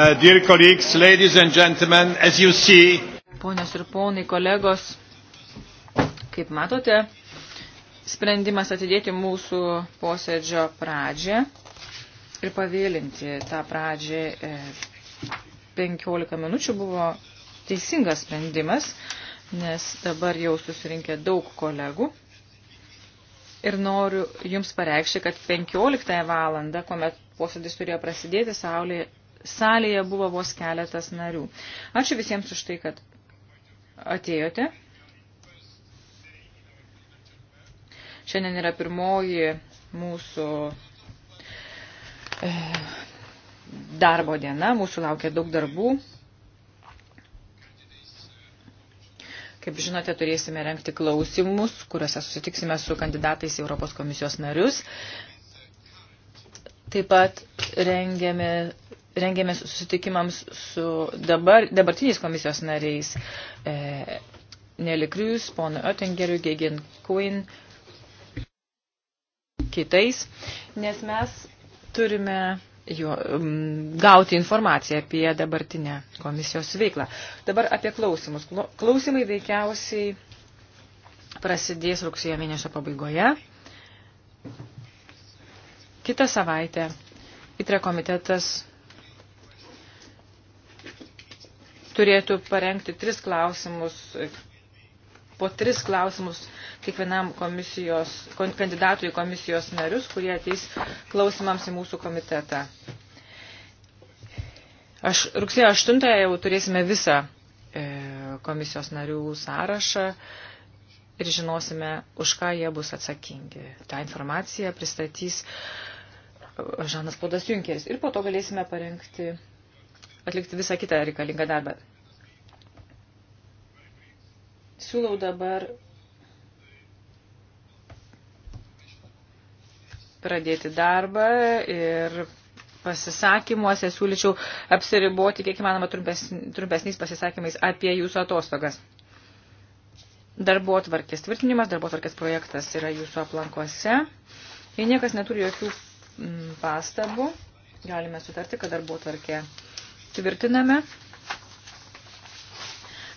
Uh, dear colleagues, ladies and gentlemen, as you see. Ponios ir ponai, kolegos, kaip matote, sprendimas atidėti mūsų posėdžio pradžią ir pavėlinti tą pradžią 15 e, minučių buvo teisingas sprendimas, nes dabar jau susirinkė daug kolegų. Ir noriu Jums pareikšti, kad 15 valandą, kuomet posėdis turėjo prasidėti, saulė salėje buvo vos keletas narių. Ačiū visiems už tai, kad atėjote. Šiandien yra pirmoji mūsų e, darbo diena, mūsų laukia daug darbų. Kaip žinote, turėsime renkti klausimus, kuriuose susitiksime su kandidatais į Europos komisijos narius. Taip pat rengiame rengėmės susitikimams su dabar, dabartiniais komisijos nariais e, Nelly Krius, ponu Oettingeriu, Gegen Quinn, kitais, nes mes turime jo, gauti informaciją apie dabartinę komisijos veiklą. Dabar apie klausimus. Klausimai veikiausiai prasidės rugsėjo mėnesio pabaigoje. Kitą savaitę ITRE komitetas turėtų parengti tris klausimus, po tris klausimus kiekvienam komisijos, kandidatui į komisijos narius, kurie ateis klausimams į mūsų komitetą. Aš, rugsėjo 8 jau turėsime visą e, komisijos narių sąrašą ir žinosime, už ką jie bus atsakingi. Ta informacija pristatys Žanas Podas Junkeris ir po to galėsime parengti atlikti visą kitą reikalingą darbą. Siūlau dabar pradėti darbą ir pasisakymuose siūlyčiau apsiriboti kiek įmanoma trumpesniais pasisakymais apie jūsų atostogas. Darbo atvarkės tvirtinimas, darbo atvarkės projektas yra jūsų aplankose. Jei niekas neturi jokių pastabų, galime sutarti, kad darbo atvarkė tvirtiname.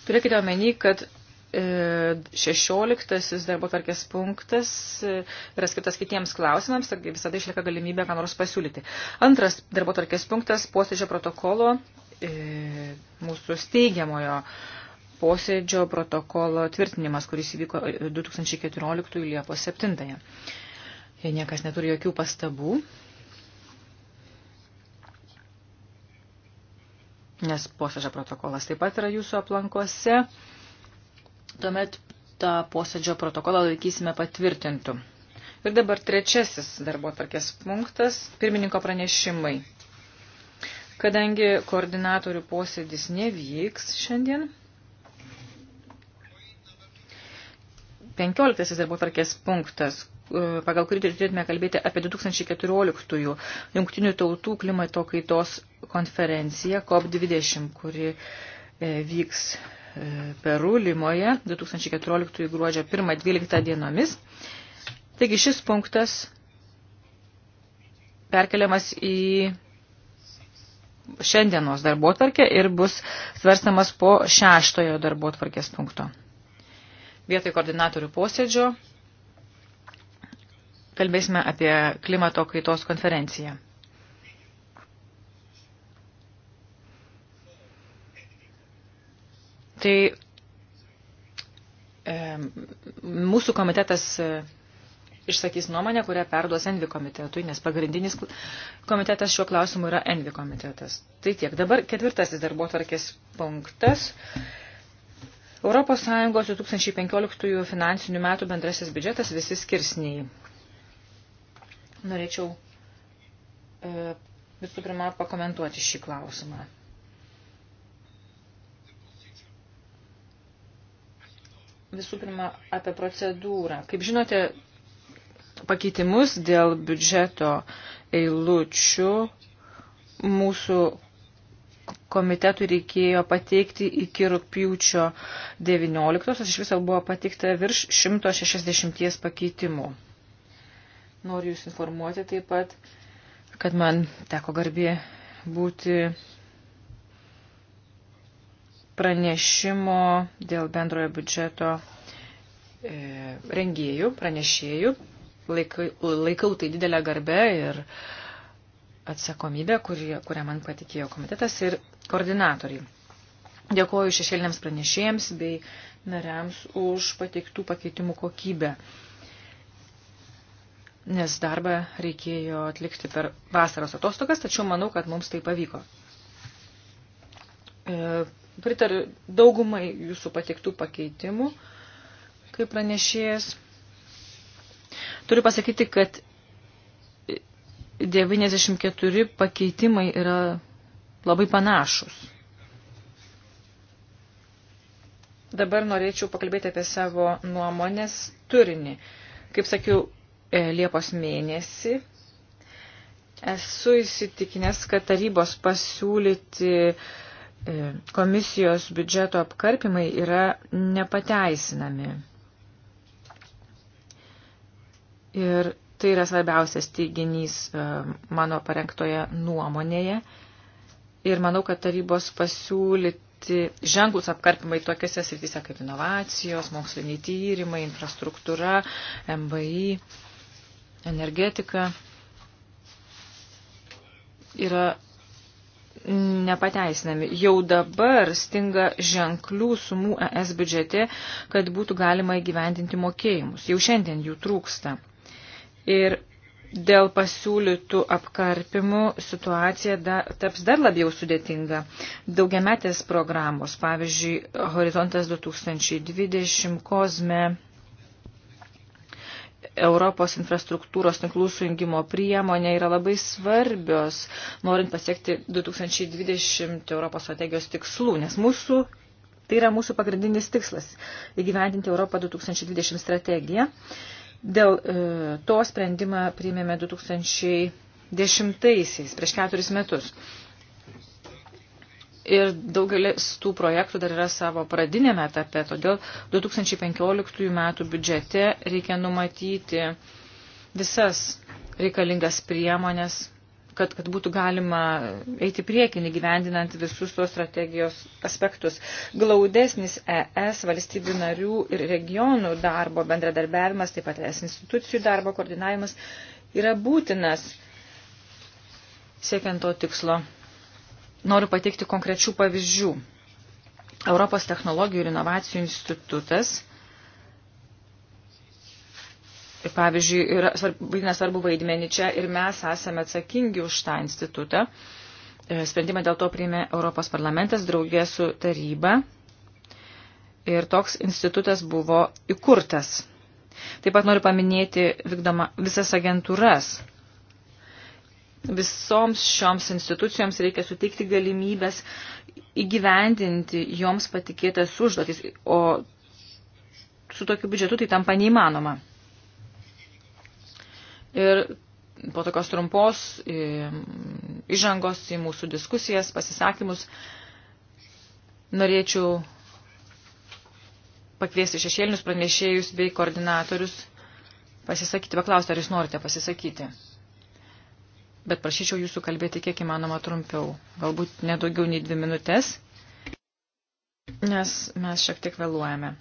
Turėkite omeny, kad 16 e, darbo tvarkės punktas e, yra skirtas kitiems klausimams, taigi visada išlieka galimybė ką nors pasiūlyti. Antras darbo tvarkės punktas – posėdžio protokolo, e, mūsų steigiamojo posėdžio protokolo tvirtinimas, kuris įvyko 2014 Liepos 7. Jei niekas neturi jokių pastabų, nes posėdžio protokolas taip pat yra jūsų aplankuose. Tuomet tą posėdžio protokolą laikysime patvirtintų. Ir dabar trečiasis darbo tarkės punktas – pirmininko pranešimai. Kadangi koordinatorių posėdis nevyks šiandien, 15 darbo tarkės punktas E, pagal kurį turėtume kalbėti apie 2014-ųjų jungtinių tautų klimato kaitos konferenciją COP20, kuri e, vyks e, Peru, Limoje 2014 gruodžio 1-12 dienomis. Taigi šis punktas perkeliamas į šiandienos darbotvarkę ir bus svarstamas po šeštojo darbotvarkės punkto. Vietoj koordinatorių posėdžio kalbėsime apie klimato kaitos konferenciją. Tai e, mūsų komitetas e, išsakys nuomonę, kurią perduos Envi komitetui, nes pagrindinis komitetas šiuo klausimu yra Envi komitetas. Tai tiek. Dabar ketvirtasis darbo tvarkės punktas. Europos Sąjungos 2015 finansinių metų bendrasis biudžetas visi skirsniai. Norėčiau e, visų pirma pakomentuoti šį klausimą. Visų pirma, apie procedūrą. Kaip žinote, pakeitimus dėl biudžeto eilučių mūsų komitetui reikėjo pateikti iki rūpjūčio 19, iš viso buvo pateikta virš 160 pakeitimų. Noriu Jūs informuoti taip pat, kad man teko garbė būti pranešimo dėl bendrojo biudžeto e, rengėjų, pranešėjų. Laikai, laikau tai didelę garbę ir atsakomybę, kurie, kurią man patikėjo komitetas ir koordinatoriai. Dėkuoju šešėliniams pranešėjams bei nariams už pateiktų pakeitimų kokybę nes darbą reikėjo atlikti per vasaros atostogas, tačiau manau, kad mums tai pavyko. E, pritariu daugumai jūsų patiktų pakeitimų, kaip pranešėjas. Turiu pasakyti, kad 94 pakeitimai yra labai panašus. Dabar norėčiau pakalbėti apie savo nuomonės turinį. Kaip sakiau, E, Liepos mėnesį. Esu įsitikinęs, kad tarybos pasiūlyti e, komisijos biudžeto apkarpimai yra nepateisinami. Ir tai yra svarbiausias teiginys e, mano parengtoje nuomonėje. Ir manau, kad tarybos pasiūlyti ženklus apkarpimai tokiuose srityse kaip inovacijos, moksliniai tyrimai, infrastruktūra, MVI energetika yra nepateisinami. Jau dabar stinga ženklių sumų ES biudžete, kad būtų galima įgyvendinti mokėjimus. Jau šiandien jų trūksta. Ir dėl pasiūlytų apkarpimų situacija da, taps dar labiau sudėtinga. Daugiametės programos, pavyzdžiui, Horizontas 2020, Kozme Europos infrastruktūros tinklų sujungimo priemonė yra labai svarbios, norint pasiekti 2020 Europos strategijos tikslų, nes mūsų, tai yra mūsų pagrindinis tikslas – įgyvendinti Europą 2020 strategiją. Dėl e, to sprendimą priėmėme 2010 prieš keturis metus. Ir daugelis tų projektų dar yra savo pradinėme etape, todėl 2015 metų biudžete reikia numatyti visas reikalingas priemonės, kad, kad būtų galima eiti priekinį gyvendinant visus tos strategijos aspektus. Glaudesnis ES valstybių narių ir regionų darbo bendradarbiavimas, taip pat ES institucijų darbo koordinavimas yra būtinas siekiant to tikslo. Noriu pateikti konkrečių pavyzdžių. Europos technologijų ir inovacijų institutas, pavyzdžiui, yra vaidina svarbu vaidmenį čia ir mes esame atsakingi už tą institutą. E, sprendimą dėl to priėmė Europos parlamentas draugė su taryba ir toks institutas buvo įkurtas. Taip pat noriu paminėti vykdoma visas agentūras visoms šioms institucijoms reikia suteikti galimybės įgyvendinti joms patikėtas užduotis, o su tokiu biudžetu tai tampa neįmanoma. Ir po tokios trumpos e, įžangos į mūsų diskusijas, pasisakymus, norėčiau pakviesti šešėlinius pranešėjus bei koordinatorius pasisakyti, paklausti, ar jūs norite pasisakyti bet prašyčiau jūsų kalbėti kiek įmanoma trumpiau, galbūt nedaugiau nei dvi minutės, nes mes šiek tiek vėluojame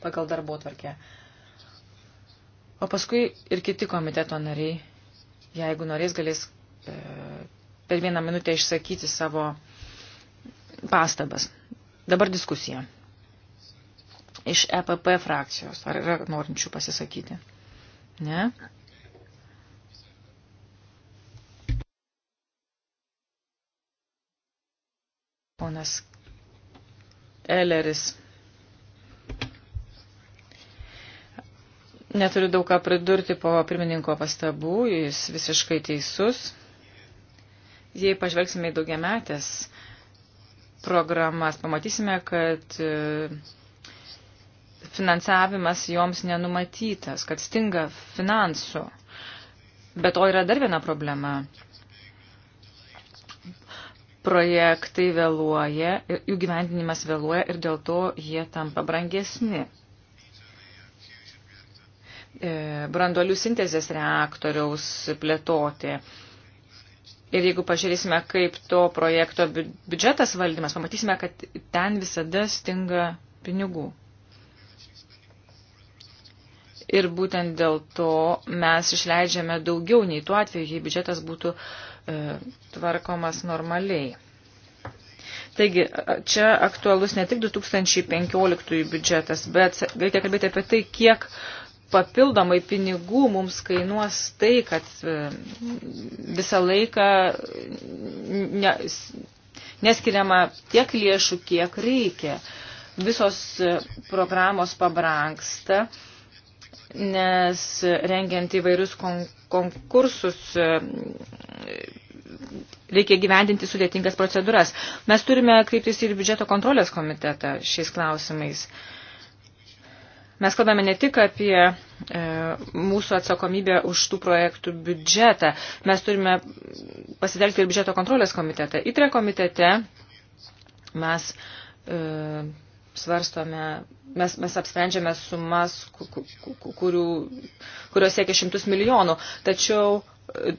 pagal darbo tvarkę. O paskui ir kiti komiteto nariai, jeigu norės, galės e, per vieną minutę išsakyti savo pastabas. Dabar diskusija. Iš EPP frakcijos. Ar yra norinčių pasisakyti? Ne? Ponas Elleris. Neturiu daug ką pridurti po pirmininko pastabų, jis visiškai teisus. Jei pažvelgsime į daugiametės programas, pamatysime, kad e, finansavimas joms nenumatytas, kad stinga finansų. Bet to yra dar viena problema projektai vėluoja, jų gyvendinimas vėluoja ir dėl to jie tampa brangesni. E, Brandolių sintezės reaktoriaus plėtoti. Ir jeigu pažiūrėsime, kaip to projekto biudžetas valdymas, pamatysime, kad ten visada stinga pinigų. Ir būtent dėl to mes išleidžiame daugiau nei tuo atveju, jei biudžetas būtų uh, E, tvarkomas normaliai. Taigi, čia aktualus ne tik 2015 biudžetas, bet reikia kalbėti apie tai, kiek papildomai pinigų mums kainuos tai, kad e, visą laiką ne, neskiriama tiek lėšų, kiek reikia. Visos e, programos pabranksta, nes rengiant įvairius konkursus, konkursus e, reikia gyvendinti sudėtingas procedūras. Mes turime kreiptis ir biudžeto kontrolės komitetą šiais klausimais. Mes kalbame ne tik apie e, mūsų atsakomybę už tų projektų biudžetą, mes turime pasitelkti ir biudžeto kontrolės komitetą. ITRE komitete mes e, svarstome, mes, mes apsprendžiame sumas, kurių, kurios siekia šimtus milijonų, tačiau e,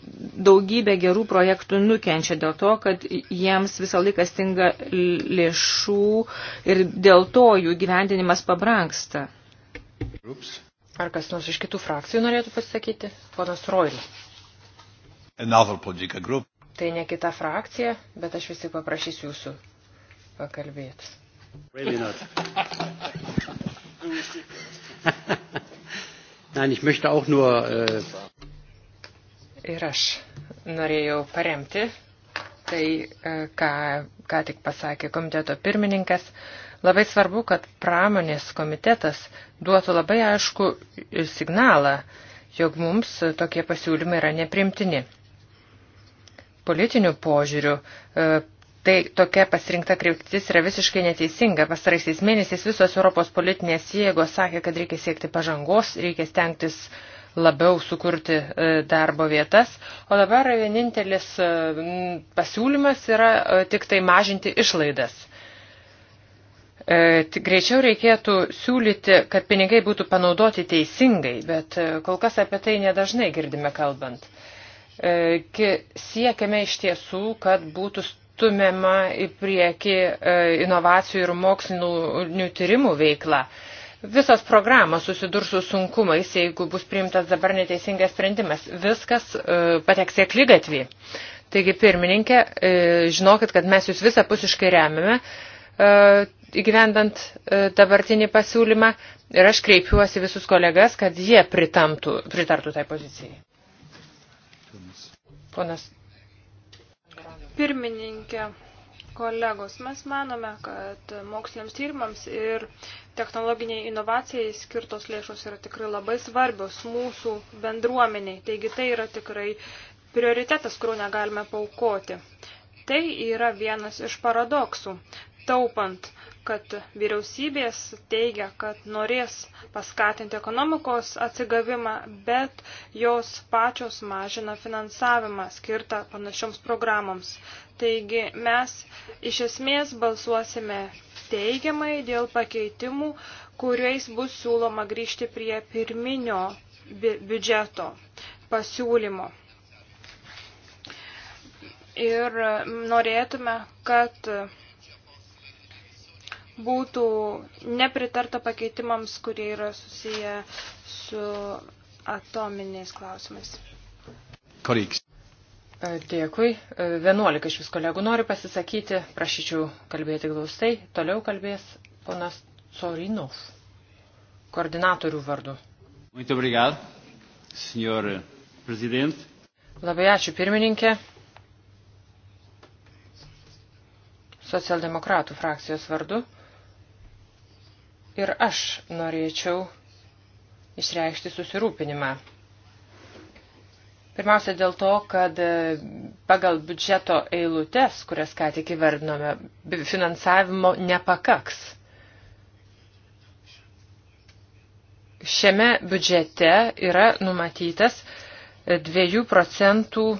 daugybė gerų projektų nukenčia dėl to, kad jiems visą laiką stinga lėšų ir dėl to jų gyvendinimas pabranksta. Oops. Ar kas nors iš kitų frakcijų norėtų pasakyti? Ponas Roil. Tai ne kita frakcija, bet aš visi paprašysiu jūsų pakalbėti. Really not. Nein, ich möchte auch nur. Äh ir aš norėjau paremti tai, e, ką, ką tik pasakė komiteto pirmininkas. Labai svarbu, kad pramonės komitetas duotų labai aišku signalą, jog mums tokie pasiūlymai yra neprimtini. Politinių požiūrių e, Tai tokia pasirinkta kryptis yra visiškai neteisinga. Pastaraisiais mėnesiais visos Europos politinės jėgos sakė, kad reikia siekti pažangos, reikia stengtis labiau sukurti e, darbo vietas, o dabar vienintelis e, pasiūlymas yra e, tik tai mažinti išlaidas. Greičiau reikėtų siūlyti, kad pinigai būtų panaudoti teisingai, bet kol kas apie tai nedažnai girdime kalbant siekiame iš tiesų, kad būtų stumiama į priekį e, inovacijų ir mokslinių tyrimų veikla. Visos programos susidurs su sunkumais, jeigu bus priimtas dabar neteisingas sprendimas. Viskas e, pateks į klygatvį. Taigi, pirmininkė, e, žinokit, kad mes jūs visapusiškai remiame įgyvendant dabartinį pasiūlymą ir aš kreipiuosi visus kolegas, kad jie pritamtų, pritartų tai pozicijai. Ponas pirmininkė, kolegos, mes manome, kad moksliniams tyrimams ir technologiniai inovacijai skirtos lėšos yra tikrai labai svarbios mūsų bendruomeniai. Taigi tai yra tikrai prioritetas, kurio negalime paukoti. Tai yra vienas iš paradoksų. Taupant kad vyriausybės teigia, kad norės paskatinti ekonomikos atsigavimą, bet jos pačios mažina finansavimą skirtą panašioms programoms. Taigi mes iš esmės balsuosime teigiamai dėl pakeitimų, kuriais bus siūloma grįžti prie pirminio bi biudžeto pasiūlymo. Ir norėtume, kad būtų nepritarta pakeitimams, kurie yra susiję su atominiais klausimais. Koreiks. E, dėkui. 11 e, iš vis kolegų nori pasisakyti. Prašyčiau kalbėti glaustai. Toliau kalbės ponas Corinov, koordinatorių vardu. Muito obrigado, senhor presidente. Labai ačiū, pirmininkė. Socialdemokratų frakcijos vardu ir aš norėčiau išreikšti susirūpinimą. Pirmiausia dėl to, kad e, pagal biudžeto eilutes, kurias ką tik įvardinome, finansavimo nepakaks. Šiame biudžete yra numatytas 2 e, procentų e,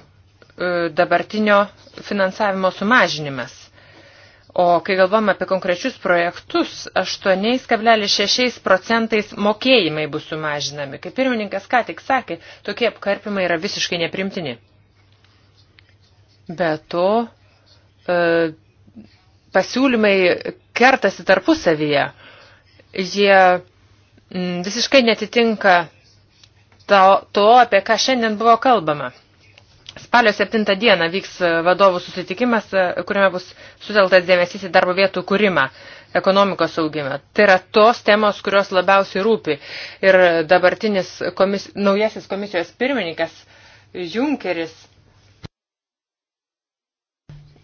dabartinio finansavimo sumažinimas. O kai galvom apie konkrečius projektus, 8,6 procentais mokėjimai bus sumažinami. Kaip pirmininkas ką tik sakė, tokie apkarpimai yra visiškai neprimtini. Be to, e, pasiūlymai kertasi tarpusavyje. Jie visiškai netitinka to, to, apie ką šiandien buvo kalbama. Spalio 7 dieną vyks e, vadovų susitikimas, e, kuriame bus suteltas dėmesys į darbo vietų kūrimą ekonomikos augime. Tai yra tos temos, kurios labiausiai rūpi. Ir dabartinis komis, naujasis komisijos pirmininkas Junkeris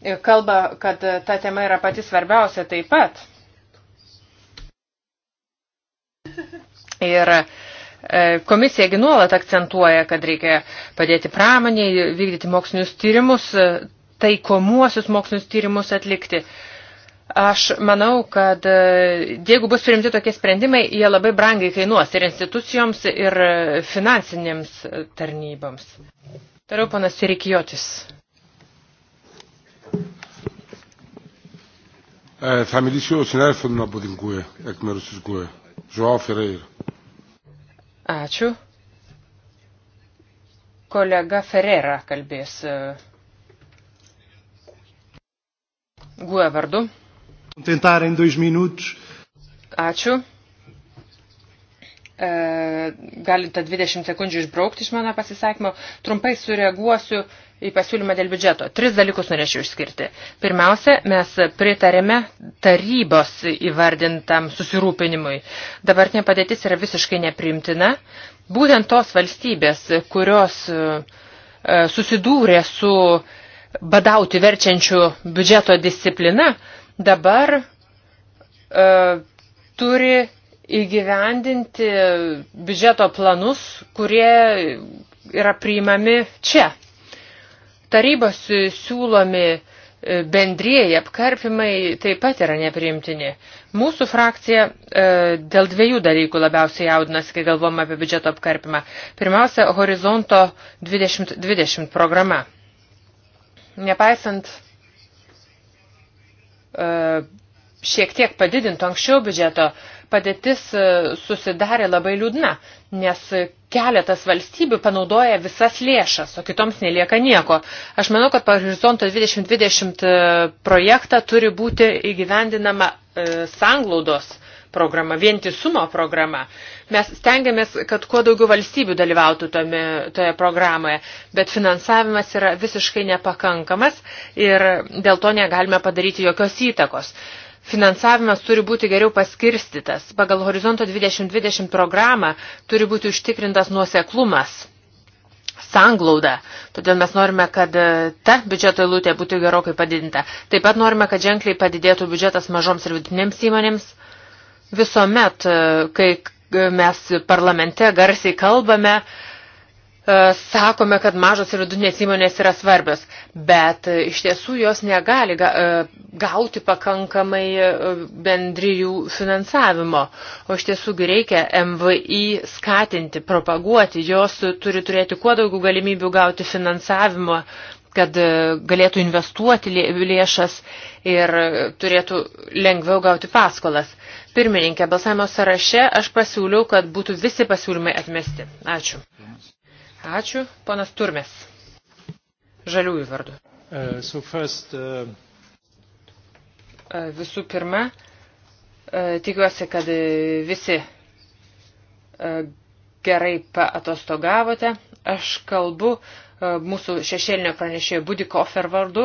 e, kalba, kad ta tema yra pati svarbiausia taip pat. Ir uh, E, Komisijagi nuolat akcentuoja, kad reikia padėti pramoniai, vykdyti mokslinius tyrimus, e, taikomuosius mokslinius tyrimus atlikti. Aš manau, kad e, jeigu bus priimti tokie sprendimai, jie labai brangiai kainuos ir institucijoms, ir finansinėms tarnyboms. Toliau panas Sirikijotis. Θα μιλήσει ο συνάδελφος από την ΚΟΕ, εκ μέρους της ΚΟΕ, Ζωάο Φερέιρα. Ačiū. Kolega Ferrera kalbės. E, Guė vardu. Tentar em dois minutos. Ačiū. E, galite 20 sekundžių išbraukti iš mano pasisakymo. Trumpai sureaguosiu į pasiūlymą dėl biudžeto. Tris dalykus norėčiau išskirti. Pirmiausia, mes pritarėme tarybos įvardintam susirūpinimui. Dabartinė padėtis yra visiškai neprimtina. Būtent tos valstybės, kurios e, e, susidūrė su badauti verčiančių biudžeto disciplina, dabar e, turi įgyvendinti biudžeto planus, kurie yra priimami čia. Tarybos siūlomi e, bendrieji apkarpimai taip pat yra nepriimtini. Mūsų frakcija e, dėl dviejų dalykų labiausiai jaudinasi, kai galvom apie biudžeto apkarpimą. Pirmiausia, horizonto 2020 programa. Nepaisant e, šiek tiek padidinto anksčiau biudžeto, e, padėtis e, susidarė labai liūdna, nes keletas valstybių panaudoja visas lėšas, o kitoms nelieka nieko. Aš manau, kad per Horizonto 2020 e, projektą turi būti įgyvendinama e, sanglaudos programa, vientisumo programa. Mes stengiamės, kad kuo daugiau valstybių dalyvautų tome, toje programoje, bet finansavimas yra visiškai nepakankamas ir dėl to negalime padaryti jokios įtakos finansavimas turi būti geriau paskirstytas. Pagal Horizonto 2020 programą turi būti užtikrintas nuoseklumas sanglauda. Todėl mes norime, kad e, ta biudžeto eilutė būtų gerokai padidinta. Taip pat norime, kad ženkliai padidėtų biudžetas mažoms ir vidutinėms įmonėms. Visuomet, e, kai mes parlamente garsiai kalbame, uh, E, sakome, kad mažos ir vidutinės įmonės yra svarbios, bet iš tiesų jos negali e, gauti pakankamai e, bendrijų finansavimo, o iš tiesų reikia MVI skatinti, propaguoti, jos turi turėti kuo daugiau galimybių gauti finansavimo, kad galėtų investuoti lėšas ir turėtų lengviau gauti paskolas. Pirmininkė, balsavimo sąraše aš pasiūliau, kad būtų visi pasiūlymai atmesti. Ačiū. Ačiū, panas Turmes. Žaliųjų vardu. Uh, so first, uh... uh visų pirma, uh, tikiuosi, kad uh, visi gerai paatostogavote. Aš kalbu mūsų šešėlinio pranešėjo Budikofer vardu.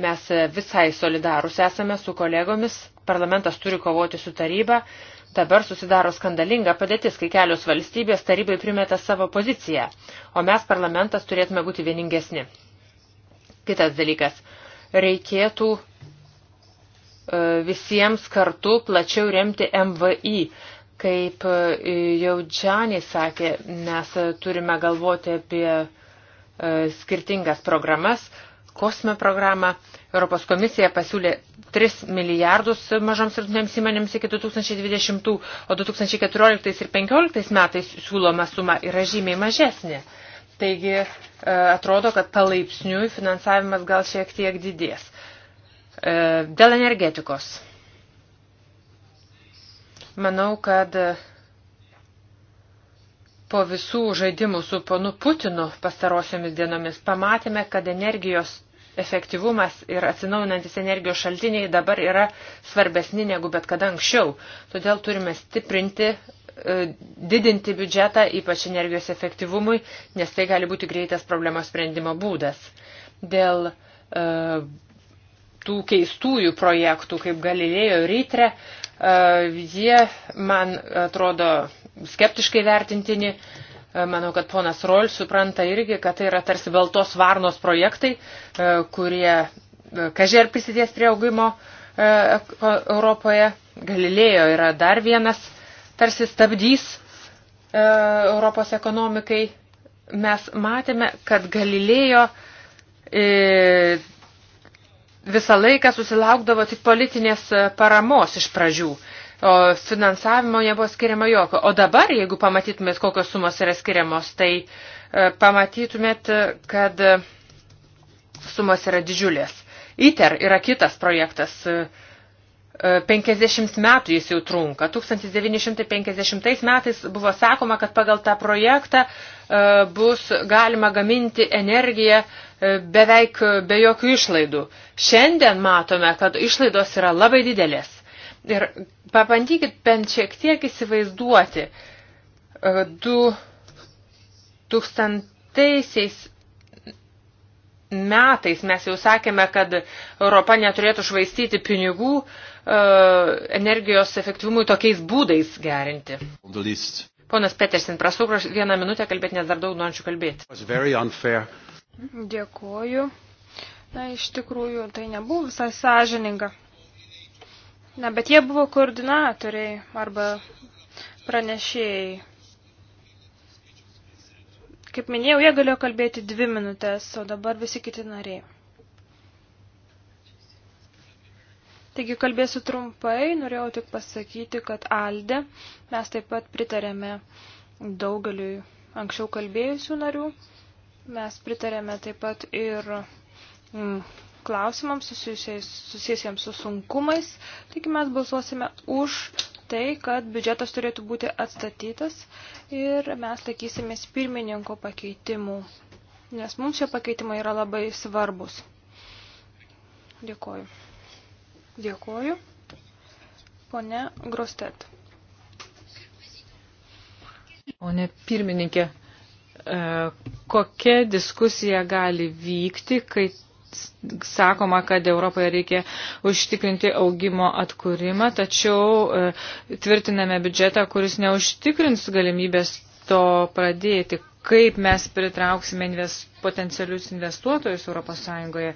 Mes visai solidarus esame su kolegomis. Parlamentas turi kovoti su taryba. Uh, Dabar susidaro skandalinga padėtis, kai kelios valstybės tarybai primeta savo poziciją, o mes parlamentas turėtume būti vieningesni. Kitas dalykas. Reikėtų e, visiems kartu plačiau remti MVI. Kaip e, jau Džanį sakė, mes turime galvoti apie e, skirtingas programas, kosme programą. Europos komisija pasiūlė 3 milijardus mažoms ir didinėms įmonėms iki 2020, o 2014 ir 2015 metais siūloma suma yra žymiai mažesnė. Taigi e, atrodo, kad palaipsniui finansavimas gal šiek tiek didės. E, dėl energetikos. Manau, kad po visų žaidimų su ponu Putinu pastarosiomis dienomis pamatėme, kad energijos efektyvumas ir atsinaujinantis energijos šaltiniai dabar yra svarbesni negu bet kada anksčiau. Todėl turime stiprinti, e, didinti biudžetą, ypač energijos efektyvumui, nes tai gali būti greitas problemos sprendimo būdas. Dėl e, tų keistųjų projektų, kaip Galilėjo ir Rytre, e, jie man atrodo skeptiškai vertintini. E, E, manau, kad ponas Rol supranta irgi, kad tai yra tarsi baltos varnos projektai, e, kurie e, kažer prisidės prie augimo Europoje. Galilėjo yra dar vienas tarsi stabdys Europos ekonomikai. Mes matėme, kad Galilėjo visą laiką susilaukdavo tik politinės paramos iš pradžių o finansavimo nebuvo skiriama jokio. O dabar, jeigu pamatytumėt, kokios sumos yra skiriamos, tai e, pamatytumėt, kad sumos yra didžiulės. ITER yra kitas projektas. 50 e, e, metų jis jau trunka. 1950 metais buvo sakoma, kad pagal tą projektą bus galima gaminti energiją beveik be jokių išlaidų. Šiandien matome, kad išlaidos yra labai didelės. Ir pabandykit bent šiek tiek įsivaizduoti 2000 e, metais mes jau sakėme, kad Europa neturėtų švaistyti pinigų e, energijos efektyvumui tokiais būdais gerinti. Ponas Petersin, prasau, vieną minutę kalbėti, nes dar daug norinčių kalbėti. Dėkuoju. Na, iš tikrųjų, tai nebuvo visai sąžininga. Na, bet jie buvo koordinatoriai arba pranešėjai. Kaip minėjau, jie galėjo kalbėti dvi minutės, o dabar visi kiti nariai. Taigi kalbėsiu trumpai, norėjau tik pasakyti, kad Alde mes taip pat pritarėme daugeliui anksčiau kalbėjusių narių. Mes pritarėme taip pat ir mm, klausimams susijusiems su sunkumais. Taigi mes balsuosime už tai, kad biudžetas turėtų būti atstatytas ir mes laikysimės pirmininko pakeitimų, nes mums šie pakeitimai yra labai svarbus. Dėkoju. Dėkoju. Pone Grostet. Pone pirmininkė, e, kokia diskusija gali vykti, kai sakoma, kad Europoje reikia užtikrinti augimo atkūrimą, tačiau e, tvirtiname biudžetą, kuris neužtikrins galimybės to pradėti. Kaip mes pritrauksime invest, potencialius investuotojus ES?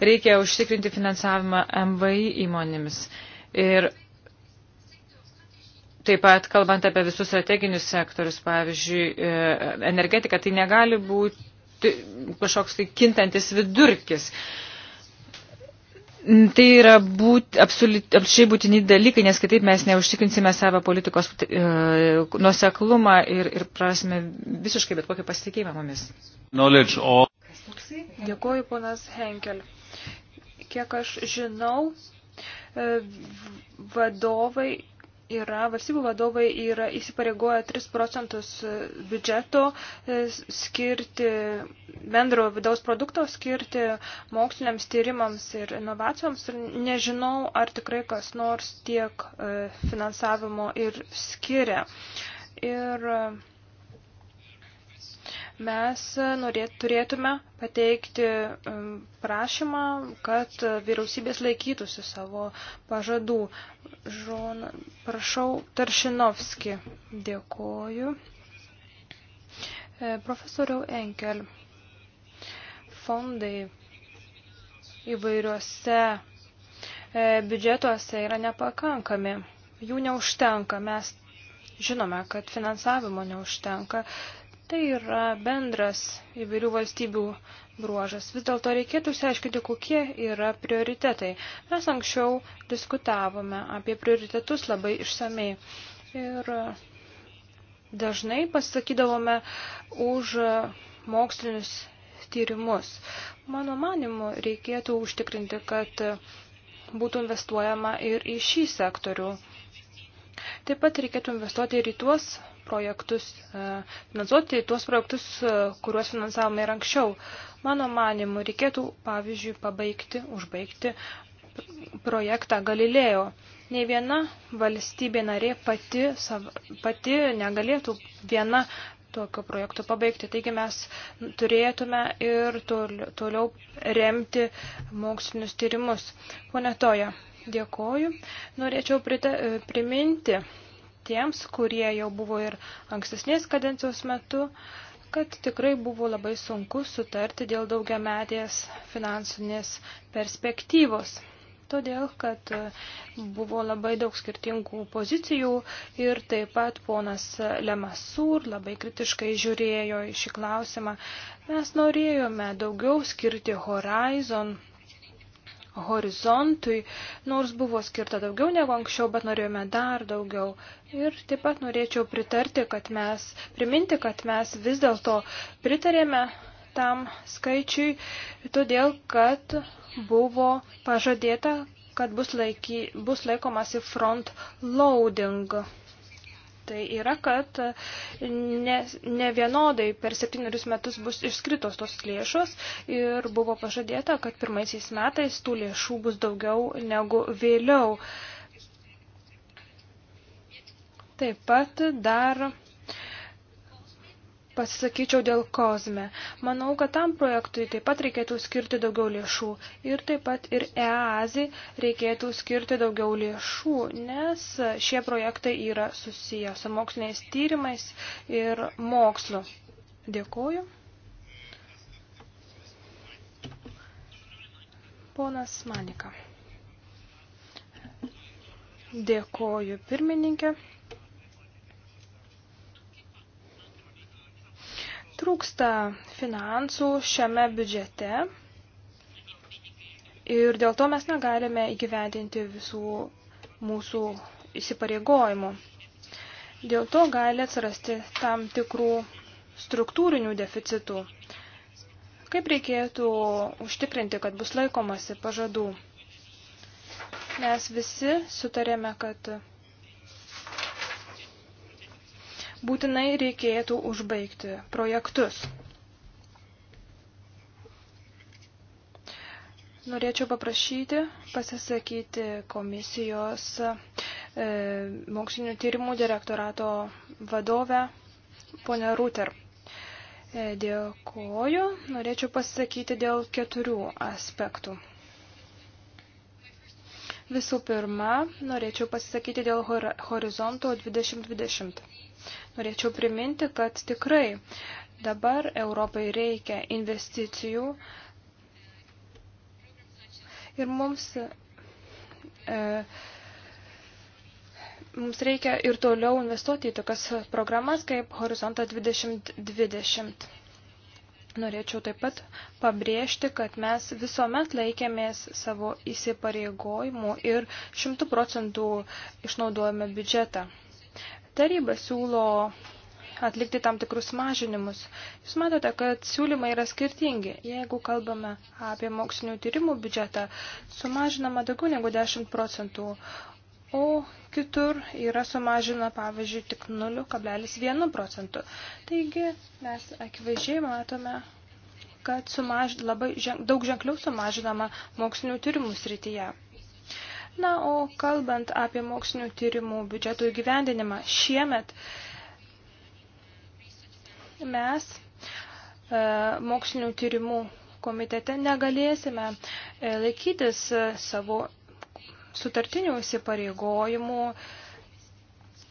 Reikia užtikrinti finansavimą MVI įmonėmis. Ir Taip pat, kalbant apie visus strateginius sektorius, pavyzdžiui, e, energetika, tai negali būti Tai kažkoks tai kintantis vidurkis. Tai yra būt, absoliučiai būtini dalykai, nes kitaip mes neužtikrinsime savo politikos e, nuoseklumą ir, ir prasme visiškai bet kokį pasitikėjimą mumis. Dėkuoju, ponas Henkel. Kiek aš žinau, e, vadovai yra, valstybių vadovai yra įsipareigoję 3 procentus e, biudžeto e, skirti, bendro vidaus produkto skirti moksliniams tyrimams ir inovacijoms. Ir nežinau, ar tikrai kas nors tiek e, finansavimo ir skiria. Ir uh, mes norėt, turėtume pateikti um, prašymą, kad vyriausybės laikytųsi savo pažadų. Žon, prašau, Taršinovski. Dėkoju. E, profesoriau Enkel, fondai įvairiuose e, biudžetuose yra nepakankami. Jų neužtenka. Mes žinome, kad finansavimo neužtenka. Tai yra bendras įvairių valstybių bruožas. Vis dėlto reikėtų išsiaiškinti, kokie yra prioritetai. Mes anksčiau diskutavome apie prioritetus labai išsamei. Ir dažnai pasisakydavome už mokslinius tyrimus. Mano manimu, reikėtų užtikrinti, kad būtų investuojama ir į šį sektorių. Taip pat reikėtų investuoti ir į tuos projektus e, finansuoti, tuos projektus, e, kuriuos finansavome ir anksčiau. Mano manimu, reikėtų, pavyzdžiui, pabaigti, užbaigti projektą Galilėjo. Ne viena valstybė narė pati, sav, pati negalėtų viena tokio projekto pabaigti. Taigi mes turėtume ir toliau remti mokslinius tyrimus. Pone Toja, dėkoju. Norėčiau prite, priminti, tiems, kurie jau buvo ir ankstesnės kadencijos metu, kad tikrai buvo labai sunku sutarti dėl daugiametės finansinės perspektyvos. Todėl, kad e, buvo labai daug skirtingų pozicijų ir taip pat ponas Lemasur labai kritiškai žiūrėjo į šį klausimą. Mes norėjome daugiau skirti Horizon horizontui, nors buvo skirta daugiau negu anksčiau, bet norėjome dar daugiau. Ir taip pat norėčiau pritarti, kad mes, priminti, kad mes vis dėlto pritarėme tam skaičiui, todėl kad buvo pažadėta, kad bus, laiky, bus laikomasi front loading tai yra, kad ne, ne vienodai per septynerius metus bus išskritos tos lėšos ir buvo pažadėta, kad pirmaisiais metais tų lėšų bus daugiau negu vėliau. Taip pat dar pasisakyčiau dėl kozme. Manau, kad tam projektui taip pat reikėtų skirti daugiau lėšų ir taip pat ir EAZI reikėtų skirti daugiau lėšų, nes šie projektai yra susiję su moksliniais tyrimais ir mokslu. Dėkuoju. Ponas Manika. Dėkuoju pirmininkė. trūksta finansų šiame biudžete ir dėl to mes negalime įgyvendinti visų mūsų įsipareigojimų. Dėl to gali atsirasti tam tikrų struktūrinių deficitų. Kaip reikėtų užtikrinti, kad bus laikomasi pažadų? Mes visi sutarėme, kad būtinai reikėtų užbaigti projektus. Norėčiau paprašyti pasisakyti komisijos e, mokslinio tyrimų direktorato vadovę ponę Ruter. E, dėkoju. Norėčiau pasisakyti dėl keturių aspektų. Visų pirma, norėčiau pasisakyti dėl horizonto 2020. Norėčiau priminti, kad tikrai dabar Europai reikia investicijų ir mums, e, mums reikia ir toliau investuoti į tokias programas kaip Horizontas 2020. Norėčiau taip pat pabrėžti, kad mes visuomet laikėmės savo įsipareigojimų ir šimtų procentų išnaudojame biudžetą. Taryba siūlo atlikti tam tikrus mažinimus. Jūs matote, kad siūlymai yra skirtingi. Jeigu kalbame apie mokslinių tyrimų biudžetą, sumažinama daugiau negu 10 procentų, o kitur yra sumažina, pavyzdžiui, tik 0,1 procentų. Taigi mes akivaizdžiai matome, kad sumaž, labai žen, daug ženkliau sumažinama mokslinių tyrimų srityje. Na, o kalbant apie mokslinių tyrimų biudžeto įgyvendinimą, šiemet mes e, mokslinių tyrimų komitete negalėsime e, laikytis e, savo sutartinių įsipareigojimų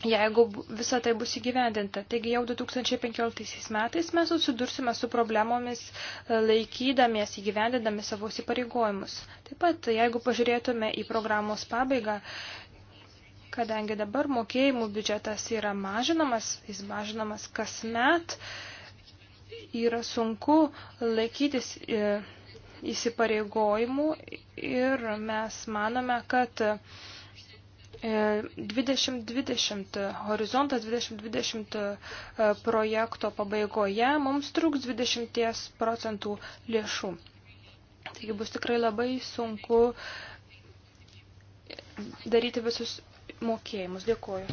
jeigu visa tai bus įgyvendinta. Taigi jau 2015 metais mes susidursime su problemomis e, laikydamiesi, įgyvendindami savo įsipareigojimus. Taip pat, jeigu pažiūrėtume į programos pabaigą, kadangi dabar mokėjimų biudžetas yra mažinamas, jis mažinamas kasmet, yra sunku laikytis e, įsipareigojimų ir mes manome, kad 2020, e, horizontas 2020 e, projekto pabaigoje mums truks 20 procentų lėšų. Taigi bus tikrai labai sunku daryti visus mokėjimus. Dėkuoju.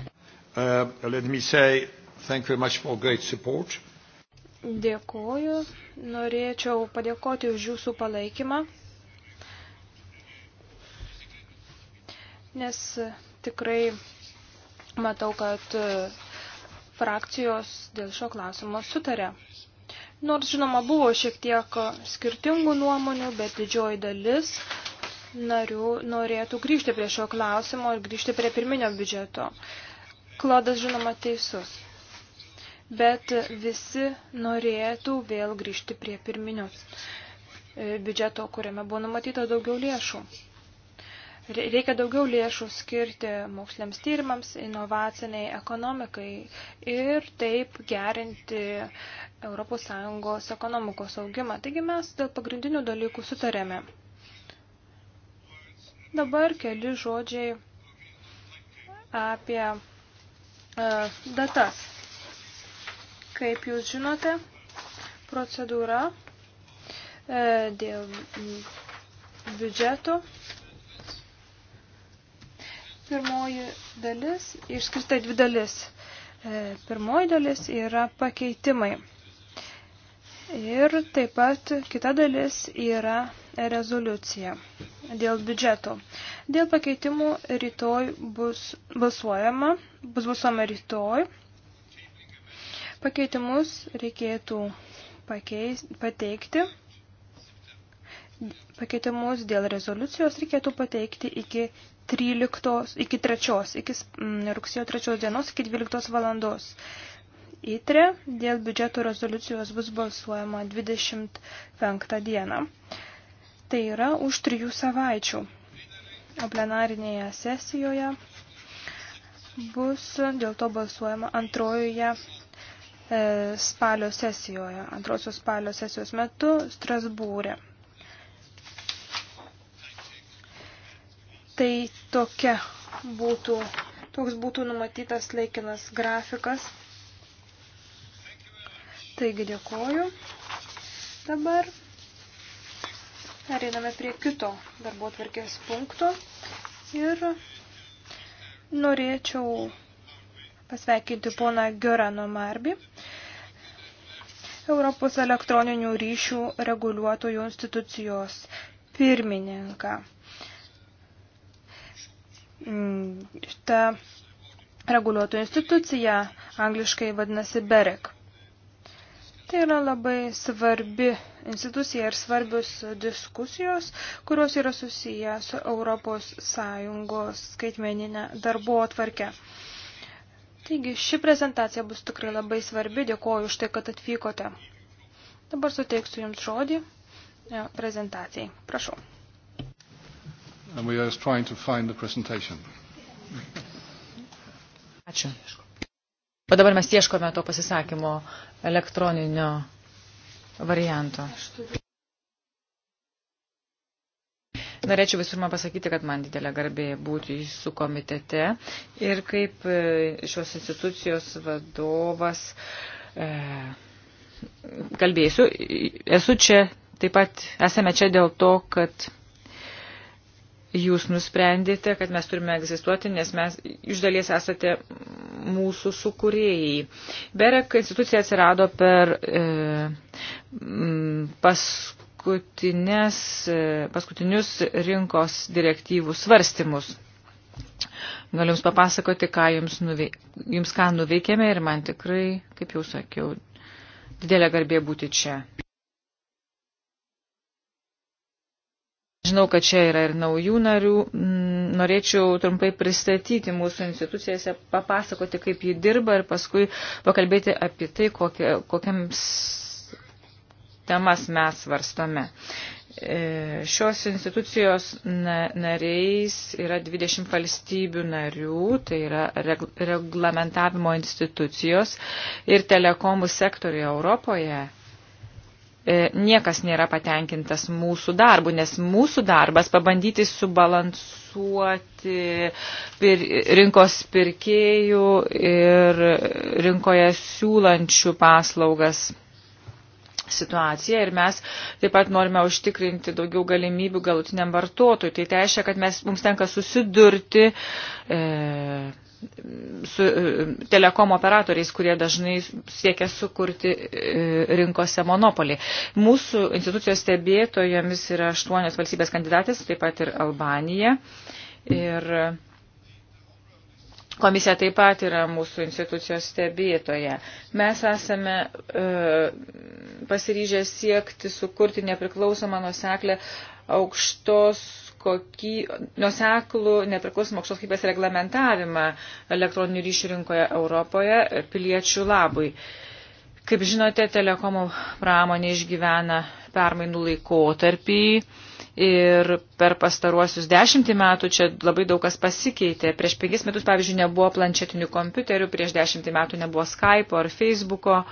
Uh, let me say thank you very much for great support. Dėkuoju. Norėčiau padėkoti už jūsų palaikymą. Nes Tikrai matau, kad e, frakcijos dėl šio klausimo sutarė. Nors, žinoma, buvo šiek tiek skirtingų nuomonių, bet didžioji dalis narių norėtų grįžti prie šio klausimo ir grįžti prie pirminio biudžeto. Klodas, žinoma, teisus. Bet visi norėtų vėl grįžti prie pirminio e, biudžeto, kuriame buvo numatyta daugiau lėšų. Reikia daugiau lėšų skirti moksliams tyrimams, inovaciniai ekonomikai ir taip gerinti ES ekonomikos augimą. Taigi mes dėl pagrindinių dalykų sutarėme. Dabar keli žodžiai apie e, datas. Kaip jūs žinote, procedūra e, dėl biudžeto Pirmoji dalis, išskirta dvi dalis. E, pirmoji dalis yra pakeitimai. Ir taip pat kita dalis yra rezoliucija dėl biudžeto. Dėl pakeitimų rytoj bus balsuojama, bus balsuojama rytoj. Pakeitimus reikėtų pakeis, pateikti. Pakeitimus dėl rezoliucijos reikėtų pateikti iki 13, iki 3, iki mm, rugsėjo 3 dienos, iki 12 valandos. Įtre dėl biudžeto rezoliucijos bus balsuojama 25 dieną. Tai yra už trijų savaičių. O plenarinėje sesijoje bus dėl to balsuojama antrojoje e, spalio sesijoje, antrosios spalio sesijos metu Strasbūrė. Tai tokia būtų, toks būtų numatytas laikinas grafikas. Taigi dėkoju. Dabar pereiname prie kito darbo tvarkės punkto ir norėčiau pasveikinti poną Görano Marbi, Europos elektroninių ryšių reguliuotojų institucijos pirmininką šitą reguliuotojų instituciją, angliškai vadinasi BEREK. Tai yra labai svarbi institucija ir svarbios diskusijos, kurios yra susiję su Europos Sąjungos skaitmeninė darbo atvarkė. Taigi ši prezentacija bus tikrai labai svarbi, dėkuoju už tai, kad atvykote. Dabar suteiksiu Jums žodį e, prezentacijai. Prašau and we are trying to find the presentation. Ačiū. O dabar mes ieškome to pasisakymo elektroninio varianto. Norėčiau visų pirma pasakyti, kad man didelė garbė būti su komitete ir kaip e, šios institucijos vadovas e, kalbėsiu. Esu čia, taip pat esame čia dėl to, kad jūs nusprendėte, kad mes turime egzistuoti, nes mes iš dalies esate mūsų sukūrėjai. Berek institucija atsirado per e, paskutines, e, paskutinius rinkos direktyvų svarstymus. Galiu Jums papasakoti, ką jums, nuveik, jums ką nuveikėme ir man tikrai, kaip jau sakiau, didelė garbė būti čia. Žinau, kad čia yra ir naujų narių. Mm, norėčiau trumpai pristatyti mūsų institucijose, papasakoti, kaip ji dirba ir paskui pakalbėti apie tai, kokie, kokiams temas mes varstome. E, šios institucijos nariais yra 20 valstybių narių, tai yra reglamentavimo institucijos ir telekomų sektoriuje Europoje E, niekas nėra patenkintas mūsų darbu, nes mūsų darbas pabandyti subalansuoti pir, rinkos pirkėjų ir rinkoje siūlančių paslaugas situaciją ir mes taip pat norime užtikrinti daugiau galimybių galutiniam vartotojui. Tai reiškia, kad mes, mums tenka susidurti e, su e, telekom operatoriais, kurie dažnai siekia sukurti e, rinkose monopolį. Mūsų institucijos stebėtojomis yra aštuonios valstybės kandidatės, taip pat ir Albanija. Ir Komisija taip pat yra mūsų institucijos stebėtoje. Mes esame e, pasiryžę siekti sukurti nepriklausomą nuseklę aukštos kokį nuseklų nepriklausomą aukštos kaip reglamentavimą elektroninių ryšių rinkoje Europoje piliečių labui. Kaip žinote, telekomų pramonė išgyvena permainų laikotarpį ir per pastaruosius dešimtį metų čia labai daug kas pasikeitė. Prieš penkis metus, pavyzdžiui, nebuvo planšetinių kompiuterių, prieš dešimtį metų nebuvo Skype'o ar Facebook'o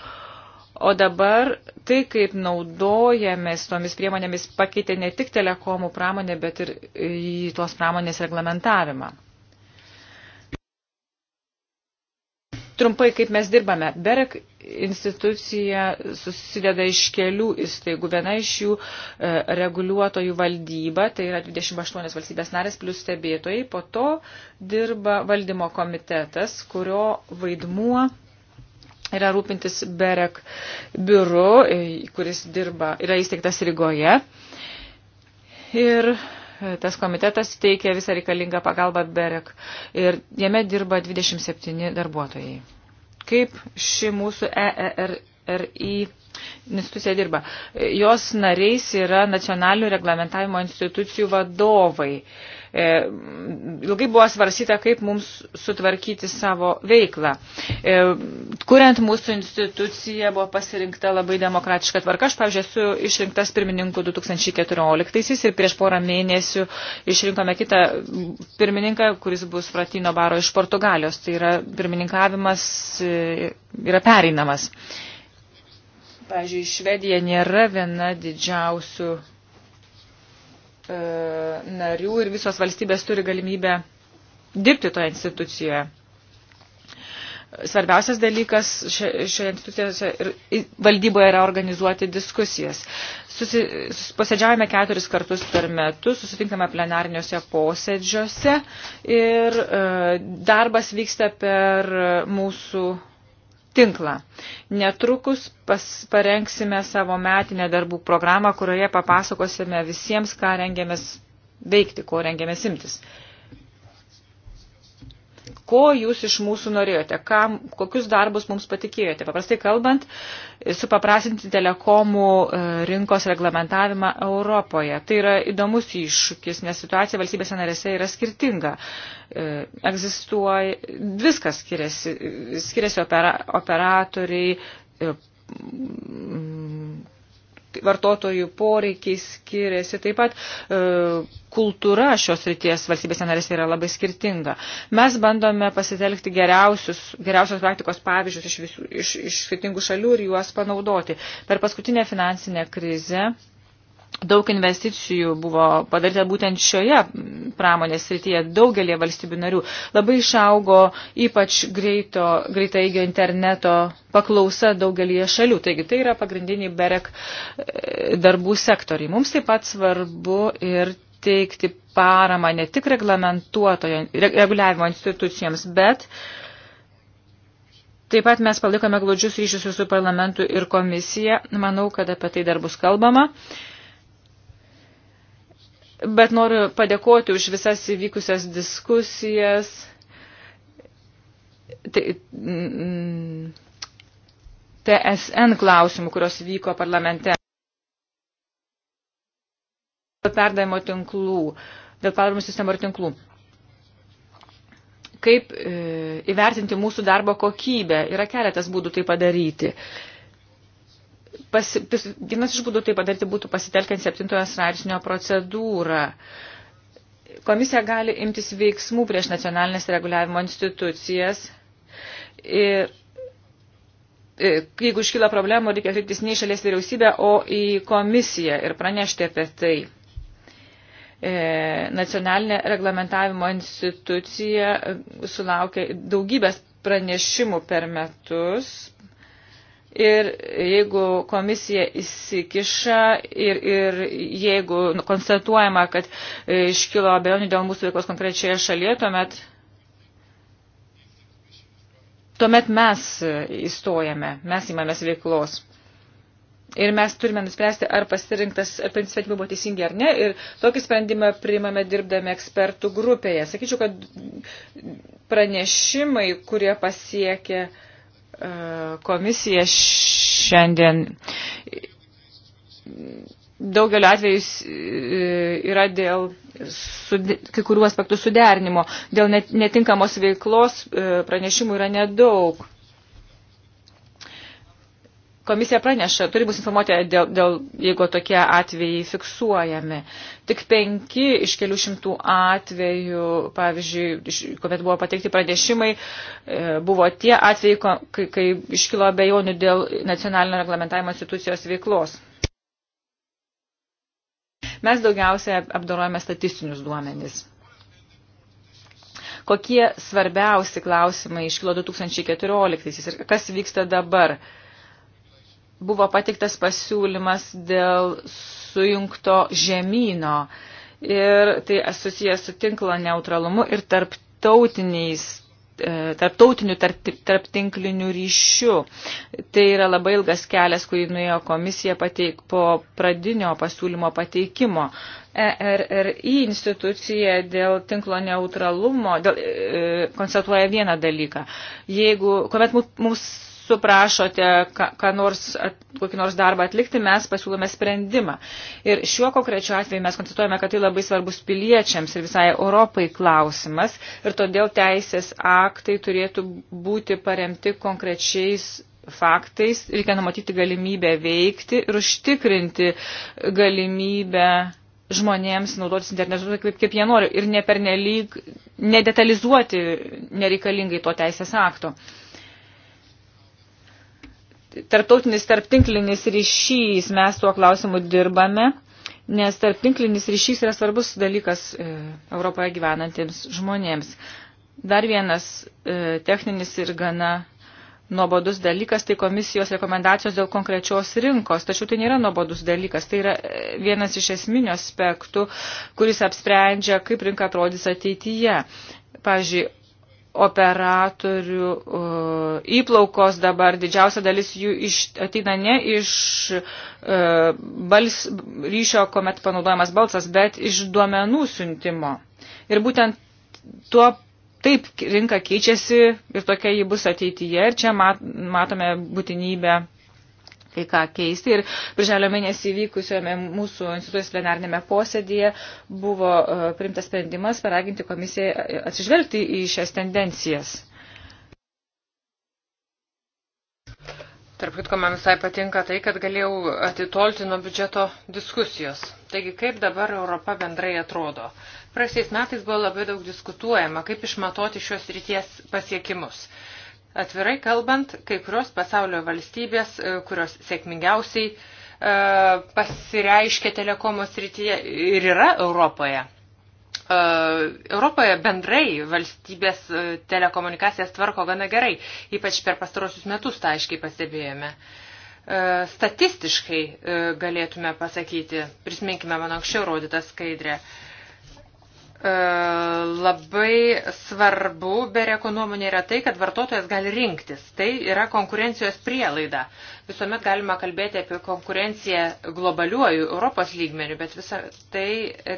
O dabar tai, kaip naudojamės tomis priemonėmis, pakeitė ne tik telekomų pramonę, bet ir į tuos pramonės reglamentavimą. Trumpai, kaip mes dirbame. BEREK institucija susideda iš kelių įstaigų. Viena iš jų e, reguliuotojų valdyba, tai yra 28 valstybės narės plus stebėtojai. Po to dirba valdymo komitetas, kurio vaidmuo yra rūpintis Berek biuru, e, kuris dirba, yra įsteigtas Rygoje. Ir e, tas komitetas teikia visą reikalingą pagalbą Berek ir jame dirba 27 darbuotojai. Kaip ši mūsų EER RI institucija dirba. Jos nariais yra nacionalinių reglamentavimo institucijų vadovai. E, ilgai buvo svarsyta, kaip mums sutvarkyti savo veiklą. E, kuriant mūsų instituciją buvo pasirinkta labai demokratiška tvarka. Aš, pavyzdžiui, esu išrinktas pirmininku 2014 ir prieš porą mėnesių išrinkome kitą pirmininką, kuris bus Fratino baro iš Portugalijos. Tai yra pirmininkavimas e, yra pereinamas. Pavyzdžiui, Švedija nėra viena didžiausių e, narių ir visos valstybės turi galimybę dirbti toje institucijoje. Svarbiausias dalykas šioje institucijoje valdyboje yra organizuoti diskusijas. Susi, posėdžiavame keturis kartus per metus, susitinkame plenariniuose posėdžiuose ir e, darbas vyksta per mūsų tinklą. Netrukus pas, parengsime savo metinę darbų programą, kurioje papasakosime visiems, ką rengiamės veikti, ko rengiamės imtis ko jūs iš mūsų norėjote, kam, kokius darbus mums patikėjote. Paprastai kalbant, supaprasinti telekomų e, rinkos reglamentavimą Europoje. Tai yra įdomus iššūkis, nes situacija valstybėse narėse yra skirtinga. E, egzistuoja, viskas skiriasi, skiriasi opera, operatoriai, e, vartotojų poreikiai skiriasi. Taip pat e, kultūra šios ryties valstybėse narėse yra labai skirtinga. Mes bandome pasitelkti geriausius, geriausios praktikos pavyzdžius iš, visų, iš, iš skirtingų šalių ir juos panaudoti. Per paskutinę finansinę krizę Daug investicijų buvo padaryta būtent šioje pramonės srityje daugelie valstybių narių. Labai išaugo ypač greito, greitaigio interneto paklausa daugelie šalių. Taigi tai yra pagrindiniai berek e, darbų sektoriai. Mums taip pat svarbu ir teikti paramą ne tik reglamentuotojo, reguliavimo institucijoms, bet taip pat mes palikome glaudžius ryšius su parlamentu ir komisija. Manau, kad apie tai dar bus kalbama. Uh, Bet noriu padėkoti už visas įvykusias diskusijas. TSN tai, mm, klausimų, kurios vyko parlamente. Perdavimo tinklų, dėl perdavimo sistemų ir tinklų. Kaip e, įvertinti mūsų darbo kokybę? Yra keletas būdų tai padaryti. E, pasi, vienas iš būdų tai padaryti būtų pasitelkiant septintojo straipsnio procedūrą. Komisija gali imtis veiksmų prieš nacionalinės reguliavimo institucijas ir e, jeigu iškyla problemų, reikia kreiptis ne į šalies vyriausybę, o į komisiją ir pranešti apie tai. E, nacionalinė reglamentavimo institucija e, sulaukė daugybės pranešimų per metus Ir jeigu komisija įsikiša ir, ir jeigu konstatuojama, kad iškilo abejonių dėl mūsų veiklos konkrečioje šalyje, tuomet, tuomet mes įstojame, mes įmamės veiklos. Ir mes turime nuspręsti, ar pasirinktas sprendimai buvo teisingi ar ne. Ir tokį sprendimą priimame dirbdami ekspertų grupėje. Sakyčiau, kad pranešimai, kurie pasiekia uh, E, komisija šiandien daugeliu atveju e, yra dėl sudė, kai kurių aspektų suderinimo. Dėl netinkamos veiklos e, pranešimų yra nedaug komisija praneša, turi bus informuoti, dėl, dėl, jeigu tokie atvejai fiksuojami. Tik penki iš kelių šimtų atvejų, pavyzdžiui, kuomet buvo pateikti pranešimai, e, buvo tie atvejai, kai, kai iškilo abejonių dėl nacionalinio reglamentavimo institucijos veiklos. Mes daugiausiai apdorojame statistinius duomenis kokie svarbiausi klausimai iškilo 2014 ir kas vyksta dabar buvo patiktas pasiūlymas dėl sujungto žemyno ir tai susijęs su tinklo neutralumu ir tarptautiniais e, tarptautiniu, tarp, tarptinkliniu ryšiu. Tai yra labai ilgas kelias, kurį nuėjo komisija pateik, po pradinio pasiūlymo pateikimo. ERRI institucija dėl tinklo neutralumo dėl, e, konstatuoja vieną dalyką. Jeigu, kuomet mums suprašote, ką, ką nors, kokį nors darbą atlikti, mes pasiūlome sprendimą. Ir šiuo konkrečiu atveju mes konstatuojame, kad tai labai svarbus piliečiams ir visai Europai klausimas ir todėl teisės aktai turėtų būti paremti konkrečiais faktais, reikia numatyti galimybę veikti ir užtikrinti galimybę žmonėms naudotis internetu kaip, kaip jie nori ir nepernelyg nedetalizuoti nereikalingai to teisės akto. Uh, tarptautinis tarptinklinis ryšys, mes tuo klausimu dirbame, nes tarptinklinis ryšys yra svarbus dalykas e, Europoje gyvenantiems žmonėms. Dar vienas e, techninis ir gana nuobodus dalykas, tai komisijos rekomendacijos dėl konkrečios rinkos, tačiau tai nėra nuobodus dalykas, tai yra e, vienas iš esminių aspektų, kuris apsprendžia, kaip rinka atrodys ateityje. Pavyzdžiui, operatorių e, įplaukos dabar didžiausia dalis jų iš, ateina ne iš e, bals, ryšio, kuomet panaudojamas balsas, bet iš duomenų siuntimo. Ir būtent tuo taip rinka keičiasi ir tokia ji bus ateityje. Ir čia mat, matome būtinybę kai ką keisti. Ir birželio mėnesį vykusiojame mūsų institucijos plenarnėme posėdėje buvo e, primtas sprendimas paraginti komisiją e, atsižvelgti į šias tendencijas. Tarp kitko, man visai patinka tai, kad galėjau atitolti nuo biudžeto diskusijos. Taigi, kaip dabar Europa bendrai atrodo? Praeisiais metais buvo labai daug diskutuojama, kaip išmatuoti šios ryties pasiekimus. Atvirai kalbant, kai kurios pasaulio valstybės, e, kurios sėkmingiausiai e, pasireiškia telekomos rytyje ir yra Europoje. E, Europoje bendrai valstybės telekomunikacijas tvarko gana gerai, ypač per pastarosius metus tą aiškiai pastebėjome. Statistiškai galėtume pasakyti, prisiminkime mano anksčiau rodytą skaidrę, E, labai svarbu bereko nuomonė yra tai, kad vartotojas gali rinktis. Tai yra konkurencijos prielaida. Visuomet galima kalbėti apie konkurenciją globaliuoju Europos lygmeniu, bet visa tai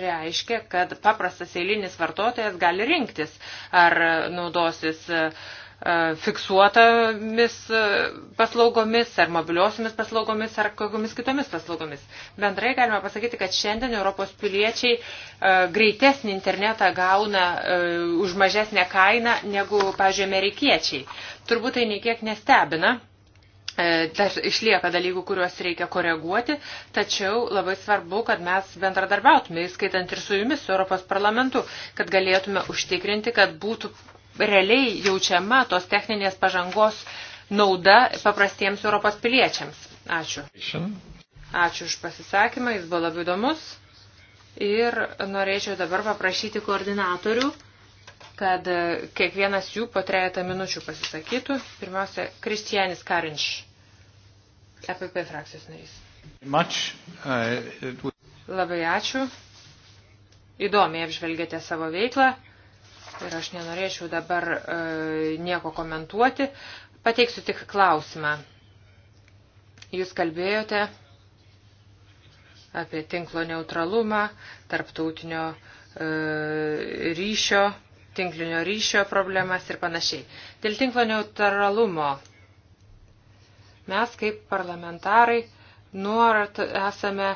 reiškia, kad paprastas eilinis vartotojas gali rinktis, ar naudosis uh, E, fiksuotomis e, paslaugomis, ar mobiliosiomis paslaugomis, ar kokiomis kitomis paslaugomis. Bendrai galima pasakyti, kad šiandien Europos piliečiai e, greitesnį internetą gauna už mažesnę kainą negu, pažiūrėjau, amerikiečiai. Turbūt tai niekiek nestebina. Dar išlieka dalykų, kuriuos reikia koreguoti, tačiau labai svarbu, kad mes bendradarbiautume, įskaitant ir su jumis, su Europos parlamentu, kad galėtume užtikrinti, kad būtų realiai jaučiama tos techninės pažangos nauda paprastiems Europos piliečiams. Ačiū. Ačiū už pasisakymą, jis buvo labai įdomus. Ir norėčiau dabar paprašyti koordinatorių, kad kiekvienas jų po trejata minučių pasisakytų. Pirmiausia, Kristijanis Karinš, EPP frakcijos narys. Much, uh, it... Labai ačiū. Įdomiai apžvelgėte savo veiklą ir aš nenorėčiau dabar e, nieko komentuoti. Pateiksiu tik klausimą. Jūs kalbėjote apie tinklo neutralumą, tarptautinio e, ryšio, tinklinio ryšio problemas ir panašiai. Dėl tinklo neutralumo mes kaip parlamentarai nuorat esame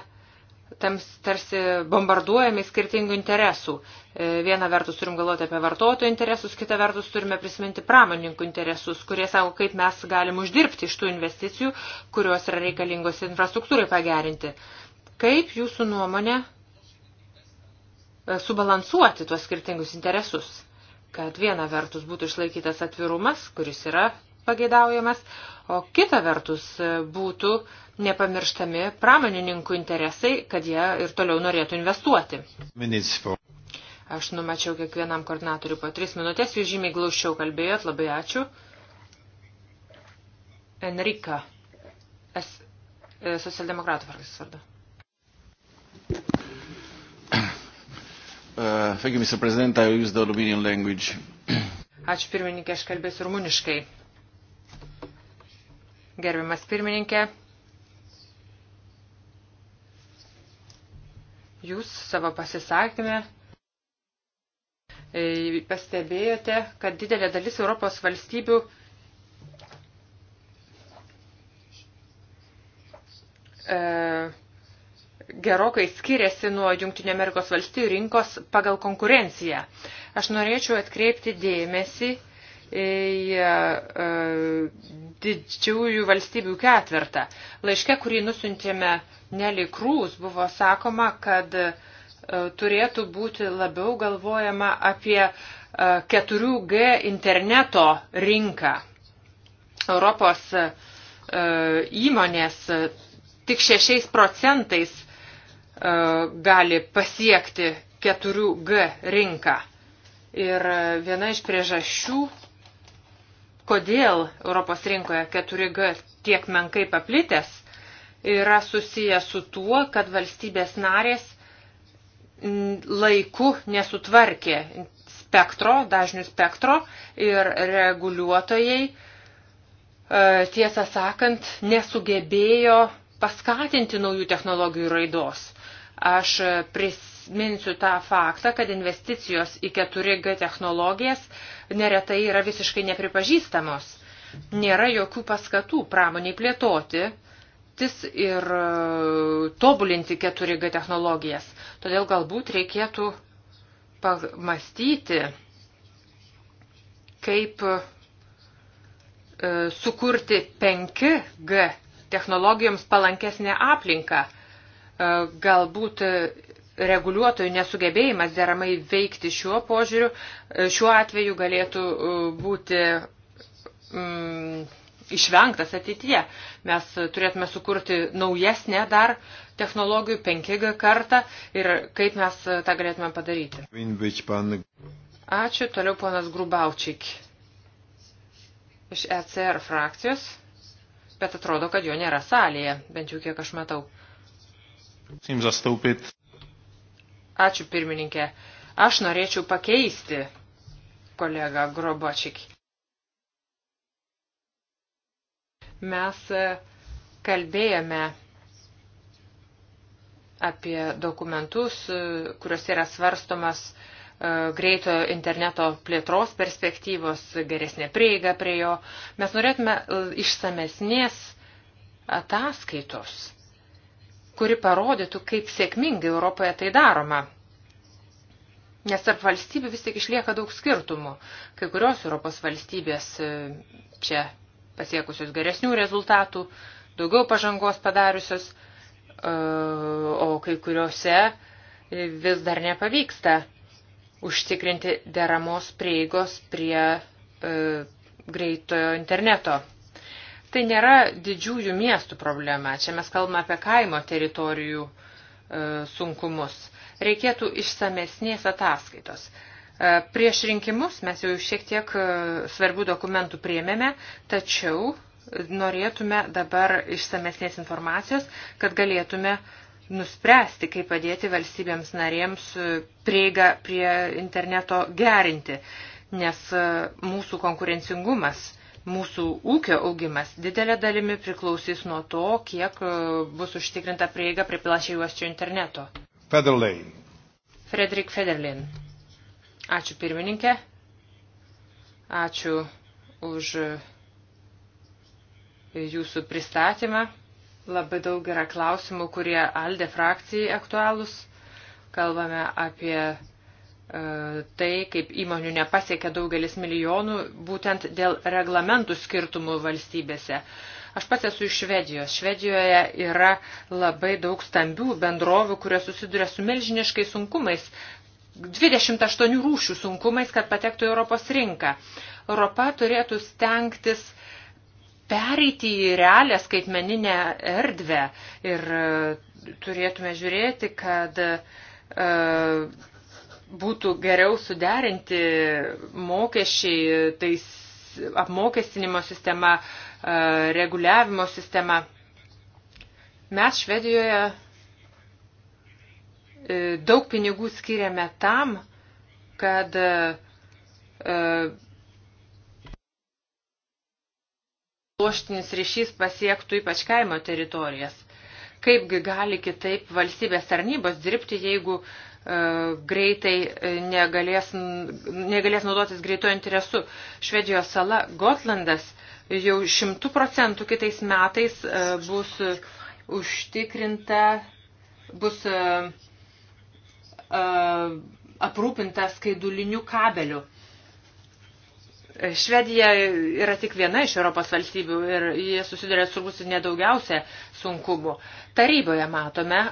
tams tarsi bombarduojami skirtingų interesų. E, viena vertus turim galvoti apie vartotojų interesus, kita vertus turime prisiminti pramoninkų interesus, kurie sako, kaip mes galim uždirbti iš tų investicijų, kurios yra reikalingos infrastruktūrai pagerinti. Kaip jūsų nuomonė e, subalansuoti tuos skirtingus interesus, kad viena vertus būtų išlaikytas atvirumas, kuris yra pageidaujamas, o kita vertus e, būtų nepamirštami pramonininkų interesai, kad jie ir toliau norėtų investuoti. Aš numačiau kiekvienam koordinatoriui po tris minutės, jūs žymiai glaušiau kalbėjot, labai ačiū. Enrika, es, e, socialdemokratų vargas vardu. Uh, thank you, Mr. President. I use the Romanian language. Ačiū pirmininkė, aš kalbėsiu rumuniškai. Gerbiamas pirmininkė, Jūs savo pasisakymę e, pastebėjote, kad didelė dalis Europos valstybių e, gerokai skiriasi nuo Junktinio Amerikos valstybių rinkos pagal konkurenciją. Aš norėčiau atkreipti dėmesį E, didžiųjų valstybių ketvertą. Laiške, kurį nusintėme Nelly Krūs, buvo sakoma, kad e, turėtų būti labiau galvojama apie 4G e, interneto rinką. Europos įmonės tik 6 procentais gali pasiekti 4G rinką. Ir viena iš priežasčių kodėl Europos rinkoje 4G tiek menkai paplitęs, yra susijęs su tuo, kad valstybės narės laiku nesutvarkė spektro, dažnių spektro ir reguliuotojai, e, tiesą sakant, nesugebėjo paskatinti naujų technologijų raidos. Aš pris, minsiu tą faktą, kad investicijos į 4G technologijas neretai yra visiškai nepripažįstamos. Nėra jokių paskatų pramoniai plėtoti tis ir e, tobulinti 4G technologijas. Todėl galbūt reikėtų pamastyti, kaip e, sukurti 5G technologijoms palankesnę aplinką. E, galbūt reguliuotojų nesugebėjimas deramai veikti šiuo požiūriu, e, šiuo atveju galėtų e, būti mm, išvengtas ateityje. Mes turėtume sukurti naujesnę dar technologijų 5G kartą ir kaip mes tą galėtume padaryti. Ačiū, toliau ponas Grubaučik iš ECR frakcijos, bet atrodo, kad jo nėra salėje, bent jau kiek aš matau. Sim zastoupit. Ačiū pirmininkė. Aš norėčiau pakeisti kolegą Grobočikį. Mes e, kalbėjome apie dokumentus, e, kuriuose yra svarstomas e, greito interneto plėtros perspektyvos, geresnė prieiga prie jo. Mes norėtume išsamesnės ataskaitos kuri parodytų, kaip sėkmingai Europoje tai daroma. Nes tarp valstybių vis tik išlieka daug skirtumų. Kai kurios Europos valstybės e, čia pasiekusios geresnių rezultatų, daugiau pažangos padariusios, e, o kai kuriuose e, vis dar nepavyksta užtikrinti deramos prieigos prie greitojo interneto. Tai nėra didžiųjų miestų problema. Čia mes kalbame apie kaimo teritorijų e, sunkumus. Reikėtų išsamesnės ataskaitos. E, prieš rinkimus mes jau šiek tiek e, svarbių dokumentų priemėme, tačiau norėtume dabar išsamesnės informacijos, kad galėtume nuspręsti, kaip padėti valstybėms narėms e, prieigą prie interneto gerinti, nes e, mūsų konkurencingumas mūsų ūkio augimas didelė dalimi priklausys nuo to, kiek e, bus užtikrinta prieiga prie plačiai juosčio interneto. Federlin. Frederik Federlin. Ačiū pirmininkė. Ačiū už e, jūsų pristatymą. Labai daug yra klausimų, kurie Alde frakcijai aktualūs. Kalbame apie E, tai, kaip įmonių nepasiekia daugelis milijonų, būtent dėl reglamentų skirtumų valstybėse. Aš pats esu iš Švedijos. Švedijoje yra labai daug stambių bendrovių, kurios susiduria su milžiniškai sunkumais, 28 rūšių sunkumais, kad patektų į Europos rinką. Europa turėtų stengtis pereiti į realią skaitmeninę erdvę ir e, turėtume žiūrėti, kad uh, būtų geriau suderinti mokesčiai, tais apmokestinimo sistema, e, reguliavimo sistema. Mes Švedijoje e, daug pinigų skiriame tam, kad e, loštinis ryšys pasiektų ypač kaimo teritorijas. Kaipgi gali kitaip valstybės tarnybos dirbti, jeigu uh, E, greitai e, negalės, negalės naudotis greito interesu. Švedijos sala Gotlandas jau šimtų procentų kitais metais e, bus užtikrinta, bus aprūpinta skaiduliniu kabeliu. Švedija yra tik viena iš Europos valstybių ir jie susiduria turbūt nedaugiausia sunkumu. Taryboje matome,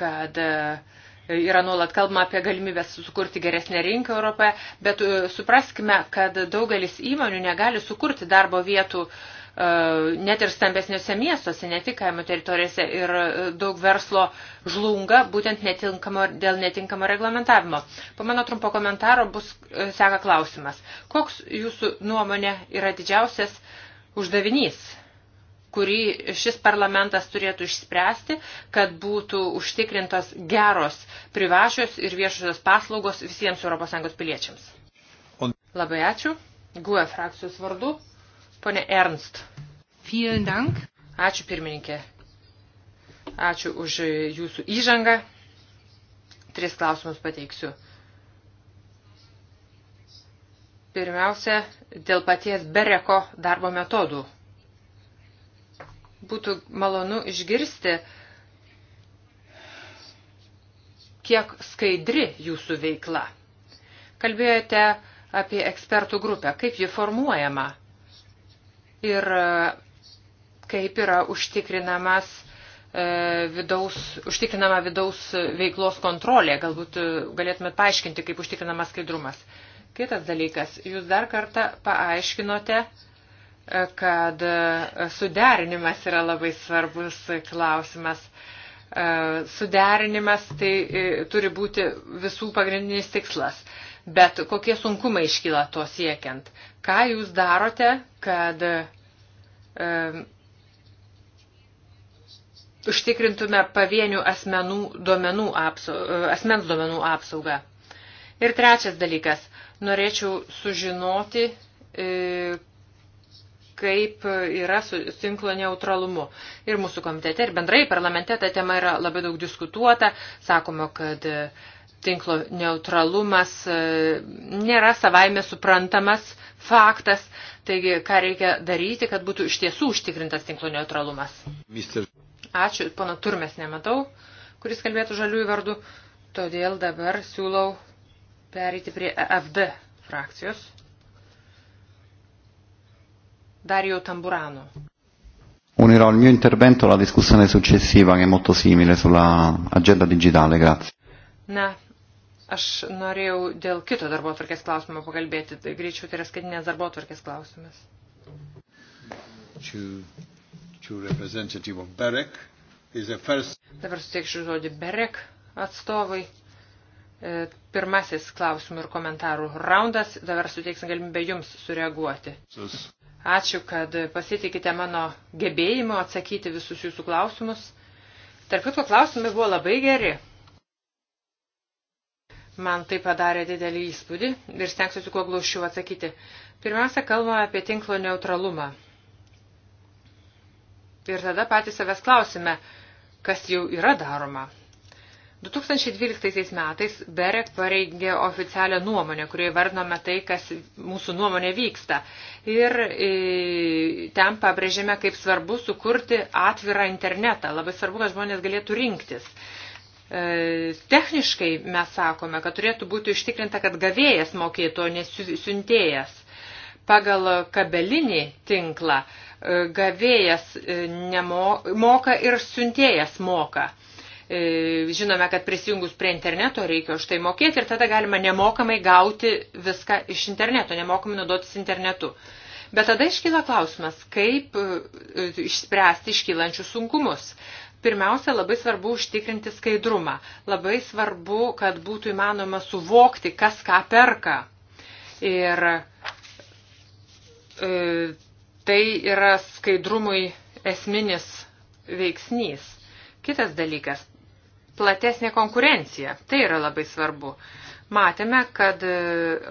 kad uh, Yra nuolat kalbama apie galimybę sukurti geresnę rinką Europoje, bet e, supraskime, kad daugelis įmonių negali sukurti darbo vietų e, net ir stambesniuose miestuose, ne tik kaimo teritorijose ir e, daug verslo žlunga būtent netinkamo, dėl netinkamo reglamentavimo. Po mano trumpo komentaro bus seka klausimas. Koks jūsų nuomonė yra didžiausias uždavinys kurį šis parlamentas turėtų išspręsti, kad būtų užtikrintos geros privačios ir viešosios paslaugos visiems ES piliečiams. Labai ačiū. GUE frakcijos vardu. Pone Ernst. Vielen Dank. Ačiū pirmininkė. Ačiū už jūsų įžangą. Tris klausimus pateiksiu. Pirmiausia, dėl paties Bereko darbo metodų Būtų malonu išgirsti, kiek skaidri jūsų veikla. Kalbėjote apie ekspertų grupę, kaip ji formuojama ir e, kaip yra užtikrinamas e, vidaus, užtikrinama vidaus veiklos kontrolė. Galbūt e, galėtumėt paaiškinti, kaip užtikrinamas skaidrumas. Kitas dalykas, jūs dar kartą paaiškinote, kad suderinimas yra labai svarbus klausimas. Suderinimas tai e, turi būti visų pagrindinis tikslas. Bet kokie sunkumai iškyla to siekiant? Ką jūs darote, kad um, užtikrintume pavienių asmenų duomenų apsaugą, e, asmens duomenų apsaugą? Ir trečias dalykas. Norėčiau sužinoti, kaip yra su tinklo neutralumu. Ir mūsų komitete, ir bendrai parlamente ta tema yra labai daug diskutuota. Sakoma, kad e, tinklo neutralumas e, nėra savaime suprantamas faktas. Taigi, ką reikia daryti, kad būtų iš tiesų užtikrintas tinklo neutralumas. Mister. Ačiū, pono Turmes nematau, kuris kalbėtų žaliųjų vardu. Todėl dabar siūlau pereiti prie e FD frakcijos. Dario Tamburano. Unirò il mio intervento alla discussione successiva che è molto simile sulla agenda digitale, grazie. Na, aš norėjau dėl kito darbo tvarkės klausimo pakalbėti, tai greičiau tai yra skaitinės darbo tvarkės klausimas. To, to representative of BEREC is the first... Dabar suteikšiu žodį BEREC atstovai. E, pirmasis klausimų ir komentarų raundas, dabar suteiksim galimybę jums sureaguoti. Sus. Ačiū, kad pasitikite mano gebėjimu atsakyti visus jūsų klausimus. Tarp kitko klausimai buvo labai geri. Man tai padarė didelį įspūdį ir stengsiuosi kuo glaušiu atsakyti. Pirmiausia, kalbame apie tinklo neutralumą. Ir tada patys savęs klausime, kas jau yra daroma. 2012 metais BEREK pareigė oficialią nuomonę, kurioje vardinome tai, kas mūsų nuomonė vyksta. Ir e, ten pabrėžėme, kaip svarbu sukurti atvirą internetą. Labai svarbu, kad žmonės galėtų rinktis e, techniškai mes sakome, kad turėtų būti užtikrinta, kad gavėjas mokėtų, o nesiuntėjas. Pagal kabelinį tinklą e, gavėjas nemo, moka ir siuntėjas moka. E, žinome, kad prisijungus prie interneto reikia už tai mokėti ir tada galima nemokamai gauti viską iš interneto, nemokamai naudotis internetu. Bet tada iškyla klausimas, kaip e, išspręsti iškylančius sunkumus. Pirmiausia, labai svarbu užtikrinti skaidrumą. Labai svarbu, kad būtų įmanoma suvokti, kas ką perka. Ir e, tai yra skaidrumui esminis veiksnys. Kitas dalykas platesnė konkurencija. Tai yra labai svarbu. Matėme, kad e,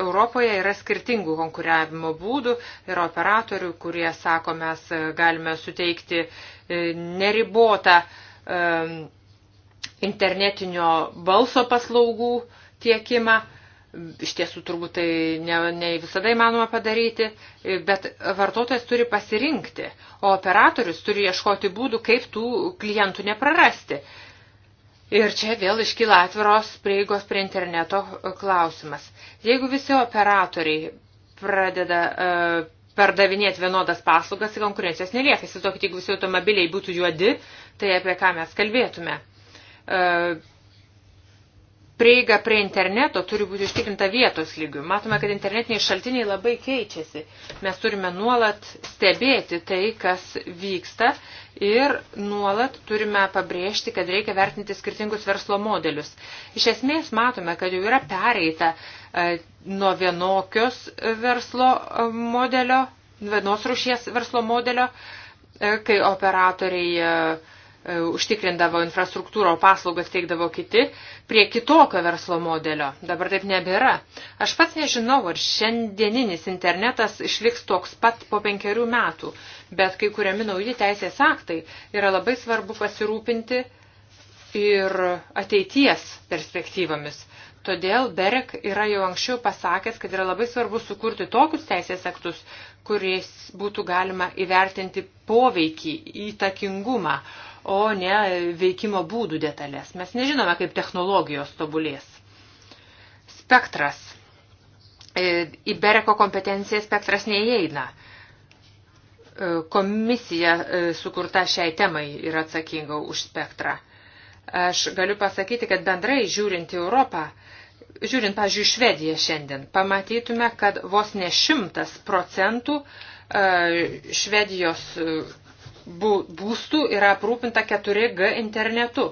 Europoje yra skirtingų konkuravimo būdų ir operatorių, kurie sako, mes e, galime suteikti e, neribotą internetinio balso paslaugų tiekimą. Iš tiesų turbūt tai ne, ne visada įmanoma padaryti, bet vartotojas turi pasirinkti, o operatorius turi ieškoti būdų, kaip tų klientų neprarasti. Ir čia vėl iškyla atviros prieigos prie interneto e, klausimas. Jeigu visi operatoriai pradeda uh, pardavinėti vienodas paslaugas, tai konkurencijos nelieka. Įsivaizduokit, jeigu visi automobiliai būtų juodi, tai apie ką mes kalbėtume. Uh, prieiga prie interneto turi būti užtikrinta vietos lygių. Matome, kad internetiniai šaltiniai labai keičiasi. Mes turime nuolat stebėti tai, kas vyksta ir nuolat turime pabrėžti, kad reikia vertinti skirtingus verslo modelius. Iš esmės matome, kad jau yra pereita e, nuo vienokios verslo e, modelio, vienos rušies verslo modelio, e, kai operatoriai E, užtikrindavo infrastruktūro paslaugas teikdavo kiti prie kitokio verslo modelio. Dabar taip nebėra. Aš pats nežinau, ar šiandieninis internetas išliks toks pat po penkerių metų, bet kai kuriami nauji teisės aktai yra labai svarbu pasirūpinti ir ateities perspektyvomis. Todėl Berek yra jau anksčiau pasakęs, kad yra labai svarbu sukurti tokius teisės aktus, kuriais būtų galima įvertinti poveikį, įtakingumą, o ne veikimo būdų detalės. Mes nežinome, kaip technologijos tobulės. Spektras. E, į Bereko kompetenciją spektras neįeina. E, komisija e, sukurta šiai temai yra atsakinga už spektrą. Aš galiu pasakyti, kad bendrai žiūrint į Europą, žiūrint, pažiūrėjau, Švediją šiandien, pamatytume, kad vos ne šimtas procentų Švedijos būstų yra aprūpinta 4G internetu.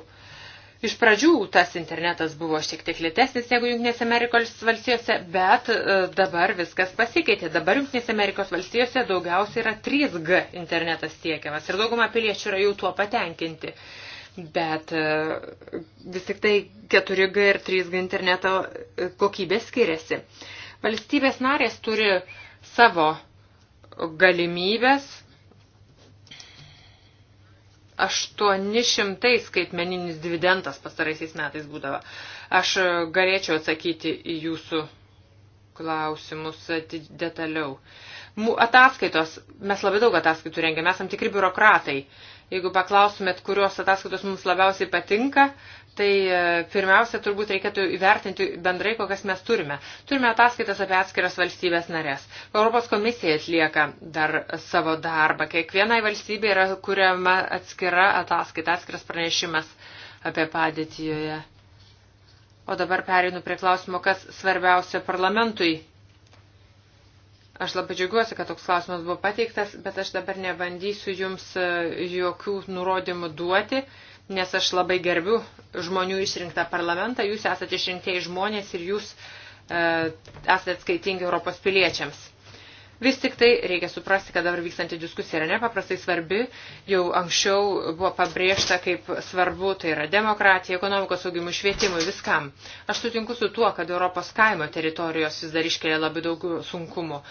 Iš pradžių tas internetas buvo šiek tiek lėtesnis negu Junktinėse Amerikos valstijose, bet e, dabar viskas pasikeitė. Dabar Junktinėse Amerikos valstijose daugiausiai yra 3G internetas tiekiamas ir dauguma piliečių yra jau tuo patenkinti. Bet e, vis tik tai 4G ir 3G interneto e, kokybė skiriasi. Valstybės narės turi savo galimybės 800 skaitmeninis dividendas pastaraisiais metais būdavo. Aš galėčiau atsakyti į jūsų klausimus detaliau. Ataskaitos, mes labai daug ataskaitų rengiam, mes esam tikri biurokratai. Jeigu paklausumėt, kurios ataskaitos mums labiausiai patinka, tai e, pirmiausia turbūt reikėtų įvertinti bendrai, kokias mes turime. Turime ataskaitas apie atskiras valstybės narės. Europos komisija atlieka dar savo darbą. Kiekvienai valstybė yra kuriama atskira ataskaita, atskiras pranešimas apie padėtį joje. O dabar pereinu prie klausimo, kas svarbiausia parlamentui. Aš labai džiaugiuosi, kad toks klausimas buvo pateiktas, bet aš dabar nebandysiu jums e, jokių nurodymų duoti nes aš labai gerbiu žmonių išrinktą parlamentą, jūs esate išrinktieji žmonės ir jūs e, esate skaitingi Europos piliečiams. Vis tik tai reikia suprasti, kad dabar vykstanti diskusija yra nepaprastai svarbi. Jau anksčiau buvo pabrėžta, kaip svarbu tai yra demokratija, ekonomikos augimui, švietimui, viskam. Aš sutinku su tuo, kad Europos kaimo teritorijos vis dar iškelia labai daug sunkumų.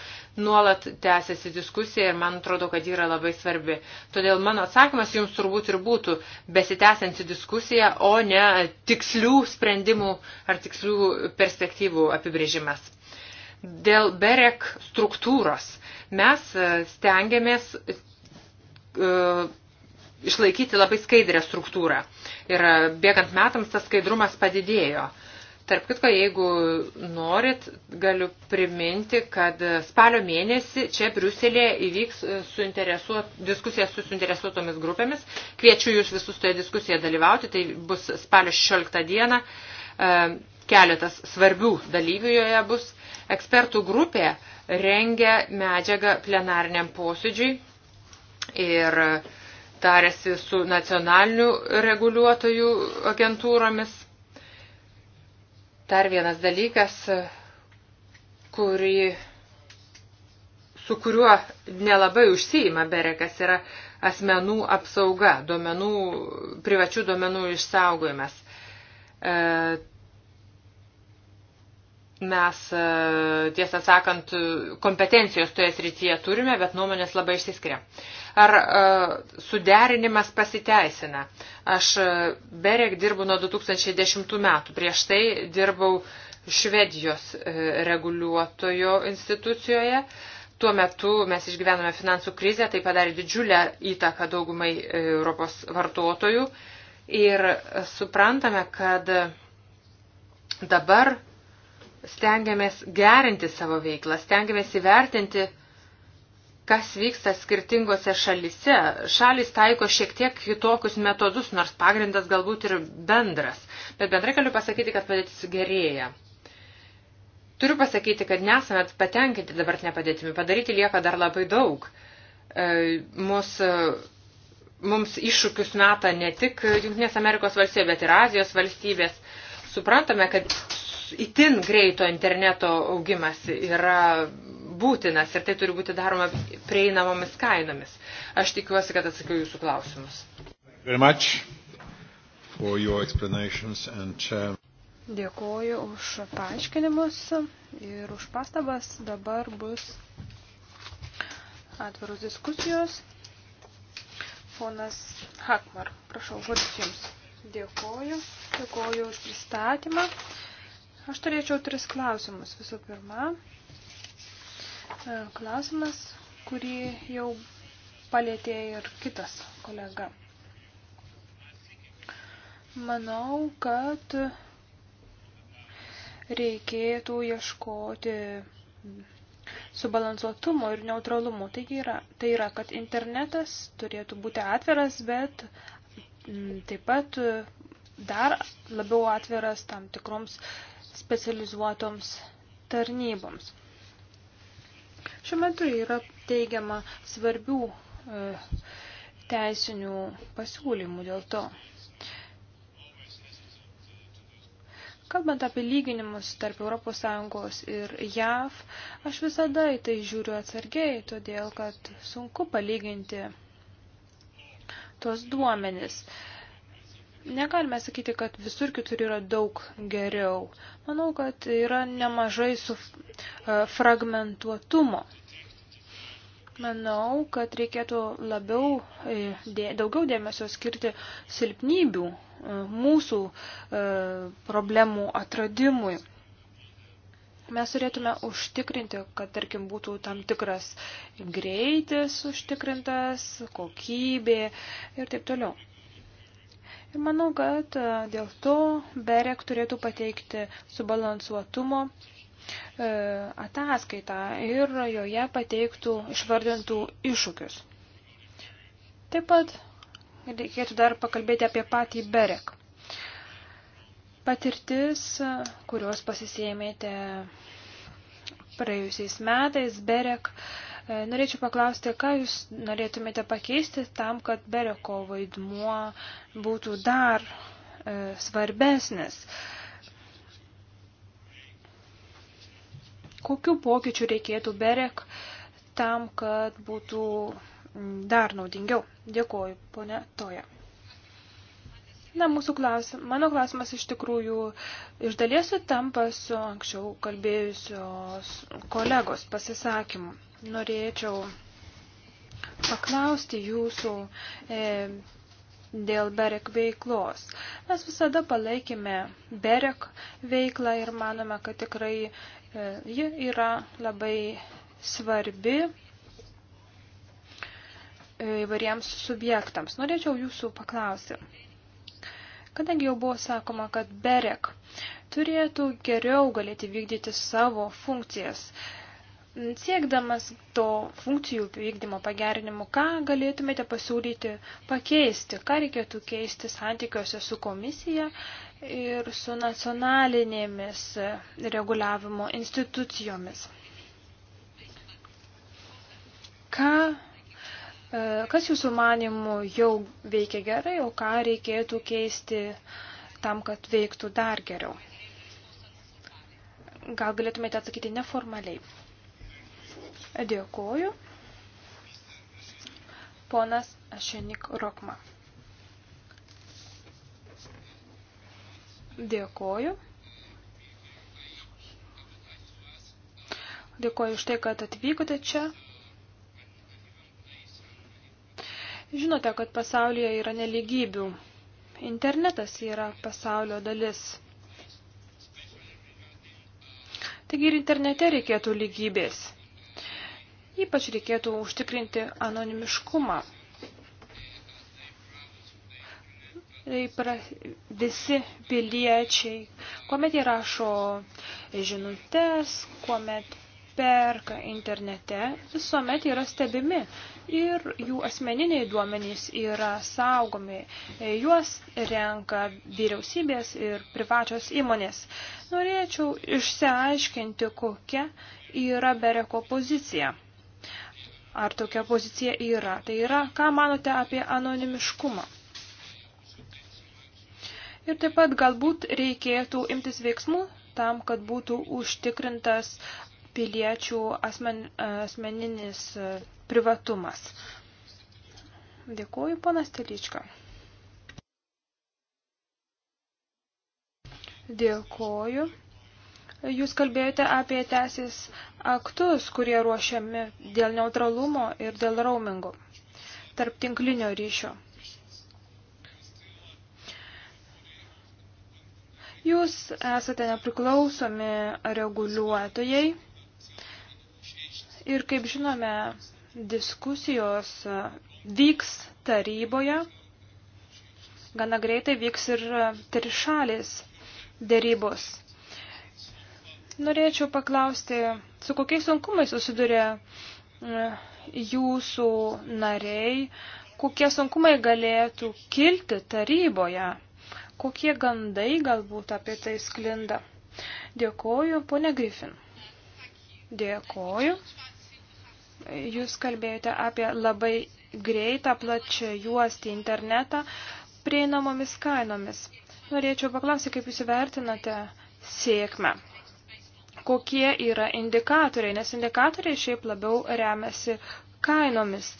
Nuolat tęsiasi diskusija ir man atrodo, kad yra labai svarbi. Todėl mano atsakymas jums turbūt ir būtų besitęsianti diskusija, o ne tikslių sprendimų ar tikslių perspektyvų apibrėžimas. Dėl BEREK struktūros mes e, stengiamės e, išlaikyti labai skaidrę struktūrą. Ir e, bėgant metams tas skaidrumas padidėjo. Tarp kitko, jeigu norit, galiu priminti, kad spalio mėnesį čia Briuselėje įvyks suinteresuot, diskusija su suinteresuotomis grupėmis. Kviečiu jūs visus toje diskusijoje dalyvauti. Tai bus spalio 16 dieną. Keletas svarbių dalyvių joje bus. Ekspertų grupė rengia medžiagą plenariniam posėdžiui ir tarėsi su nacionaliniu reguliuotojų agentūromis. Dar vienas dalykas, kurį, su kuriuo nelabai užsiima Berekas, yra asmenų apsauga, duomenų, privačių duomenų išsaugojimas. E, mes, e, tiesą sakant, kompetencijos toje srityje turime, bet nuomonės labai išsiskiria. Ar e, suderinimas pasiteisina? Aš e, berek dirbu nuo 2010 metų. Prieš tai dirbau Švedijos reguliuotojo institucijoje. Tuo metu mes išgyvenome finansų krizę, tai padarė didžiulę įtaką daugumai Europos vartotojų. Ir suprantame, kad dabar stengiamės gerinti savo veiklą, stengiamės įvertinti, kas vyksta skirtingose šalise. Šalis taiko šiek tiek kitokius metodus, nors pagrindas galbūt ir bendras. Bet bendrai galiu pasakyti, kad padėtis gerėja. Turiu pasakyti, kad nesame patenkinti dabartinę padėtimi. Padaryti lieka dar labai daug. E, mus, e, mums iššūkius meta ne tik Junktinės Amerikos valstybės, bet ir Azijos valstybės. Suprantame, kad itin greito interneto augimas yra būtinas ir tai turi būti daroma prieinamomis kainomis. Aš tikiuosi, kad atsakiau jūsų klausimus. And... Uh, Dėkuoju už paaiškinimus ir už pastabas. Dabar bus atviros diskusijos. Ponas Hakmar, prašau, žodis jums. Dėkuoju. Dėkuoju už pristatymą. Aš turėčiau tris klausimus. Visų pirma, e, klausimas, kurį jau palėtė ir kitas kolega. Manau, kad reikėtų ieškoti subalansuotumo ir neutralumo. Taigi yra, tai yra, kad internetas turėtų būti atviras, bet mm, taip pat dar labiau atviras tam tikroms specializuotoms tarnyboms. Šiuo metu yra teigiama svarbių e, teisinių pasiūlymų dėl to. Kalbant apie lyginimus tarp ES ir JAV, aš visada į tai žiūriu atsargiai, todėl kad sunku palyginti tuos duomenis. Uh, Negalime sakyti, kad visur kitur yra daug geriau. Manau, kad yra nemažai su e, fragmentuotumo. Manau, kad reikėtų labiau, e, daugiau dėmesio skirti silpnybių e, mūsų problemų atradimui. Mes turėtume užtikrinti, kad, tarkim, būtų tam tikras greitis užtikrintas, kokybė ir taip toliau. Ir manau, kad e, dėl to BEREK turėtų pateikti subalansuotumo e, ataskaitą ir joje pateiktų išvardintų iššūkius. Taip pat reikėtų dar pakalbėti apie patį BEREK. Patirtis, kurios pasisėmėte praėjusiais metais, BEREK uh, Norėčiau paklausti, ką Jūs norėtumėte pakeisti tam, kad Bereko vaidmuo būtų dar e, svarbesnis. Kokių pokyčių reikėtų Berek tam, kad būtų dar naudingiau? Dėkuoju, ponia Toja. Na, mūsų klausim, mano klausimas iš tikrųjų iš dalies sutampa su anksčiau kalbėjusios kolegos pasisakymu. Norėčiau paklausti jūsų e, dėl Berek veiklos. Mes visada palaikėme Berek veiklą ir manome, kad tikrai e, ji yra labai svarbi e, įvariems subjektams. Norėčiau jūsų paklausti Kadangi jau buvo sakoma, kad BEREK turėtų geriau galėti vykdyti savo funkcijas, siekdamas to funkcijų vykdymo pagerinimo, ką galėtumėte pasiūlyti pakeisti, ką reikėtų keisti santykiuose su komisija ir su nacionalinėmis reguliavimo institucijomis. Ką E, kas jūsų manimų jau veikia gerai, o ką reikėtų keisti tam, kad veiktų dar geriau? Gal galėtumėte atsakyti neformaliai. Dėkuoju. Ponas Ašenik Rokma. Dėkoju. Dėkoju už tai, kad atvykote čia. Žinote, kad pasaulyje yra neligybių. Internetas yra pasaulio dalis. Taigi ir internete reikėtų lygybės. Ypač reikėtų užtikrinti anonimiškumą. Tai visi piliečiai, kuomet jie rašo žinutės, kuomet perka internete, visuomet yra stebimi ir jų asmeniniai duomenys yra saugomi. Juos renka vyriausybės ir privačios įmonės. Norėčiau išsiaiškinti, kokia yra Bereko pozicija. Ar tokia pozicija yra? Tai yra, ką manote apie anonimiškumą? Ir taip pat galbūt reikėtų imtis veiksmų tam, kad būtų užtikrintas piliečių asmen, asmeninis privatumas. Dėkuoju, ponas Teličko. Dėkuoju. Jūs kalbėjote apie teisės aktus, kurie ruošiami dėl neutralumo ir dėl roamingo, tarp tinklinio ryšio. Jūs esate nepriklausomi reguliuotojai ir, kaip žinome, Diskusijos vyks taryboje, gana greitai vyks ir trišalės dėrybos. Norėčiau paklausti, su kokiais sunkumais susiduria e, jūsų nariai, kokie sunkumai galėtų kilti taryboje, kokie gandai galbūt apie tai sklinda. Dėkoju, ponė Grifin. Dėkoju. Jūs kalbėjote apie labai greitą plačią juostį internetą prieinamomis kainomis. Norėčiau paklausyti, kaip jūs vertinate sėkmę. Kokie yra indikatoriai, nes indikatoriai šiaip labiau remiasi kainomis.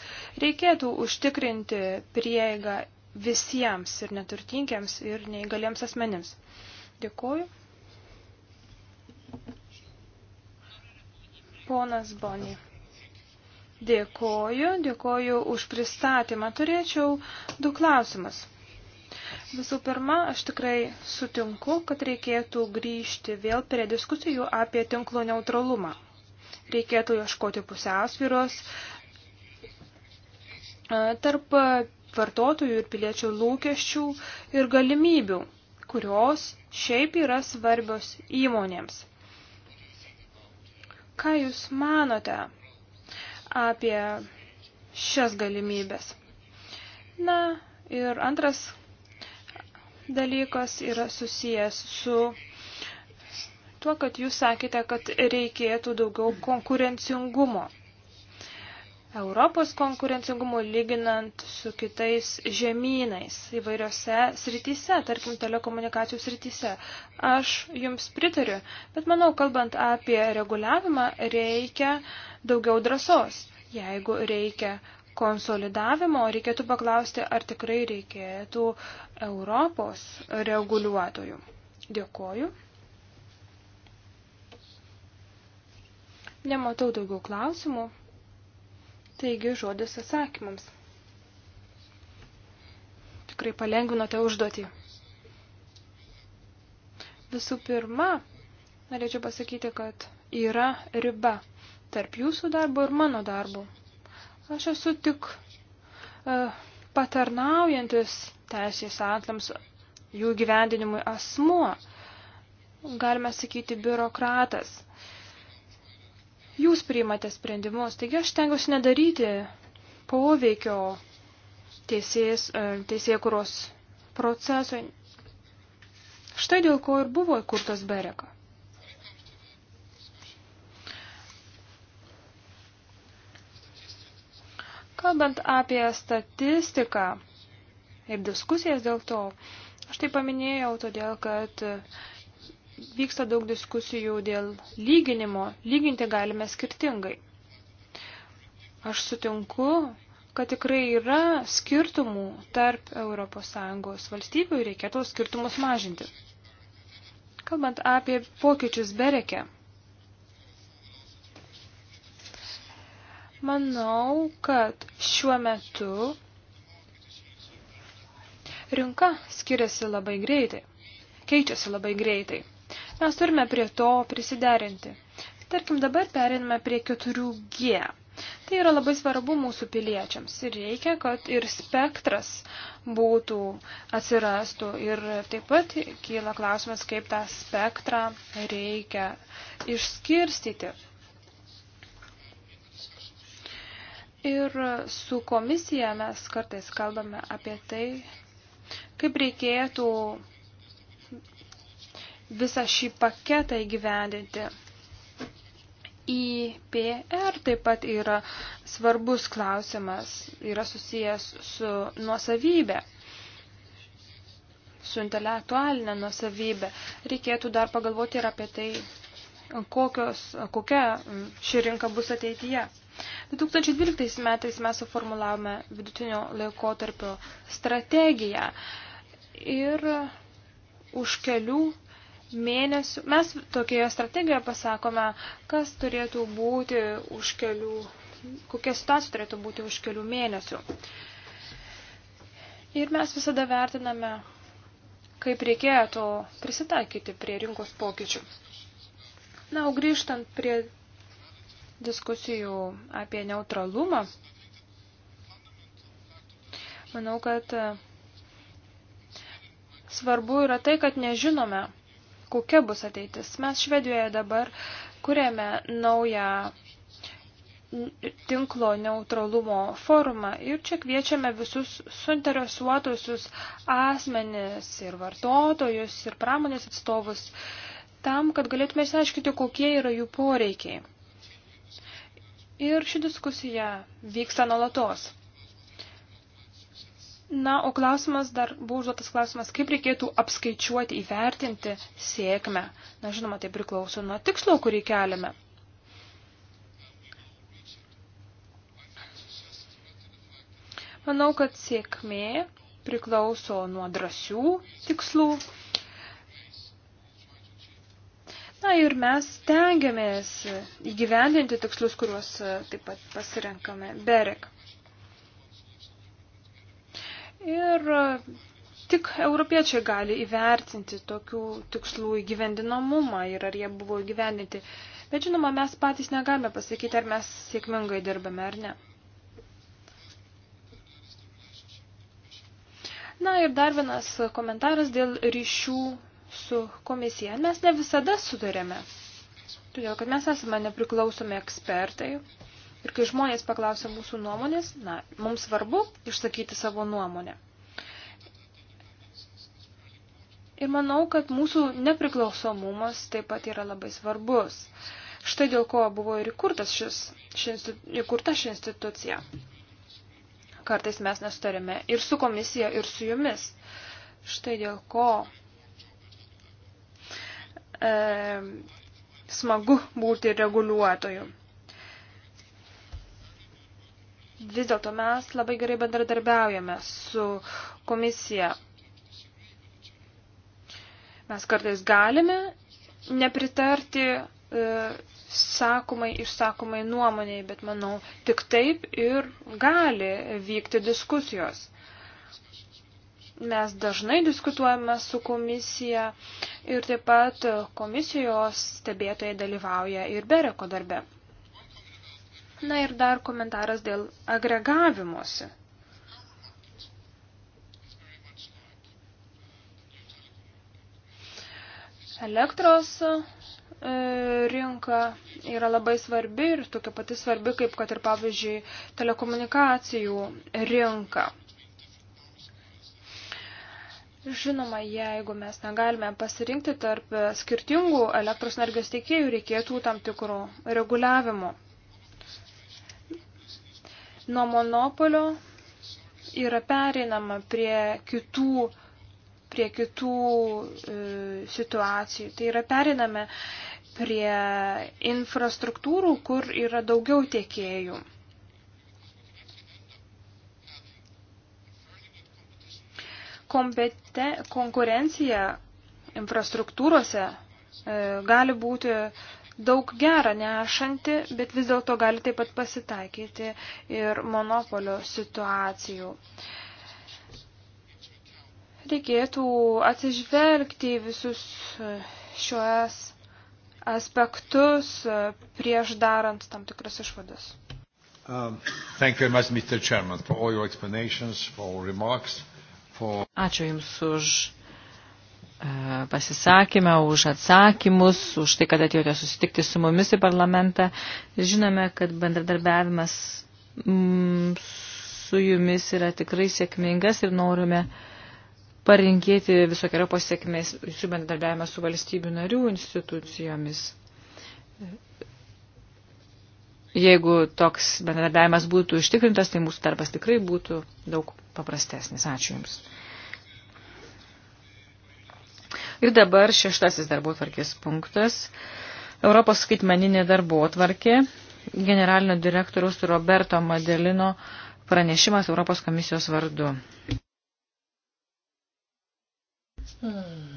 Reikėtų užtikrinti prieigą visiems ir neturtinkiams ir neįgaliems asmenims. Dėkuoju. Ponas Boni. Dėkoju, dėkoju už pristatymą. Turėčiau du klausimus. Visų pirma, aš tikrai sutinku, kad reikėtų grįžti vėl prie diskusijų apie tinklo neutralumą. Reikėtų ieškoti pusiausvyros e, tarp vartotojų ir piliečių lūkesčių ir galimybių, kurios šiaip yra svarbios įmonėms. Ką Jūs manote apie šias galimybės. Na ir antras dalykas yra susijęs su tuo, kad jūs sakėte, kad reikėtų daugiau konkurencingumo. Europos konkurencingumu lyginant su kitais žemynais įvairiose srityse, tarkim telekomunikacijų srityse. Aš jums pritariu, bet manau, kalbant apie reguliavimą, reikia daugiau drąsos. Jeigu reikia konsolidavimo, reikėtų paklausti, ar tikrai reikėtų Europos reguliuotojų. Dėkoju. Nematau daugiau klausimų. Taigi žodis atsakymams. Tikrai palengvinote užduotį. Visų pirma, norėčiau pasakyti, kad yra riba tarp jūsų darbo ir mano darbo. Aš esu tik uh, patarnaujantis teisės atlams jų gyvendinimui asmuo, galime sakyti biurokratas jūs priimate sprendimus, taigi aš tengiuosi nedaryti poveikio teisės, e, teisėkuros procesui. Štai dėl ko ir buvo įkurtas Bereka. Kalbant apie statistiką ir diskusijas dėl to, aš tai paminėjau todėl, kad vyksta daug diskusijų dėl lyginimo, lyginti galime skirtingai. Aš sutinku, kad tikrai yra skirtumų tarp ES valstybių ir reikėtų skirtumus mažinti. Kalbant apie pokyčius bereke, manau, kad šiuo metu rinka skiriasi labai greitai, keičiasi labai greitai. Mes turime prie to prisiderinti. Tarkim, dabar periname prie 4G. Tai yra labai svarbu mūsų piliečiams ir reikia, kad ir spektras būtų atsirastų ir taip pat kyla klausimas, kaip tą spektrą reikia išskirstyti. Ir su komisija mes kartais kalbame apie tai, kaip reikėtų visą šį paketą įgyvendinti. IPR taip pat yra svarbus klausimas, yra susijęs su nuosavybė, su intelektualinė nuosavybė. Reikėtų dar pagalvoti ir apie tai, kokios, kokia ši rinka bus ateityje. 2012 metais mes suformulavome vidutinio laikotarpio strategiją ir už kelių mėnesių. Mes tokioje strategijoje pasakome, kas turėtų būti už kelių, kokia situacija turėtų būti už kelių mėnesių. Ir mes visada vertiname, kaip reikėtų prisitaikyti prie rinkos pokyčių. Na, o grįžtant prie diskusijų apie neutralumą, manau, kad svarbu yra tai, kad nežinome, kokia bus ateitis. Mes Švedijoje dabar kuriame naują tinklo neutralumo forumą ir čia kviečiame visus suinteresuotusius asmenis ir vartotojus ir pramonės atstovus tam, kad galėtume išsiaiškinti, kokie yra jų poreikiai. Ir ši diskusija vyksta nuolatos. Na, o klausimas dar buvo užduotas klausimas, kaip reikėtų apskaičiuoti, įvertinti sėkmę. Na, žinoma, tai priklauso nuo tikslo, kurį keliame. Manau, kad sėkmė priklauso nuo drąsių tikslų. Na ir mes tengiamės įgyvendinti tikslus, kuriuos taip pat pasirenkame. Berek. Ir e, tik europiečiai gali įvertinti tokių tikslų įgyvendinamumą ir ar jie buvo įgyvendinti. Bet žinoma, mes patys negalime pasakyti, ar mes sėkmingai dirbame ar ne. Na ir dar vienas komentaras dėl ryšių su komisija. Mes ne visada sudarėme, todėl kad mes esame nepriklausomi ekspertai Ir kai žmonės paklausia mūsų nuomonės, na, mums svarbu išsakyti savo nuomonę. Ir manau, kad mūsų nepriklausomumas taip pat yra labai svarbus. Štai dėl ko buvo ir įkurtas šis, ši, įkurta ši institucija. Kartais mes nesutarėme ir su komisija, ir su jumis. Štai dėl ko e, smagu būti reguliuotoju. Vis dėlto mes labai gerai bendradarbiaujame su komisija. Mes kartais galime nepritarti e, sakomai išsakomai nuomoniai, bet manau, tik taip ir gali vykti diskusijos mes dažnai diskutuojame su komisija ir taip pat komisijos stebėtojai dalyvauja ir bereko darbe. Na ir dar komentaras dėl agregavimuose. Elektros e, rinka yra labai svarbi ir tokia pati svarbi, kaip kad ir pavyzdžiui telekomunikacijų rinka. Žinoma, jeigu mes negalime pasirinkti tarp skirtingų elektros energijos teikėjų, reikėtų tam tikrų reguliavimų nuo monopolio yra pereinama prie kitų, prie kitų e, situacijų. Tai yra pereiname prie infrastruktūrų, kur yra daugiau tiekėjų. Kompete, konkurencija infrastruktūrose e, gali būti daug gerą nešanti, bet vis dėlto gali taip pat pasitaikyti ir monopolio situacijų. Reikėtų atsižvelgti visus šios aspektus prieš darant tam tikras išvadas. Um, thank you very much, Mr. Chairman, for all your explanations, for all remarks. For... Ačiū Jums už E, pasisakymę, už atsakymus, už tai, kad atėjote susitikti su mumis į parlamentą. Žinome, kad bendradarbiavimas mm, su jumis yra tikrai sėkmingas ir norime parinkėti visokiojo pasiekmės jūsų bendradarbiavimą su valstybių narių institucijomis. Jeigu toks bendradarbiavimas būtų užtikrintas, tai mūsų darbas tikrai būtų daug paprastesnis. Ačiū Jums. Ir dabar šeštasis darbo tvarkės punktas. Europos skaitmeninė darbo tvarkė. Generalinio direktoriaus Roberto Madelino pranešimas Europos komisijos vardu. Hmm.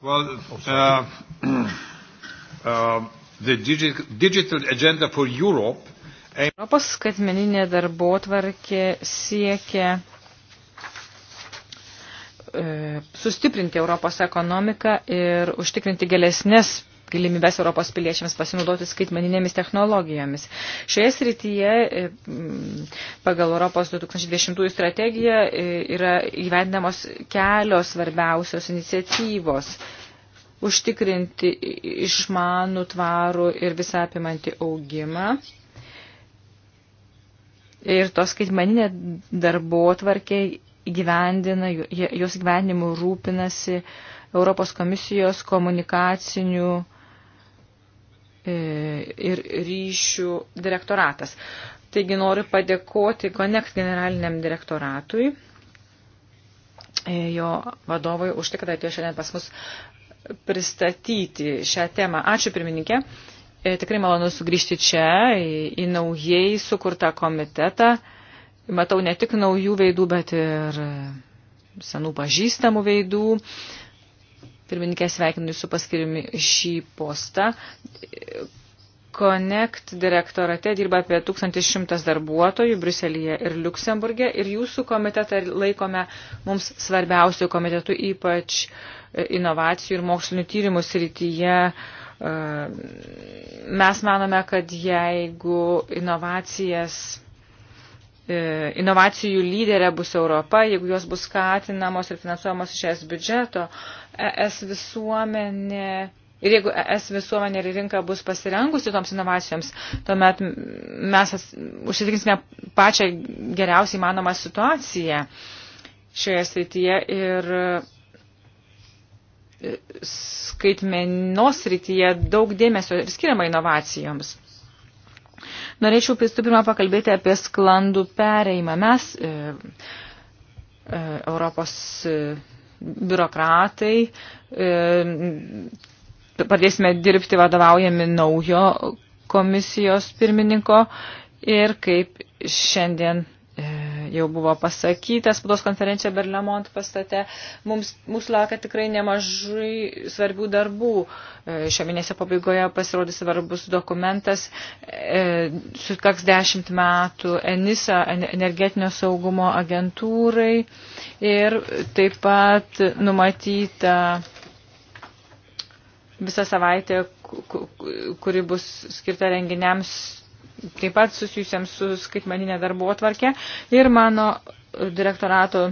Well, uh, uh, the digital agenda for Europe. Europos skaitmeninė darbo tvarkė siekia e, sustiprinti Europos ekonomiką ir užtikrinti gelesnės galimybės Europos piliečiams pasinaudoti skaitmeninėmis technologijomis. Šioje srityje e, pagal Europos 2020 strategiją e, yra įvendinamos kelios svarbiausios iniciatyvos užtikrinti išmanų, tvarų ir visą apimantį augimą. Ir tos skaitmaninė darbo tvarkė gyvendina, jos gyvenimu rūpinasi Europos komisijos komunikacinių e, ir ryšių direktoratas. Taigi noriu padėkoti Connect generaliniam direktoratui, e, jo vadovui už tai, kad atėjo šiandien pas mus pristatyti šią temą. Ačiū pirmininkė. E, tikrai malonu sugrįžti čia į, į naujai sukurtą komitetą. Matau ne tik naujų veidų, bet ir senų pažįstamų veidų. Pirmininkė sveikinu su paskirimi šį postą. Connect direktorate dirba apie 1100 darbuotojų Bruselėje ir Luksemburgė ir jūsų komitetą laikome mums svarbiausių komitetų, ypač uh, inovacijų ir mokslinių tyrimų srityje. E, mes manome, kad jeigu inovacijas e, inovacijų lyderė bus Europa, jeigu jos bus skatinamos ir finansuojamos iš es biudžeto, es visuomenė. Ir jeigu es visuomenė ir rinka bus pasirengusi toms inovacijoms, tuomet mes užsitikinsime pačią geriausiai manomą situaciją šioje srityje ir skaitmenos rytyje daug dėmesio ir skiriama inovacijoms. Norėčiau visų pirma pakalbėti apie sklandų pereimą. Mes, e, e, Europos e, biurokratai, e, pradėsime dirbti vadovaujami naujo komisijos pirmininko ir kaip šiandien E, jau buvo pasakyta spaudos konferencija Berlemont pastate. Mums, mūsų laukia tikrai nemažai svarbių darbų. E, šio mėnesio pabaigoje pasirodys svarbus dokumentas, e, sukaks dešimt metų ENISA, energetinio saugumo agentūrai ir taip pat numatyta visą savaitę, kuri bus skirta renginiams taip pat susijusiams su skaitmeninė darbo atvarkė. Ir mano direktorato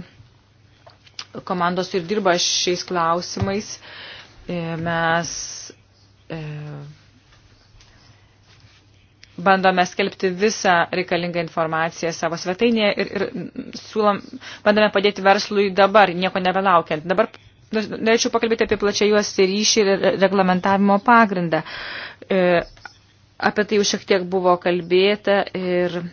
komandos ir dirba šiais klausimais. E, mes e, bandome skelbti visą reikalingą informaciją savo svetainėje ir, ir siūlom, bandome padėti verslui dabar, nieko nebelaukiant. Dabar norėčiau pakalbėti apie plačiai juos ryšį ir reglamentavimo pagrindą. E, Apie tai jau šiek tiek buvo kalbėta ir e,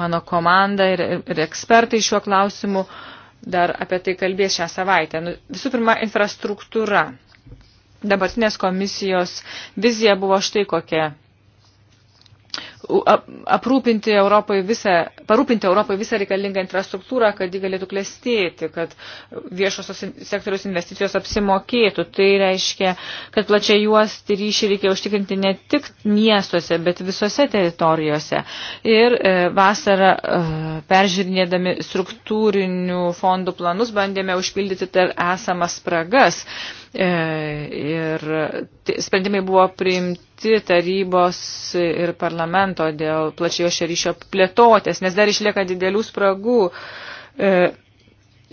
mano komanda ir, ir ekspertai šiuo klausimu dar apie tai kalbės šią savaitę. Nu, visų pirma, infrastruktūra. Dabartinės komisijos vizija buvo štai kokia aprūpinti Europai visą, parūpinti Europai visą reikalingą infrastruktūrą, kad ji galėtų klestėti, kad viešosios sektoriaus investicijos apsimokėtų. Tai reiškia, kad plačiai juos ryšį reikia užtikrinti ne tik miestuose, bet visose teritorijose. Ir e, vasarą e, peržiūrinėdami struktūrinių fondų planus bandėme užpildyti dar esamas spragas. E, ir sprendimai buvo priimti tarybos ir parlamento dėl plačiojo šeryšio plėtotės, nes dar išlieka didelių spragų. E,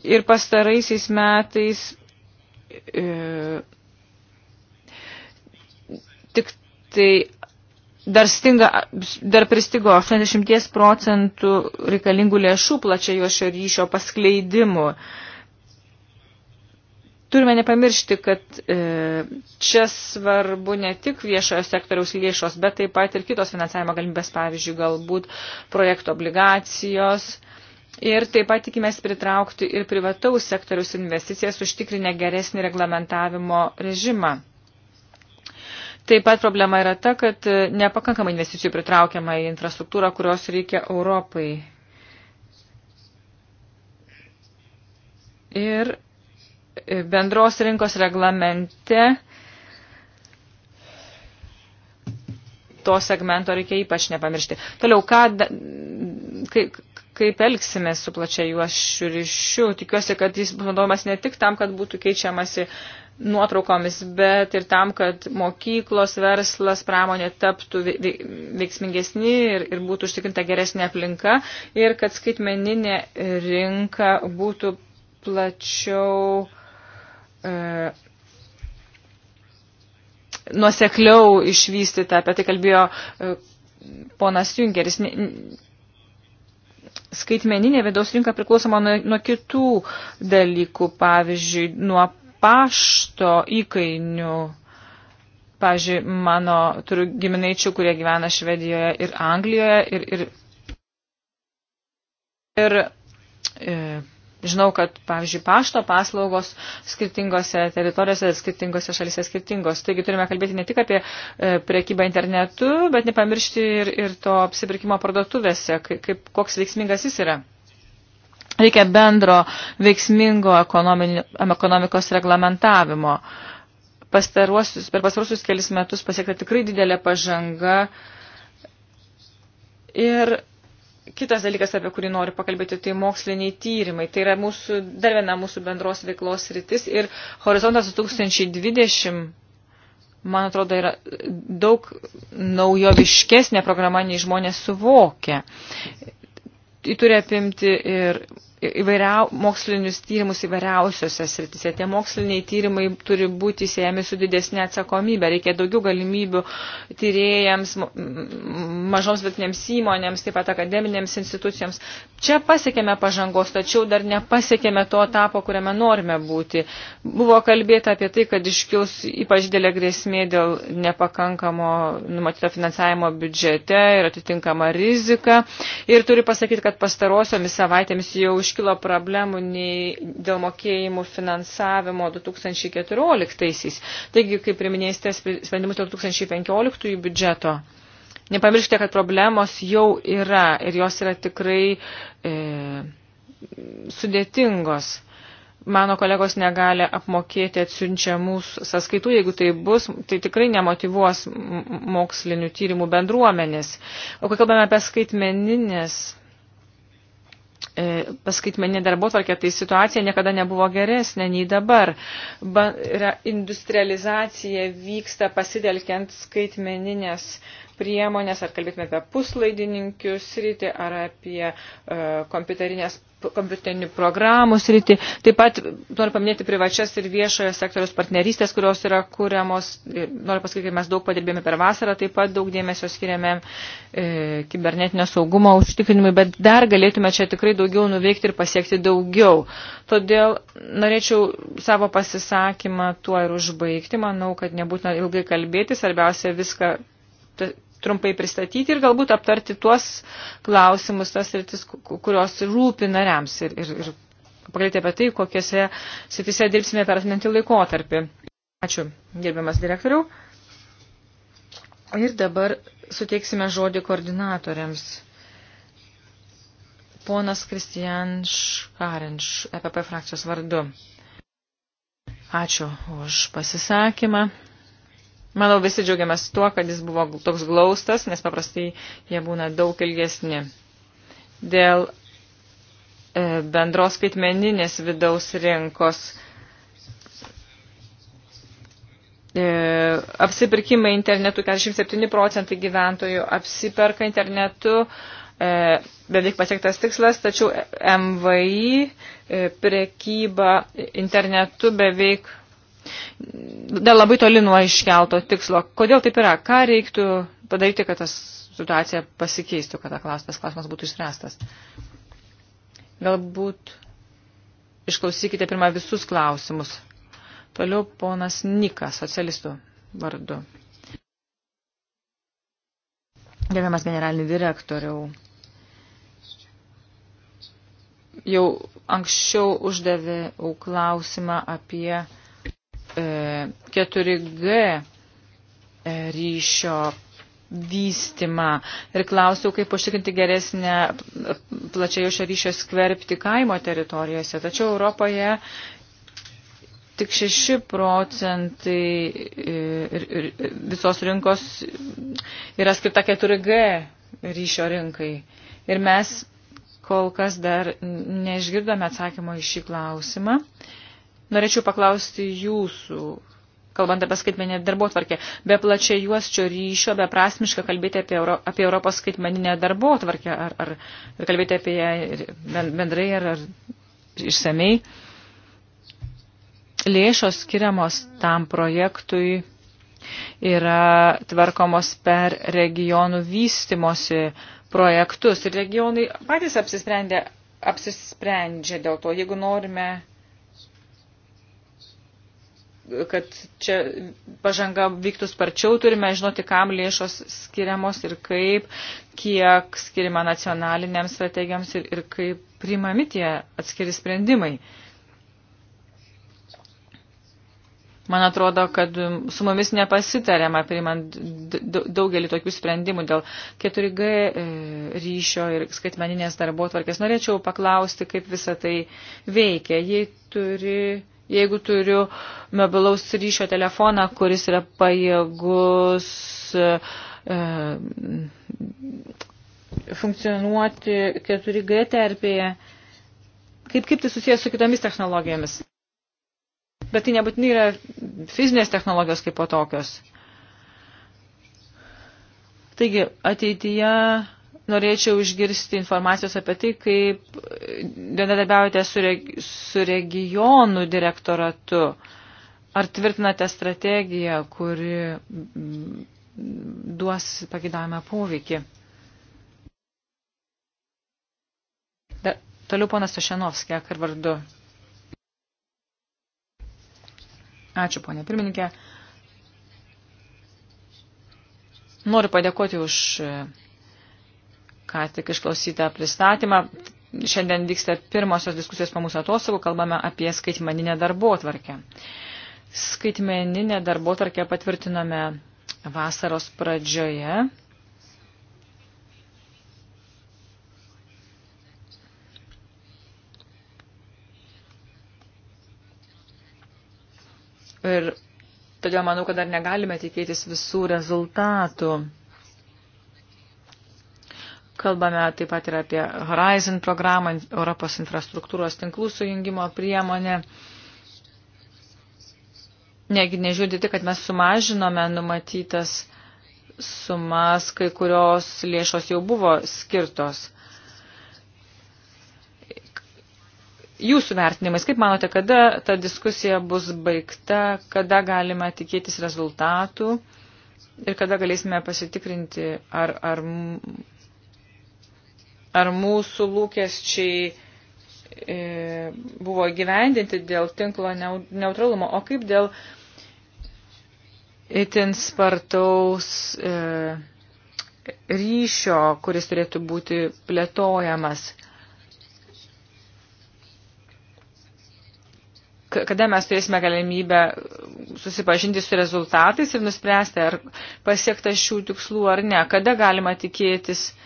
ir pastaraisiais metais e, tik tai dar, stinga, dar pristigo 80 procentų reikalingų lėšų plačiojo šeryšio paskleidimų. Turime nepamiršti, kad e, čia svarbu ne tik viešojo sektoriaus lėšos, bet taip pat ir kitos finansavimo galimybės, pavyzdžiui, galbūt projekto obligacijos. Ir taip pat tikimės pritraukti ir privataus sektoriaus investicijas, užtikrinę geresnį reglamentavimo režimą. Taip pat problema yra ta, kad e, nepakankamai investicijų pritraukiama į infrastruktūrą, kurios reikia Europai. Ir bendros rinkos reglamente to segmento reikia ypač nepamiršti. Toliau, ką, kaip, kaip elgsime su plačia juošiu ryšiu. Tikiuosi, kad jis naudojamas ne tik tam, kad būtų keičiamasi nuotraukomis, bet ir tam, kad mokyklos, verslas, pramonė taptų veiksmingesni ir, ir būtų užtikrinta geresnė aplinka ir kad skaitmeninė rinka būtų plačiau E, nuosekliau išvystyta, apie tai kalbėjo e, ponas Junkeris. Skaitmeninė vidaus rinka priklausoma nuo, nuo kitų dalykų, pavyzdžiui, nuo pašto įkainių. Pavyzdžiui, mano turiu giminaičių, kurie gyvena Švedijoje ir Anglijoje ir, ir, ir e, Žinau, kad, pavyzdžiui, pašto paslaugos skirtingose teritorijose, skirtingose šalise skirtingos. Taigi turime kalbėti ne tik apie e, prekybą internetu, bet nepamiršti ir, ir to apsipirkimo parduotuvėse, kaip, kaip, koks veiksmingas jis yra. Reikia bendro veiksmingo ekonomikos reglamentavimo. Pastaruosius, per pastaruosius kelis metus pasiekta tikrai didelė pažanga ir Kitas dalykas, apie kurį noriu pakalbėti, tai moksliniai tyrimai. Tai yra mūsų, dar viena mūsų bendros veiklos rytis ir horizontas 2020, man atrodo, yra daug naujoviškesnė programa, nei žmonės suvokia. Ji turi apimti ir įvairiau, mokslinius tyrimus įvairiausiose sritise. Tie moksliniai tyrimai turi būti siejami su didesnė atsakomybė. Reikia daugiau galimybių tyrėjams, mažoms vidinėms įmonėms, taip pat akademinėms institucijoms. Čia pasiekėme pažangos, tačiau dar nepasiekėme to etapo, kuriame norime būti. Buvo kalbėta apie tai, kad iškils ypač dėlė grėsmė dėl nepakankamo numatyto finansavimo biudžete ir atitinkama rizika. Ir turiu pasakyti, kad pastarosiomis savaitėmis jau iškilo problemų nei dėl mokėjimų finansavimo 2014-aisiais. Taigi, kaip priminėsite sprendimus 2015-ųjų biudžeto, nepamirškite, kad problemos jau yra ir jos yra tikrai e, sudėtingos mano kolegos negali apmokėti atsiunčiamų sąskaitų, jeigu tai bus, tai tikrai nemotivuos mokslinių tyrimų bendruomenės. O kai kalbame apie skaitmeninės E, paskaitmeninė darbo tvarkė, tai situacija niekada nebuvo geresnė nei dabar. Ba, industrializacija vyksta pasidelkiant skaitmeninės priemonės, ar kalbėtume apie puslaidininkius sritį, ar apie e, kompiuterinės kompiuterinių programų sritį. Taip pat noriu paminėti privačias ir viešojo sektoriaus partnerystės, kurios yra kūriamos. Noriu pasakyti, mes daug padirbėjome per vasarą, taip pat daug dėmesio skiriame e, kibernetinio saugumo užtikrinimui, bet dar galėtume čia tikrai daugiau nuveikti ir pasiekti daugiau. Todėl norėčiau savo pasisakymą tuo ir užbaigti. Manau, kad nebūtina ilgai kalbėti, svarbiausia viską trumpai pristatyti ir galbūt aptarti tuos klausimus, tas rytis, kurios rūpi nariams ir, ir, ir pakalbėti apie tai, kokiuose sitise dirbsime per atminti laikotarpį. Ačiū, gerbiamas direktoriau. Ir dabar suteiksime žodį koordinatoriams. Ponas Kristijan Škarenš, EPP frakcijos vardu. Ačiū už pasisakymą. Manau, visi džiaugiamės tuo, kad jis buvo toks glaustas, nes paprastai jie būna daug ilgesni. Dėl e, bendros skaitmeninės vidaus rinkos e, apsipirkimai internetu, 47 procentai gyventojų apsiperka internetu, e, beveik pasiektas tikslas, tačiau MVI prekyba internetu beveik dar labai toli nuo iškelto tikslo. Kodėl taip yra? Ką reiktų padaryti, kad tas situacija pasikeistų, kad tas klausimas būtų išspręstas? Galbūt išklausykite pirmą visus klausimus. Toliau ponas Nikas, socialistų vardu. Gerbiamas generalinį direktoriau, jau anksčiau uždavė klausimą apie 4G e, e, ryšio vystimą ir klausiau, kaip užtikrinti geresnę plačiai šio ryšio skverbti kaimo teritorijose. Tačiau Europoje tik 6 procentai e, visos rinkos yra skirta 4G ryšio rinkai. Ir mes kol kas dar neišgirdome atsakymo į šį klausimą. Uh, Norėčiau paklausti jūsų, kalbant apie skaitmeninę darbo tvarkę, be plačiai juosčio ryšio, be prasmiška kalbėti apie, Euro, apie Europos skaitmeninę darbo tvarkę, ar, ar kalbėti apie ją bendrai ar, ar išsamei. Lėšos skiriamos tam projektui yra tvarkomos per regionų vystimosi projektus. Ir regionai patys apsisprendė, apsisprendžia dėl to, jeigu norime kad čia pažanga vyktų sparčiau, turime žinoti, kam lėšos skiriamos ir kaip, kiek skirima nacionaliniams strategijams ir, ir kaip primami tie atskiri sprendimai. Man atrodo, kad su mumis nepasitarėma priimant daugelį tokių sprendimų dėl 4G e, ryšio ir skaitmeninės darbo tvarkės. Norėčiau paklausti, kaip visa tai veikia. Jei turi Jeigu turiu mobilaus ryšio telefoną, kuris yra pajėgus e, funkcionuoti 4G terpėje, kaip, kaip tai susijęs su kitomis technologijomis? Bet tai nebūtinai yra fizinės technologijos kaip po tokios. Taigi, ateityje norėčiau išgirsti informacijos apie tai, kaip bendradarbiaujate su, reg su regionų direktoratu. Ar tvirtinate strategiją, kuri mm, duos pagidavimą poveikį? Da, toliau ponas Tošenovskė, ar vardu. Ačiū, ponė pirmininkė. Noriu padėkoti už ką tik išklausytą pristatymą. Šiandien vyksta pirmosios diskusijos po mūsų atostogų, kalbame apie skaitmeninę darbo tvarkę. Skaitmeninę darbo tvarkę patvirtinome vasaros pradžioje. Ir todėl manau, kad dar negalime tikėtis visų rezultatų. Kalbame taip pat ir apie Horizon programą, Europos infrastruktūros tinklų sujungimo priemonę. Negi nežiūrėti, tai, kad mes sumažinome numatytas sumas, kai kurios lėšos jau buvo skirtos. Jūsų vertinimais, kaip manote, kada ta diskusija bus baigta, kada galime tikėtis rezultatų ir kada galėsime pasitikrinti, ar, ar ar mūsų lūkesčiai e, buvo gyvendinti dėl tinklo neutralumo, o kaip dėl itin spartaus e, ryšio, kuris turėtų būti plėtojamas. kada mes turėsime galimybę susipažinti su rezultatais ir nuspręsti, ar pasiektas šių tikslų ar ne, kada galima tikėtis uh,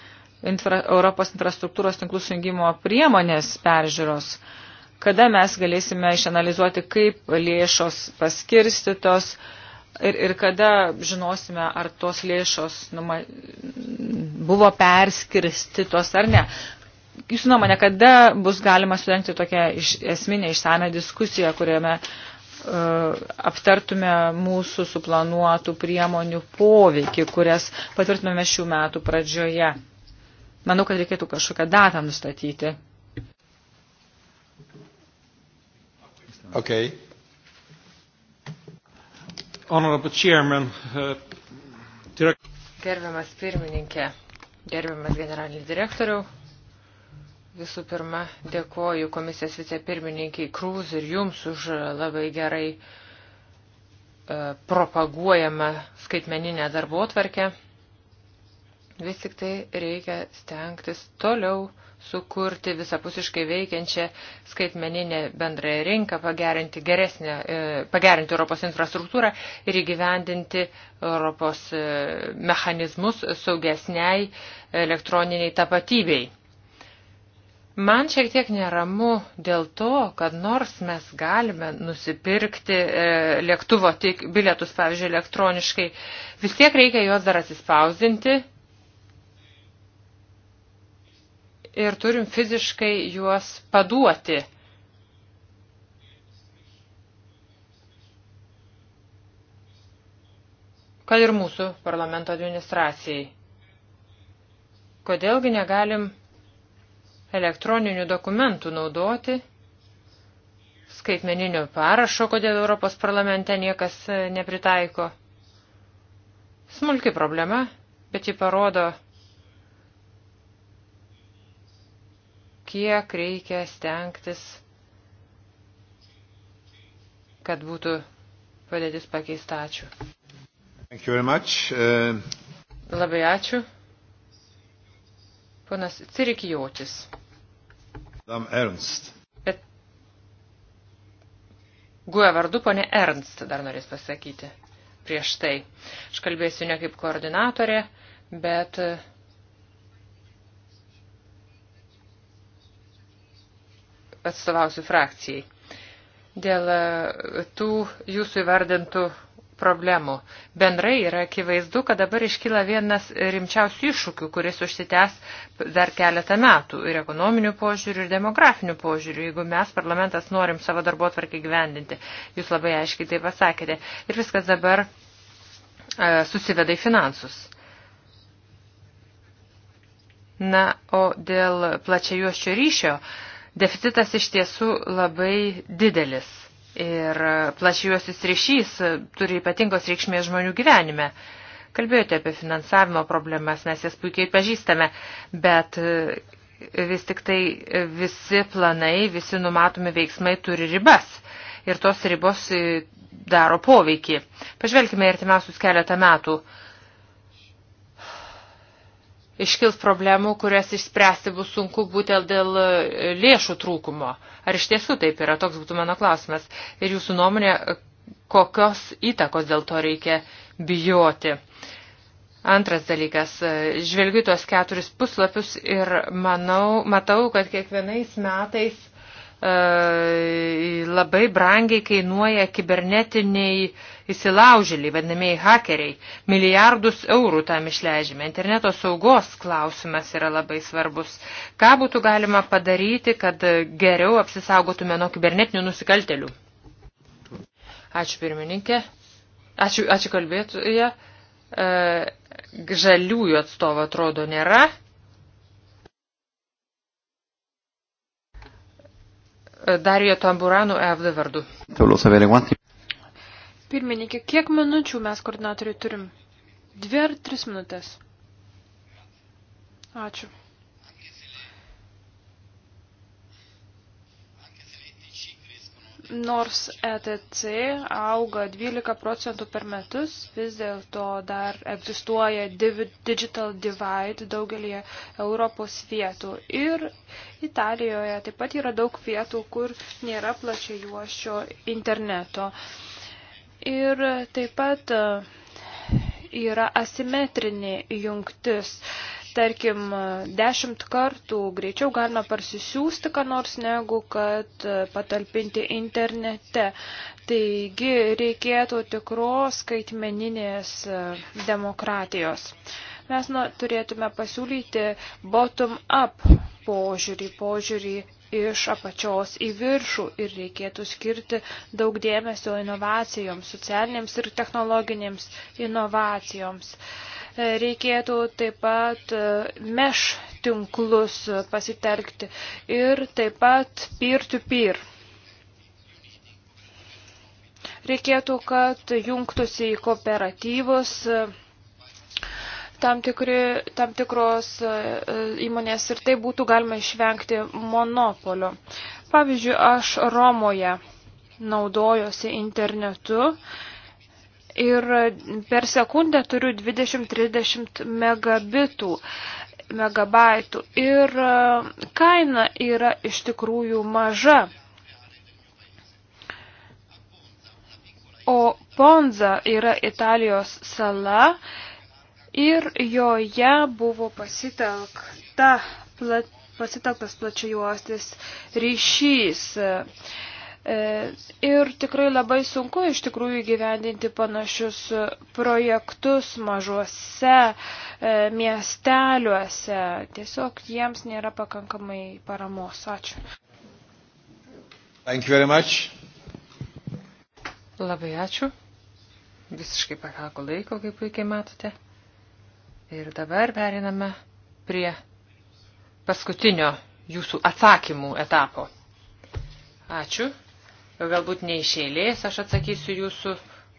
infra, Europos infrastruktūros tinklų sujungimo priemonės peržiūros, kada mes galėsime išanalizuoti, kaip lėšos paskirstytos ir, ir kada žinosime, ar tos lėšos numa, buvo perskirstytos ar ne. Jūsų nuomonė, kada bus galima surenkti tokią iš, esminę išsame diskusiją, kuriame e, aptartume mūsų suplanuotų priemonių poveikį, kurias patvirtinome šių metų pradžioje. Manau, kad reikėtų kažkokią datą nustatyti. Okay. Honorable Chairman, uh, direct... Gerbiamas pirmininkė, gerbiamas generalinis direktoriau, visų pirma dėkoju komisijos vicepirmininkiai Krūz ir jums už labai gerai uh, propaguojamą skaitmeninę darbo tvarkę vis tik tai reikia stengtis toliau sukurti visapusiškai veikiančią skaitmeninę bendrąją rinką, pagerinti, geresnę, e, pagerinti Europos infrastruktūrą ir įgyvendinti Europos e, mechanizmus saugesniai elektroniniai tapatybei. Man šiek tiek neramu dėl to, kad nors mes galime nusipirkti e, lėktuvo tik bilietus, pavyzdžiui, elektroniškai, vis tiek reikia juos dar atsispausdinti ir turim fiziškai juos paduoti. kad ir mūsų parlamento administracijai. Kodėlgi negalim elektroninių dokumentų naudoti, skaitmeninio parašo, kodėl Europos parlamente niekas e, nepritaiko. Smulki problema, bet ji parodo kiek reikia stengtis, kad būtų padėtis pakeista. Ačiū. Uh... Labai ačiū. Ponas Cirikijotis. Dam Ernst. Bet... Guė vardu, ponė Ernst, dar norės pasakyti prieš tai. Aš kalbėsiu ne kaip koordinatorė, bet uh, atstovausiu frakcijai. Dėl e, tų jūsų įvardintų problemų. Bendrai yra akivaizdu, kad dabar iškyla vienas rimčiausių iššūkių, kuris užsitęs dar keletą metų ir ekonominių požiūrių, ir demografinių požiūrių, jeigu mes parlamentas norim savo darbo tvarkį gyvendinti. Jūs labai aiškiai tai pasakėte. Ir viskas dabar e, susiveda į finansus. Na, o dėl plačiajuoščio ryšio. E, Deficitas iš tiesų labai didelis ir plačiuosius ryšys turi ypatingos reikšmės žmonių gyvenime. Kalbėjote apie finansavimo problemas, mes jas puikiai pažįstame, bet e, vis tik tai e, visi planai, visi numatomi veiksmai turi ribas ir tos ribos e, daro poveikį. Pažvelkime ir timiausius keletą metų iškils problemų, kurias išspręsti bus sunku būtent dėl e, lėšų trūkumo. Ar iš tiesų taip yra? Toks būtų mano klausimas. Ir jūsų nuomonė, kokios įtakos dėl to reikia bijoti? Antras dalykas. E, žvelgiu tuos keturis puslapius ir manau, matau, kad kiekvienais metais E, labai brangiai kainuoja kibernetiniai įsilaužėliai, vadinamieji hakeriai. Milijardus eurų tam išleidžiame. Interneto saugos klausimas yra labai svarbus. Ką būtų galima padaryti, kad geriau apsisaugotume nuo kibernetinių nusikaltelių? Ačiū pirmininkė. Ačiū, ačiū kalbėtoje. Žaliųjų atstovo atrodo nėra. Darijo Tamburanų EFD vardu. Pirmininkė, kiek minučių mes koordinatoriai turim? Dvi ar tris minutės? Ačiū. Nors ETC auga 12 procentų per metus, vis dėlto dar egzistuoja digital divide daugelį Europos vietų. Ir Italijoje taip pat yra daug vietų, kur nėra plačiai juošio interneto. Ir taip pat e, yra asimetrinė jungtis. Uh, tarkim, dešimt kartų greičiau galima parsisiųsti, ką nors negu kad patalpinti internete. Taigi reikėtų tikros skaitmeninės demokratijos. Mes nu, turėtume pasiūlyti bottom-up požiūrį, požiūrį iš apačios į viršų ir reikėtų skirti daug dėmesio inovacijoms, socialinėms ir technologinėms inovacijoms. Uh, reikėtų taip pat e, meš tinklus pasitelkti ir taip pat peer-to-peer. -peer. Reikėtų, kad jungtųsi į kooperatyvus e, tam, tikri, tam tikros e, įmonės ir tai būtų galima išvengti monopolio. Pavyzdžiui, aš Romoje naudojosi internetu ir per sekundę turiu 20-30 megabitų, megabaitų ir e, kaina yra iš tikrųjų maža. O Ponza yra Italijos sala ir joje buvo pasitelkta, plat, pasitelktas plačiajuostis ryšys. E, ir tikrai labai sunku iš tikrųjų gyvendinti panašius projektus mažuose e, miesteliuose. Tiesiog jiems nėra pakankamai paramos. Ačiū. Thank you very much. Labai ačiū. Visiškai pakako laiko, kaip puikiai matote. Ir dabar periname prie paskutinio jūsų atsakymų etapo. Ačiū. Galbūt neišėlės aš atsakysiu jūsų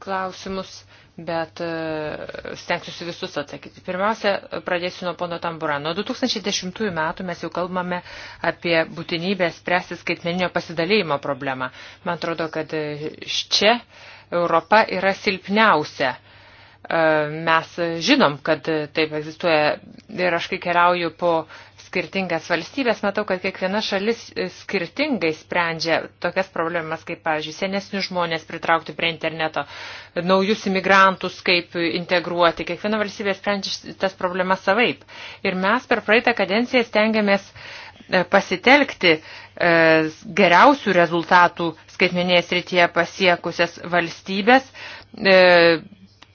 klausimus, bet e, stengsiuosi visus atsakyti. Pirmiausia, pradėsiu nuo pono Tambura. Nuo 2010 metų mes jau kalbame apie būtinybę spręsti skaitmeninio pasidalėjimo problemą. Man atrodo, kad čia Europa yra silpniausia. E, mes žinom, kad taip egzistuoja ir aš kai keliauju po skirtingas valstybės, matau, kad kiekviena šalis skirtingai sprendžia tokias problemas, kaip, pavyzdžiui, senesnius žmonės pritraukti prie interneto, naujus imigrantus kaip integruoti. Kiekviena valstybė sprendžia tas problemas savaip. Ir mes per praeitą kadenciją stengiamės e, pasitelkti e, geriausių rezultatų skaitmenės rytyje pasiekusias valstybės, e,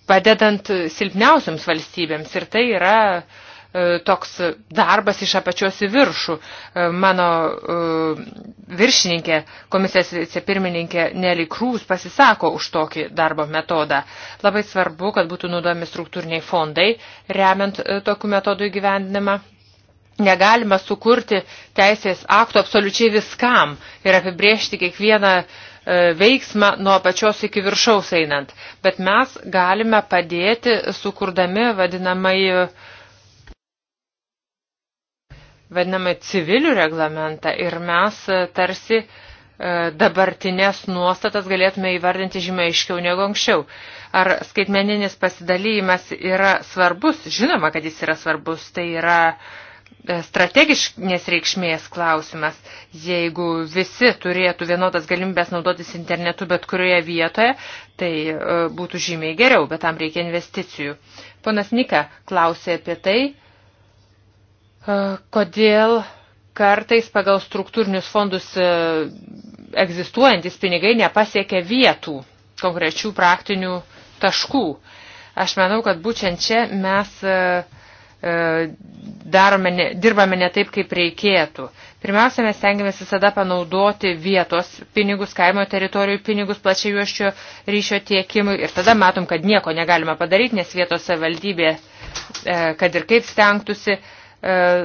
padedant silpniausiams valstybėms. Ir tai yra uh, E, toks darbas iš apačios į viršų. E, mano e, viršininkė, komisijos vicepirmininkė Nelly Krūs pasisako už tokį darbo metodą. Labai svarbu, kad būtų naudojami struktūriniai fondai, remiant tokių metodų įgyvendinimą negalime sukurti teisės akto absoliučiai viskam ir apibriežti kiekvieną veiksmą nuo pačios iki viršaus einant. Bet mes galime padėti sukurdami vadinamai uh, vadinamą civilių reglamentą ir mes e, tarsi e, dabartinės nuostatas galėtume įvardinti žymiai aiškiau negu anksčiau. Ar skaitmeninis pasidalymas yra svarbus? Žinoma, kad jis yra svarbus. Tai yra e, strategiškės reikšmės klausimas. Jeigu visi turėtų vienodas galimybės naudotis internetu bet kurioje vietoje, tai būtų žymiai geriau, bet tam reikia investicijų. Ponas Nika klausė apie tai, E, kodėl kartais pagal struktūrinius fondus e, egzistuojantis pinigai nepasiekia vietų, konkrečių praktinių taškų. Aš manau, kad būtent čia mes e, darome, ne, dirbame ne taip, kaip reikėtų. Pirmiausia, mes stengiamės visada panaudoti vietos pinigus, kaimo teritorijų pinigus, plačiai juoščio ryšio tiekimui ir tada matom, kad nieko negalima padaryti, nes vietos savivaldybė, kad ir kaip stengtųsi, E,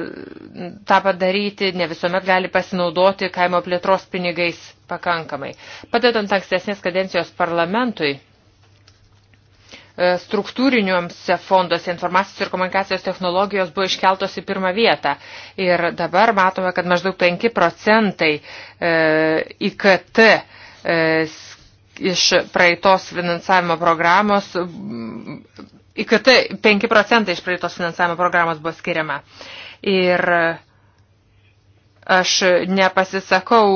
tą padaryti, ne visuomet gali pasinaudoti kaimo plėtros pinigais pakankamai. Padedant ankstesnės kadencijos parlamentui, e, struktūriniuose fonduose informacijos ir komunikacijos technologijos buvo iškeltos į pirmą vietą. Ir dabar matome, kad maždaug 5 procentai e, IKT iš praeitos finansavimo programos IKT 5 procentai iš praeitos finansavimo programos buvo skiriama. Ir aš nepasisakau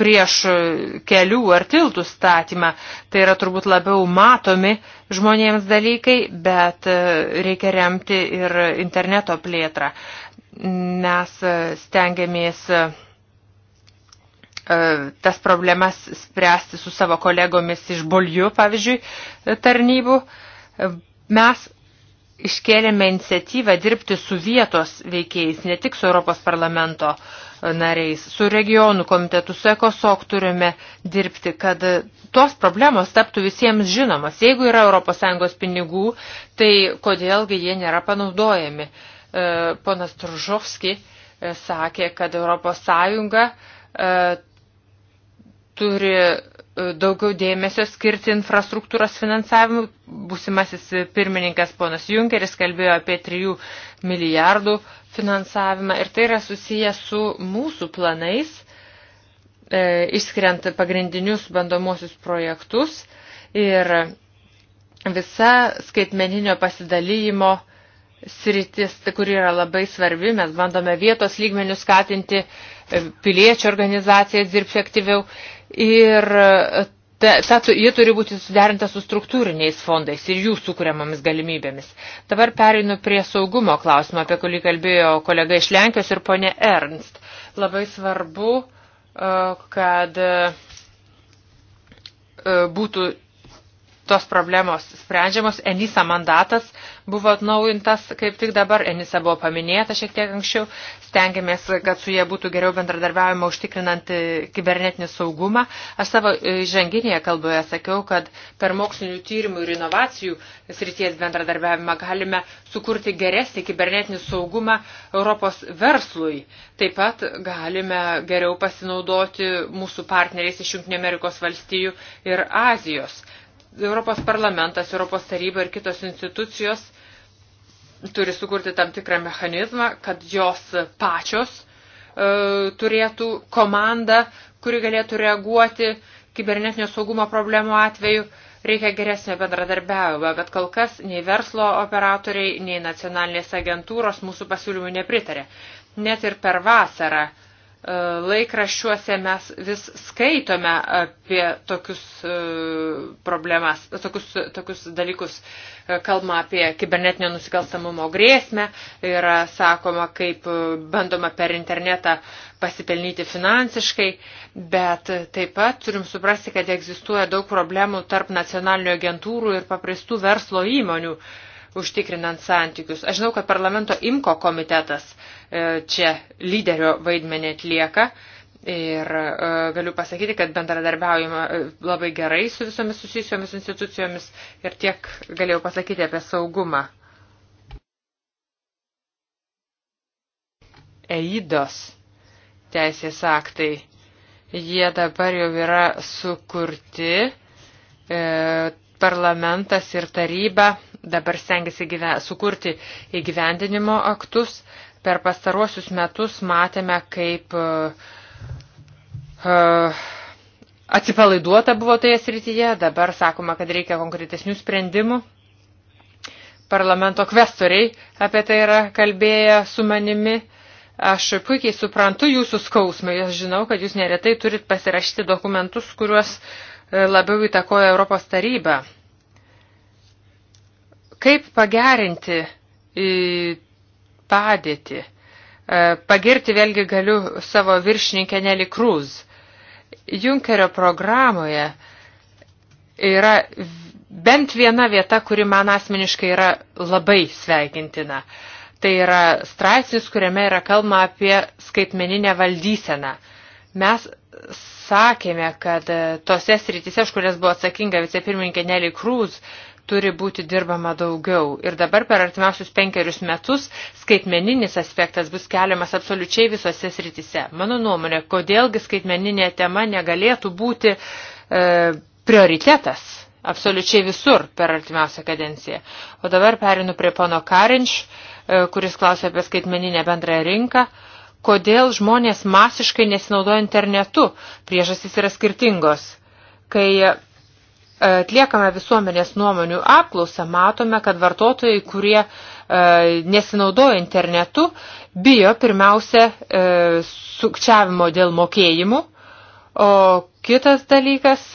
prieš kelių ar tiltų statymą, tai yra turbūt labiau matomi žmonėms dalykai, bet reikia remti ir interneto plėtrą. Mes stengiamės e, tas problemas spręsti su savo kolegomis iš Bolju, pavyzdžiui, tarnybų Mes iškėlėme iniciatyvą dirbti su vietos veikėjais, ne tik su Europos parlamento e, nariais, su regionų komitetu, su ECOSOC turime dirbti, kad e, tos problemos taptų visiems žinomas. Jeigu yra ES pinigų, tai kodėlgi jie nėra panaudojami. E, ponas Tružovski sakė, kad ES turi E, daugiau dėmesio skirti infrastruktūros finansavimui. Būsimasis pirmininkas ponas Junkeris kalbėjo apie 3 milijardų finansavimą ir tai yra susiję su mūsų planais, e, išskiriant pagrindinius bandomuosius projektus ir visa skaitmeninio pasidalymo e, sritis, kuri yra labai svarbi. Mes bandome vietos lygmenių skatinti e, piliečių organizacijas dirbti aktyviau. Ir e, ta, ta, ji turi būti suderinta su struktūriniais fondais ir jų sukūriamomis galimybėmis. Dabar pereinu prie saugumo klausimo, apie kurį kalbėjo kolega iš Lenkijos ir ponė Ernst. Labai svarbu, e, kad būtų tos problemos sprendžiamos. Enisa mandatas buvo atnaujintas, kaip tik dabar Enisa buvo paminėta šiek tiek anksčiau, stengiamės, kad su jie būtų geriau bendradarbiavimo užtikrinant e, kibernetinį saugumą. Aš savo e, ženginėje kalboje sakiau, kad per mokslinių tyrimų ir inovacijų srities bendradarbiavimą galime sukurti geresnį kibernetinį saugumą Europos verslui. Taip pat galime geriau pasinaudoti mūsų partneriais iš Junktinio Amerikos valstijų ir Azijos. Europos parlamentas, Europos taryba ir kitos institucijos turi sukurti tam tikrą mechanizmą, kad jos pačios e, turėtų komandą, kuri galėtų reaguoti kibernetinio saugumo problemų atveju. Reikia geresnio bendradarbiavimo, bet kol kas nei verslo operatoriai, nei nacionalinės agentūros mūsų pasiūlymų nepritarė. Net ir per vasarą e, E, laikraščiuose mes vis skaitome apie tokius e, problemas, tokius, tokius dalykus. E, kalbama apie kibernetinio nusikalstamumo grėsmę, yra sakoma, kaip bandoma per internetą pasipelnyti finansiškai, bet taip pat turim suprasti, kad egzistuoja daug problemų tarp nacionalinių agentūrų ir paprastų verslo įmonių užtikrinant santykius. Aš žinau, kad parlamento IMKO komitetas uh, E, čia lyderio vaidmenį atlieka. Ir e, galiu pasakyti, kad bendradarbiaujama e, labai gerai su visomis susijusiomis institucijomis ir tiek galėjau pasakyti apie saugumą. Eidos teisės aktai. Jie dabar jau yra sukurti. E, parlamentas ir taryba dabar stengiasi gyven, sukurti įgyvendinimo aktus. E, Per pastaruosius metus matėme, kaip uh, atsipalaiduota buvo toje srityje, dabar sakoma, kad reikia konkretesnių sprendimų. Parlamento kvestoriai apie tai yra kalbėję su manimi. Aš puikiai suprantu jūsų skausmą, aš žinau, kad jūs neretai turit pasirašyti dokumentus, kuriuos e, labiau įtakoja Europos taryba. Kaip pagerinti e, padėtį. E, pagirti vėlgi galiu savo viršininkę Nelly Cruz. Junkerio programoje yra bent viena vieta, kuri man asmeniškai yra labai sveikintina. Tai yra straipsnis, kuriame yra kalba apie skaitmeninę valdyseną. Mes sakėme, kad tose srityse, už kurias buvo atsakinga vicepirmininkė Nelly Cruz, turi būti dirbama daugiau. Ir dabar per artimiausius penkerius metus skaitmeninis aspektas bus keliamas absoliučiai visose sritise. Mano nuomonė, kodėlgi skaitmeninė tema negalėtų būti e, prioritetas absoliučiai visur per artimiausią kadenciją. O dabar perinu prie pono Karinč, e, kuris klausė apie skaitmeninę bendrąją rinką. Kodėl žmonės masiškai nesinaudoja internetu? Priežastys yra skirtingos. Kai atliekame visuomenės nuomonių apklausą, matome, kad vartotojai, kurie e, nesinaudoja internetu, bijo pirmiausia e, sukčiavimo dėl mokėjimų, o kitas dalykas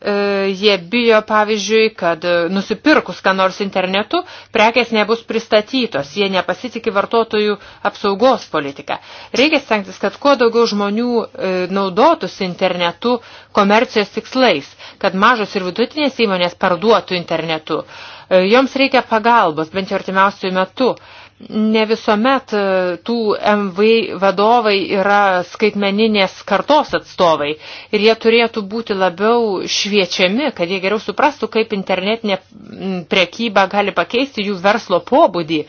E, jie bijo, pavyzdžiui, kad e, nusipirkus ką nors internetu, prekės nebus pristatytos, jie nepasitikė vartotojų apsaugos politiką. Reikia stengtis, kad kuo daugiau žmonių e, naudotųsi internetu komercijos tikslais, kad mažos ir vidutinės įmonės parduotų internetu. Joms reikia pagalbos, bent jau artimiausiųjų metų ne visuomet e, tų MV vadovai yra skaitmeninės kartos atstovai ir jie turėtų būti labiau šviečiami, kad jie geriau suprastų, kaip internetinė prekyba gali pakeisti jų verslo pobūdį.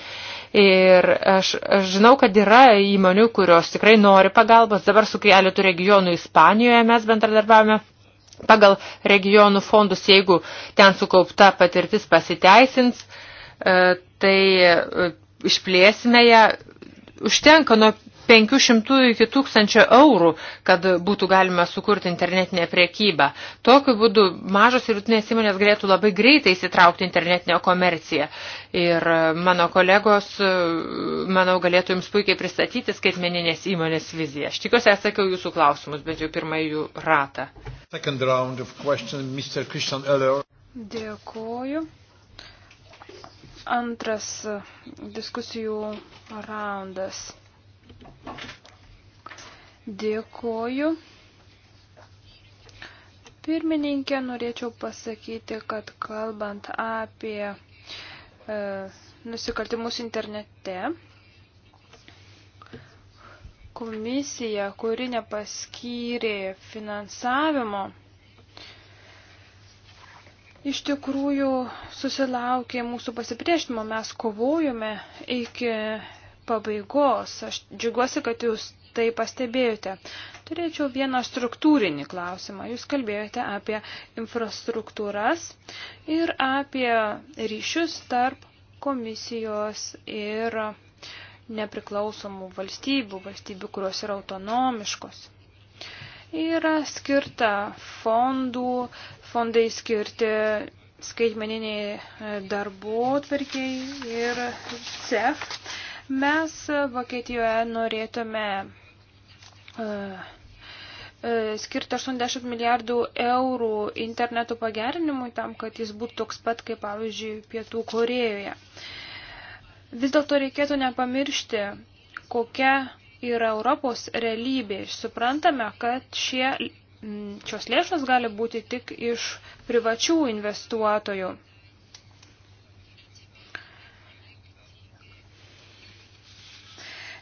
Ir aš, aš žinau, kad yra įmonių, kurios tikrai nori pagalbos. Dabar su keletu regionų Ispanijoje mes bendradarbiavome pagal regionų fondus, jeigu ten sukaupta patirtis pasiteisins, e, tai e, išplėsime ją, užtenka nuo 500 iki 1000 eurų, kad būtų galima sukurti internetinę priekybą. Tokiu būdu mažos ir rutinės įmonės galėtų labai greitai įsitraukti internetinę komerciją. Ir e, mano kolegos, e, manau, galėtų jums puikiai pristatyti skaitmeninės įmonės viziją. Aš tikiuosi, atsakiau jūsų klausimus, bet jau pirmąjį jų ratą. Dėkuoju. Antras diskusijų raundas. Dėkoju. Pirmininkė, norėčiau pasakyti, kad kalbant apie e, nusikaltimus internete, komisija, kuri nepaskyrė finansavimo, iš tikrųjų susilaukė mūsų pasipriešinimo, mes kovojome iki pabaigos. Aš džiugiuosi, kad jūs tai pastebėjote. Turėčiau vieną struktūrinį klausimą. Jūs kalbėjote apie infrastruktūras ir apie ryšius tarp komisijos ir nepriklausomų valstybių, valstybių, kurios yra autonomiškos yra skirta fondų, fondai skirti skaitmeniniai e, darbo tvarkiai ir CEF. Mes Vokietijoje norėtume e, e, skirti 80 milijardų eurų interneto pagerinimui tam, kad jis būtų toks pat kaip, pavyzdžiui, Pietų Korejoje. Vis dėlto reikėtų nepamiršti, kokia yra Europos realybė. Suprantame, kad šie Mm, šios lėšos gali būti tik iš privačių investuotojų.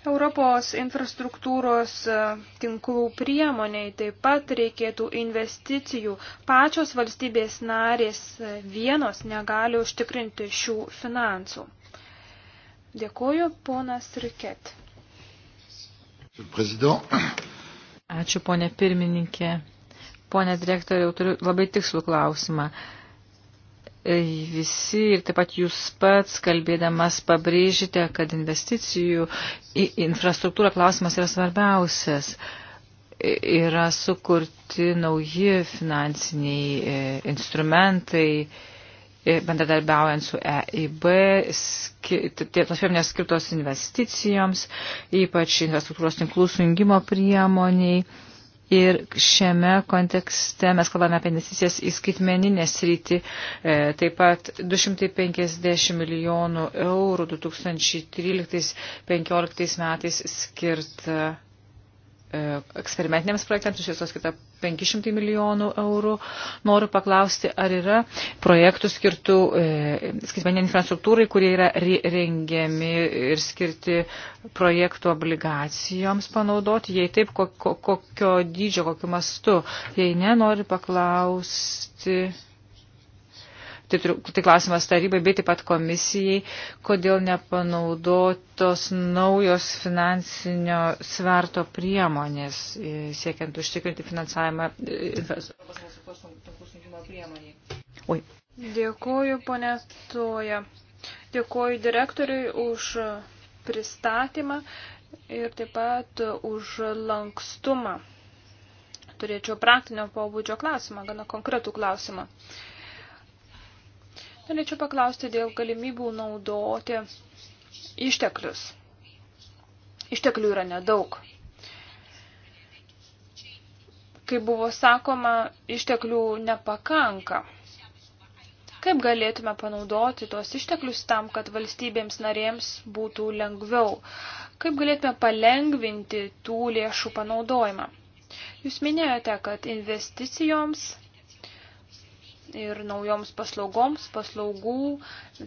Europos infrastruktūros e, tinklų priemoniai taip pat reikėtų investicijų. Pačios valstybės narės e, vienos negali užtikrinti šių finansų. Dėkuoju, ponas Riket. Monsieur le Président, Ačiū, ponė pirmininkė. Pone direktoriau, turiu labai tikslų klausimą. E, visi ir taip pat jūs pats kalbėdamas pabrėžite, kad investicijų į infrastruktūrą klausimas yra svarbiausias e, yra sukurti nauji finansiniai e, instrumentai, E, bendradarbiaujant su EIB, tos priemonės skirtos investicijoms, ypač infrastruktūros tinklų sujungimo priemoniai. Ir šiame kontekste mes kalbame apie investicijas į skaitmeninę sritį, e, taip pat 250 milijonų eurų 2013-2015 metais skirta e, eksperimentiniams projektams, iš viso skirta 500 milijonų eurų. Noriu paklausti, ar yra projektų skirtų e, skaitmeninė infrastruktūrai, kurie yra rengiami ir skirti projektų obligacijoms panaudoti, jei taip, ko, ko, kokio dydžio, kokiu mastu. Jei ne, noriu paklausti tai, tai klausimas tarybai, bet taip pat komisijai, kodėl nepanaudotos naujos finansinio sverto priemonės, e, siekiant užtikrinti finansavimą. E, Oi. Dėkuoju, ponė Toja. Dėkuoju direktoriui už pristatymą ir taip pat už lankstumą turėčiau praktinio pobūdžio klausimą, gana konkretų klausimą. Norėčiau paklausti dėl galimybių naudoti išteklius. Išteklių yra nedaug. Kaip buvo sakoma, išteklių nepakanka. Kaip galėtume panaudoti tuos išteklius tam, kad valstybėms narėms būtų lengviau? Kaip galėtume palengvinti tų lėšų panaudojimą? Jūs minėjote, kad investicijoms ir naujoms paslaugoms, paslaugų,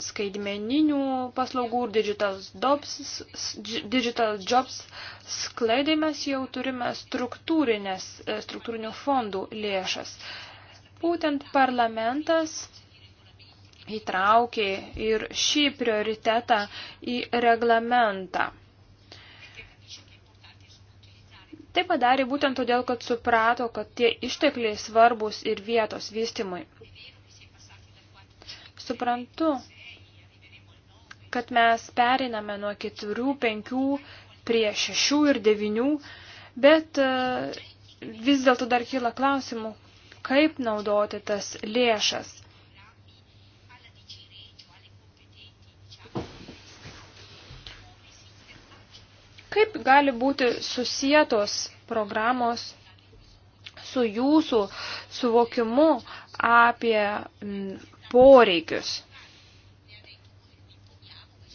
skaitmeninių paslaugų ir digital jobs, digital jobs sklaidai mes jau turime e, struktūrinių fondų lėšas. Būtent parlamentas įtraukė ir šį prioritetą į reglamentą. Tai padarė būtent todėl, kad suprato, kad tie ištekliai svarbus ir vietos vystimui. Suprantu, kad mes periname nuo keturių, penkių prie šešių ir devinių, bet e, vis dėlto dar kyla klausimų, kaip naudoti tas lėšas. Kaip gali būti susijėtos programos su jūsų suvokimu apie poreikius?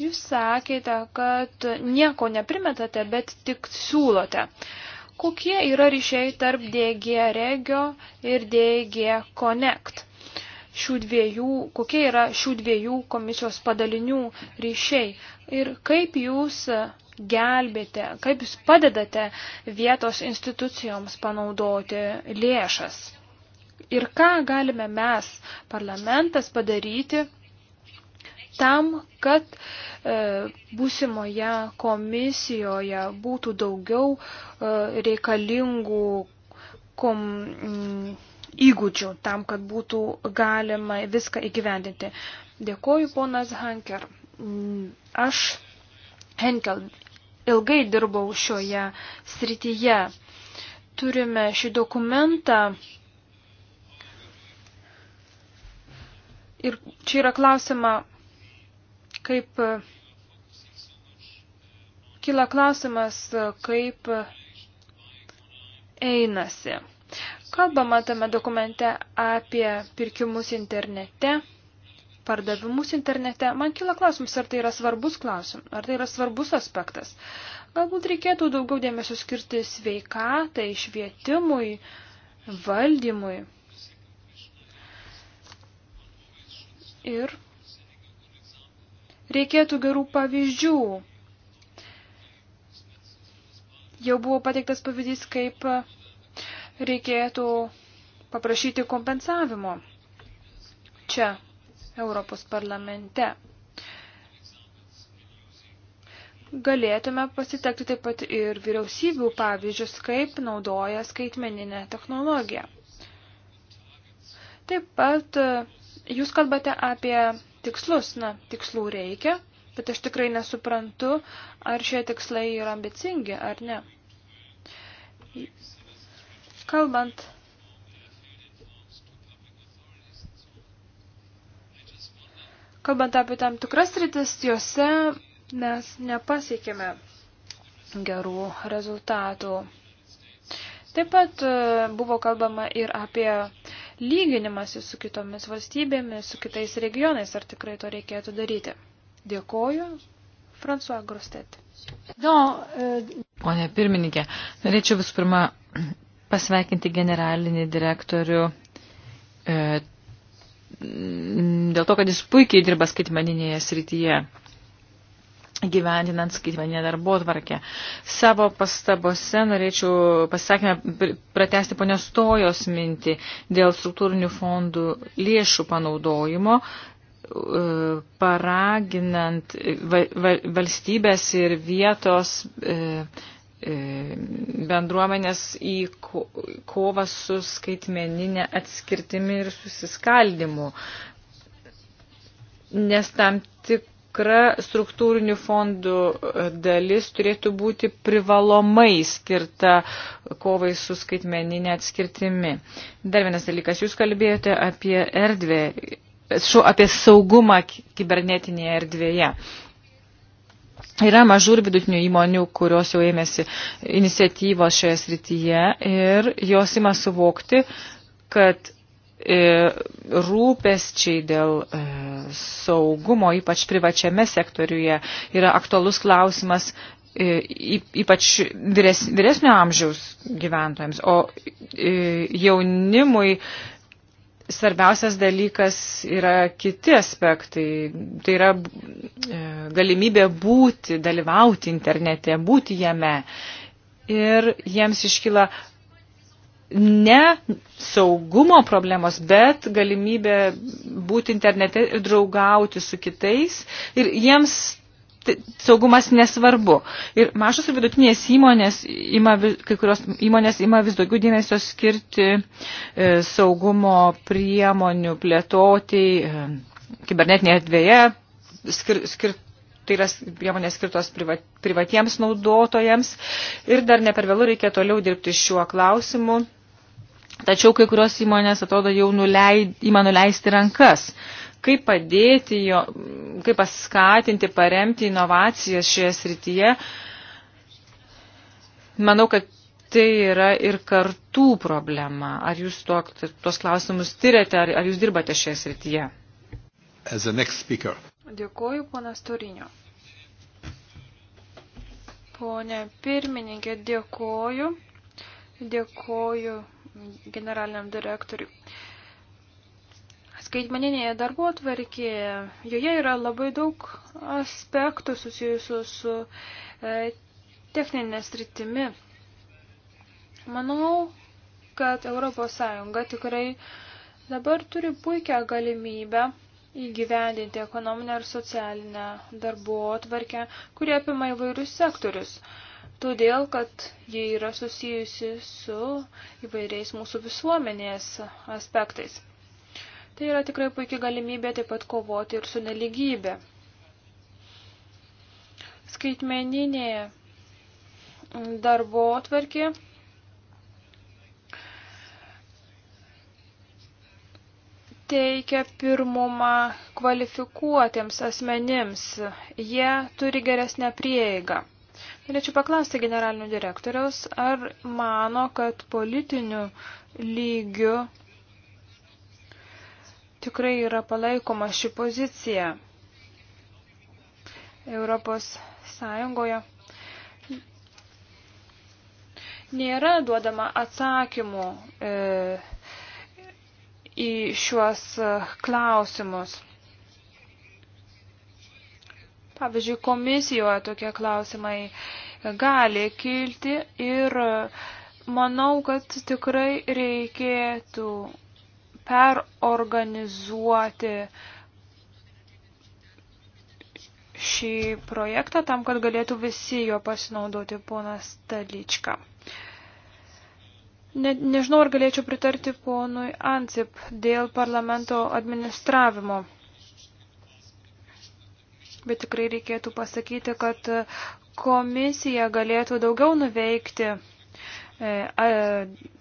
Jūs sakėte, kad nieko neprimetate, bet tik siūlote. Kokie yra ryšiai tarp DG Regio ir DG Connect? šių dviejų, kokie yra šių dviejų komisijos padalinių ryšiai ir kaip jūs gelbėte, kaip jūs padedate vietos institucijoms panaudoti lėšas. Ir ką galime mes, parlamentas, padaryti tam, kad e, būsimoje komisijoje būtų daugiau e, reikalingų kom, m, mm, įgūdžių tam, kad būtų galima viską įgyvendinti. Dėkoju, ponas Hanker. Mm, aš Henkel ilgai dirbau šioje srityje. Turime šį dokumentą. Ir čia yra klausima, kaip kyla klausimas, kaip einasi. Kalbama tame dokumente apie pirkimus internete pardavimus internete, man kila klausimas, ar tai yra svarbus klausimas, ar tai yra svarbus aspektas. Galbūt reikėtų daugiau dėmesio skirti sveikatai, švietimui, valdymui. Ir reikėtų gerų pavyzdžių. Jau buvo pateiktas pavyzdys, kaip reikėtų paprašyti kompensavimo. Čia Europos parlamente. Galėtume pasitekti taip pat ir vyriausybių pavyzdžius, kaip naudoja skaitmeninę technologiją. Taip pat e, jūs kalbate apie tikslus, na, tikslų reikia, bet aš tikrai nesuprantu, ar šie tikslai yra ambicingi ar ne. Kalbant Kalbant apie tam tikras rytis, juose mes nepasiekėme gerų rezultatų. Taip pat e, buvo kalbama ir apie lyginimąsi su kitomis valstybėmis, su kitais regionais, ar tikrai to reikėtų daryti. Dėkoju, François Grostet. E, Pone pirmininkė, norėčiau visų pirma pasveikinti generalinį direktorių e, dėl to, kad jis puikiai dirba skaitmeninėje srityje gyvendinant skaitmeninę darbo tvarkę. Savo pastabose norėčiau pasisakymę pratesti ponios Tojos mintį dėl struktūrinių fondų lėšų panaudojimo, e, paraginant valstybės ir vietos e, E, bendruomenės į kovą su skaitmeninė atskirtimi ir susiskaldimu. Nes tam tikra struktūrinių fondų e, dalis turėtų būti privalomai skirta kovai su skaitmeninė atskirtimi. Dar vienas dalykas, jūs kalbėjote apie erdvę, šu, apie saugumą kibernetinėje erdvėje. Yra mažų ir vidutinių įmonių, kurios jau ėmėsi iniciatyvos šioje srityje ir jos ima suvokti, kad e, rūpesčiai dėl e, saugumo, ypač privačiame sektoriuje, yra aktualus klausimas e, ypač vyresnio amžiaus gyventojams, o jaunimui svarbiausias dalykas yra kiti aspektai. Tai yra e, galimybė būti, dalyvauti internete, būti jame. Ir jiems iškyla ne saugumo problemos, bet galimybė būti internete ir draugauti su kitais. Ir jiems Tai saugumas nesvarbu. Ir mažos ir vidutinės įmonės, ima, kai kurios įmonės ima vis daugiau dėmesio skirti e, saugumo priemonių plėtoti e, kibernetinėje erdvėje, skir, skir, tai yra priemonės skirtos privat, privatiems naudotojams ir dar ne per vėlų reikia toliau dirbti šiuo klausimu. Tačiau kai kurios įmonės atrodo jau nuleid, ima nuleisti rankas. E, kaip padėti jo, kaip paskatinti, paremti inovacijas šioje srityje. Manau, kad tai yra ir kartų problema. Ar jūs tuo, tuos klausimus tyrėte, ar, ar jūs dirbate šioje srityje? Dėkuoju, ponas Turinio. Pone pirmininkė, dėkuoju. Dėkuoju generaliniam direktoriui skaitmeninėje darbo atvarkėje. Joje yra labai daug aspektų susijusių su e, techninė stritimi. Manau, kad ES tikrai dabar turi puikią galimybę įgyvendinti ekonominę ir socialinę darbo atvarkę, kurie apima įvairius sektorius. Todėl, kad jie yra susijusi su įvairiais mūsų visuomenės aspektais. Tai yra tikrai puikia galimybė taip pat kovoti ir su neligybė. Skaitmeninė darbo atvarkė teikia pirmumą kvalifikuotiems asmenims. Jie turi geresnę prieigą. Norėčiau paklausti generalinio direktoriaus, ar mano, kad politiniu lygiu tikrai yra palaikoma ši pozicija Europos Sąjungoje. Nėra duodama atsakymų e, į šiuos e, klausimus. Pavyzdžiui, komisijoje tokie klausimai gali kilti ir e, manau, kad tikrai reikėtų perorganizuoti šį projektą tam, kad galėtų visi jo pasinaudoti ponas Taličką. Ne, nežinau, ar galėčiau pritarti ponui Ancip dėl parlamento administravimo. Bet tikrai reikėtų pasakyti, kad komisija galėtų daugiau nuveikti E,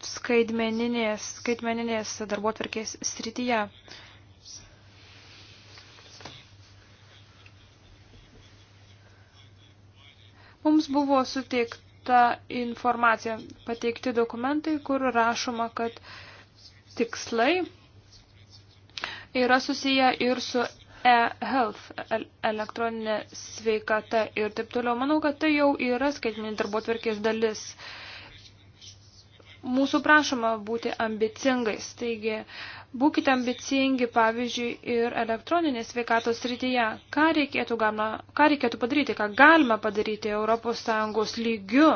skaitmeninės, skaitmeninės darbotvarkės srityje. Mums buvo suteikta informacija, pateikti dokumentai, kur rašoma, kad tikslai yra susiję ir su e-health, elektroninė sveikata ir taip toliau. Manau, kad tai jau yra skaitmeninė darbotvarkės dalis. Uh, mūsų prašoma būti ambicingais. Taigi, būkite ambicingi, pavyzdžiui, ir elektroninės sveikatos srityje. Ką reikėtų, galima, ką reikėtų padaryti, ką galima padaryti ES lygiu?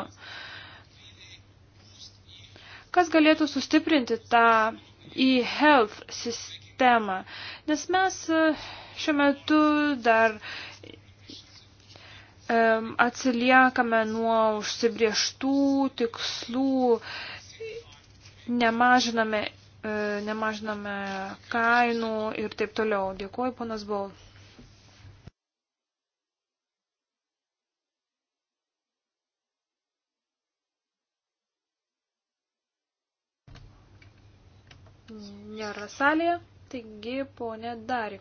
Kas galėtų sustiprinti tą e-health sistemą? Nes mes e, šiuo metu dar atsiliekame nuo užsibrieštų tikslų nemažiname, e, nemažiname kainų ir taip toliau. Dėkuoju, ponas Bol. Nėra salėje, taigi ponė Dari.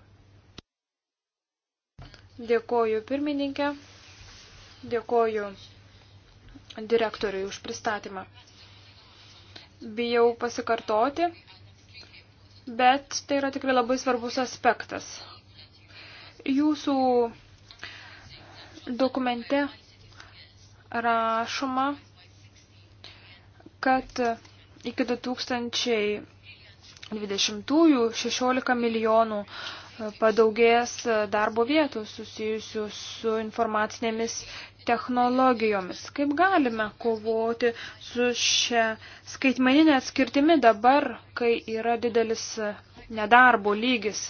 Dėkoju pirmininkė, dėkoju direktoriui už pristatymą bijau pasikartoti, bet tai yra tikrai labai svarbus aspektas. Jūsų dokumente rašoma, kad iki 2020-ųjų 16 milijonų uh, padaugės darbo vietų susijusių su informacinėmis technologijomis. Kaip galime kovoti su šia skaitmeninė atskirtimi dabar, kai yra didelis nedarbo lygis,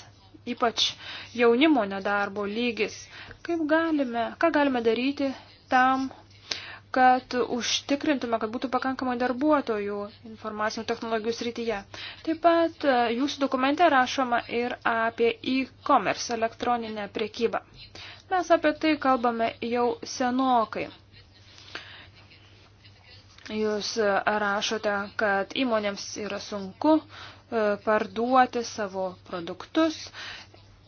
ypač jaunimo nedarbo lygis? Kaip galime, ką galime daryti tam, kad užtikrintume, kad būtų pakankamai darbuotojų informacinių technologijų srityje. Taip pat e, jūsų dokumente rašoma ir apie e-commerce, elektroninę priekybą. Mes apie tai kalbame jau senokai. Jūs e, rašote, kad įmonėms yra sunku e, parduoti savo produktus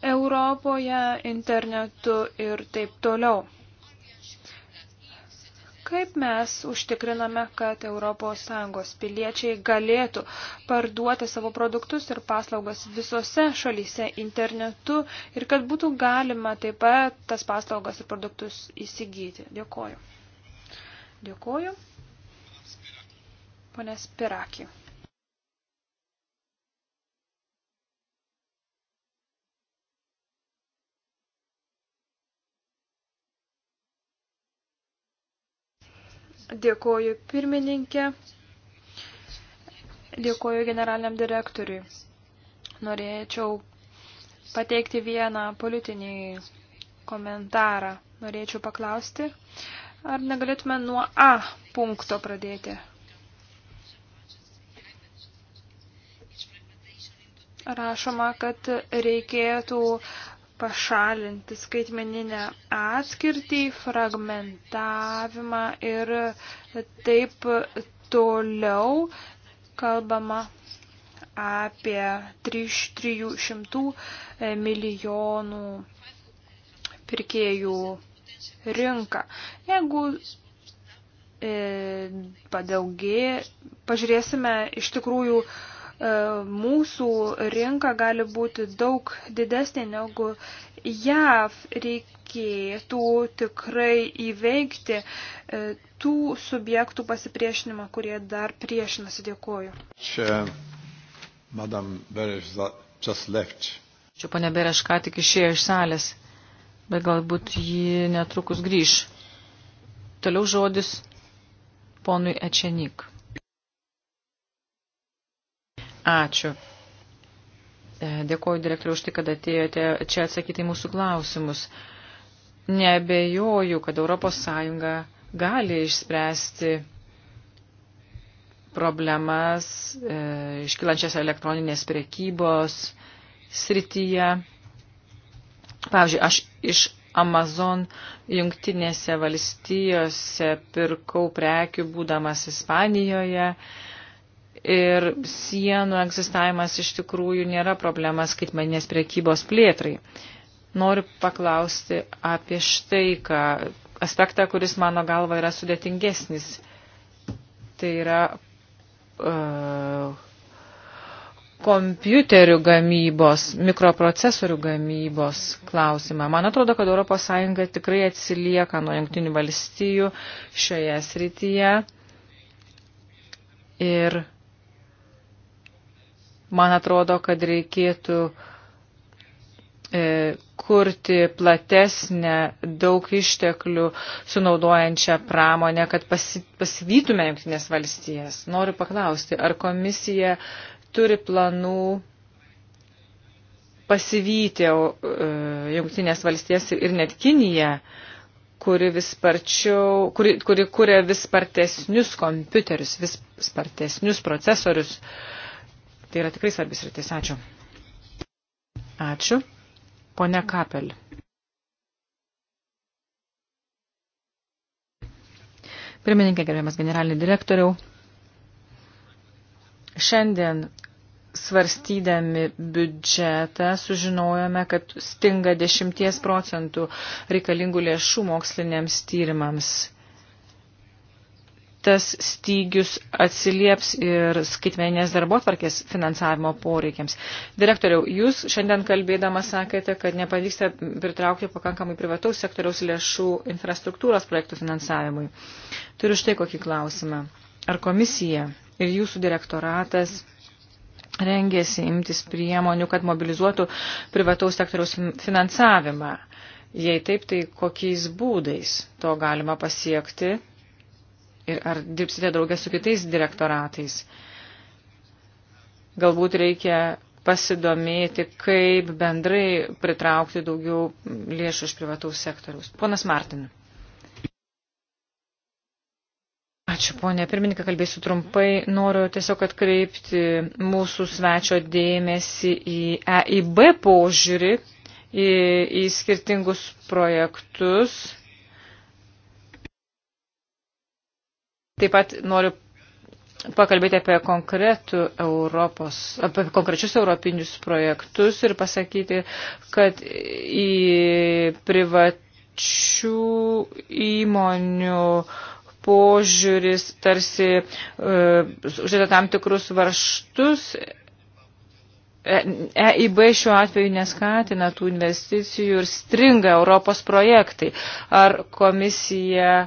Europoje, internetu ir taip toliau. Kaip mes užtikriname, kad ES piliečiai galėtų parduoti savo produktus ir paslaugas visose šalyse internetu ir kad būtų galima taip pat tas paslaugas ir produktus įsigyti? Dėkoju. Dėkoju. Pone Spiraki. Dėkoju pirmininkė, dėkoju generaliniam direktoriui. Norėčiau pateikti vieną politinį komentarą. Norėčiau paklausti, ar negalėtume nuo A punkto pradėti. Rašoma, kad reikėtų uh, pašalinti skaitmeninę atskirtį, fragmentavimą ir taip toliau kalbama apie 300 milijonų pirkėjų rinką. Jeigu e, padaugė, pažiūrėsime iš tikrųjų, E, mūsų rinka gali būti daug didesnė negu JAV. Reikėtų tikrai įveikti e, tų subjektų pasipriešinimą, kurie dar priešinasi. Dėkuoju. Čia, madam Bereš, just left. Čia ponia Bereš ką tik išėjo iš salės, bet galbūt ji netrukus grįž. Toliau žodis ponui Ečenik. Ačiū. E, dėkoju direktoriu už tai, kad atėjote čia atsakyti į mūsų klausimus. Nebejoju, kad Europos Sąjunga gali išspręsti problemas e, iškilančias elektroninės prekybos srityje. Pavyzdžiui, aš iš Amazon jungtinėse valstijose pirkau prekių būdamas Ispanijoje. E, ir sienų egzistavimas iš tikrųjų nėra problema skaitmeninės priekybos plėtrai. Noriu paklausti apie štai ką aspektą, kuris mano galva yra sudėtingesnis. Tai yra uh, kompiuterių gamybos, mikroprocesorių gamybos klausimą. Man atrodo, kad ES tikrai atsilieka nuo jungtinių valstijų šioje srityje. Ir Man atrodo, kad reikėtų e, kurti platesnę, daug išteklių sunaudojančią pramonę, kad pasi, pasivytume jungtinės valstijas. Noriu paklausti, ar komisija turi planų pasivyti e, jungtinės valstijas ir net Kiniją, kuri vis sparčiau, kuri, kuri kuria vis spartesnius kompiuterius, vis spartesnius procesorius. Uh, Tai yra tikrai svarbis rytis. Ačiū. Ačiū. Pone Kapel. Pirmininkė, gerbiamas generalinį direktoriau. Šiandien svarstydami biudžetą sužinojome, kad stinga 10 procentų reikalingų lėšų moksliniams tyrimams tas stygius atsilieps ir skaitmeninės darbotvarkės finansavimo poreikiams. Direktoriau, jūs šiandien kalbėdama sakėte, kad nepavyksta pritraukti pakankamai privataus sektoriaus lėšų infrastruktūros projektų finansavimui. Turiu štai kokį klausimą. Ar komisija ir jūsų direktoratas rengėsi imtis priemonių, kad mobilizuotų privataus sektoriaus finansavimą? Jei taip, tai kokiais būdais to galima pasiekti ir ar dirbsite draugės su kitais direktoratais. Galbūt reikia pasidomėti, kaip bendrai pritraukti daugiau lėšų iš privataus sektoriaus. Ponas Martin. Ačiū, ponė pirmininkė, kalbėsiu trumpai. Noriu tiesiog atkreipti mūsų svečio dėmesį į EIB požiūrį, į, į skirtingus projektus Taip pat noriu pakalbėti apie, konkretų Europos, apie konkrečius europinius projektus ir pasakyti, kad į privačių įmonių požiūris tarsi e, uždeda tam tikrus varštus. EIB e šiuo atveju neskatina tų investicijų ir stringa Europos projektai. Ar komisija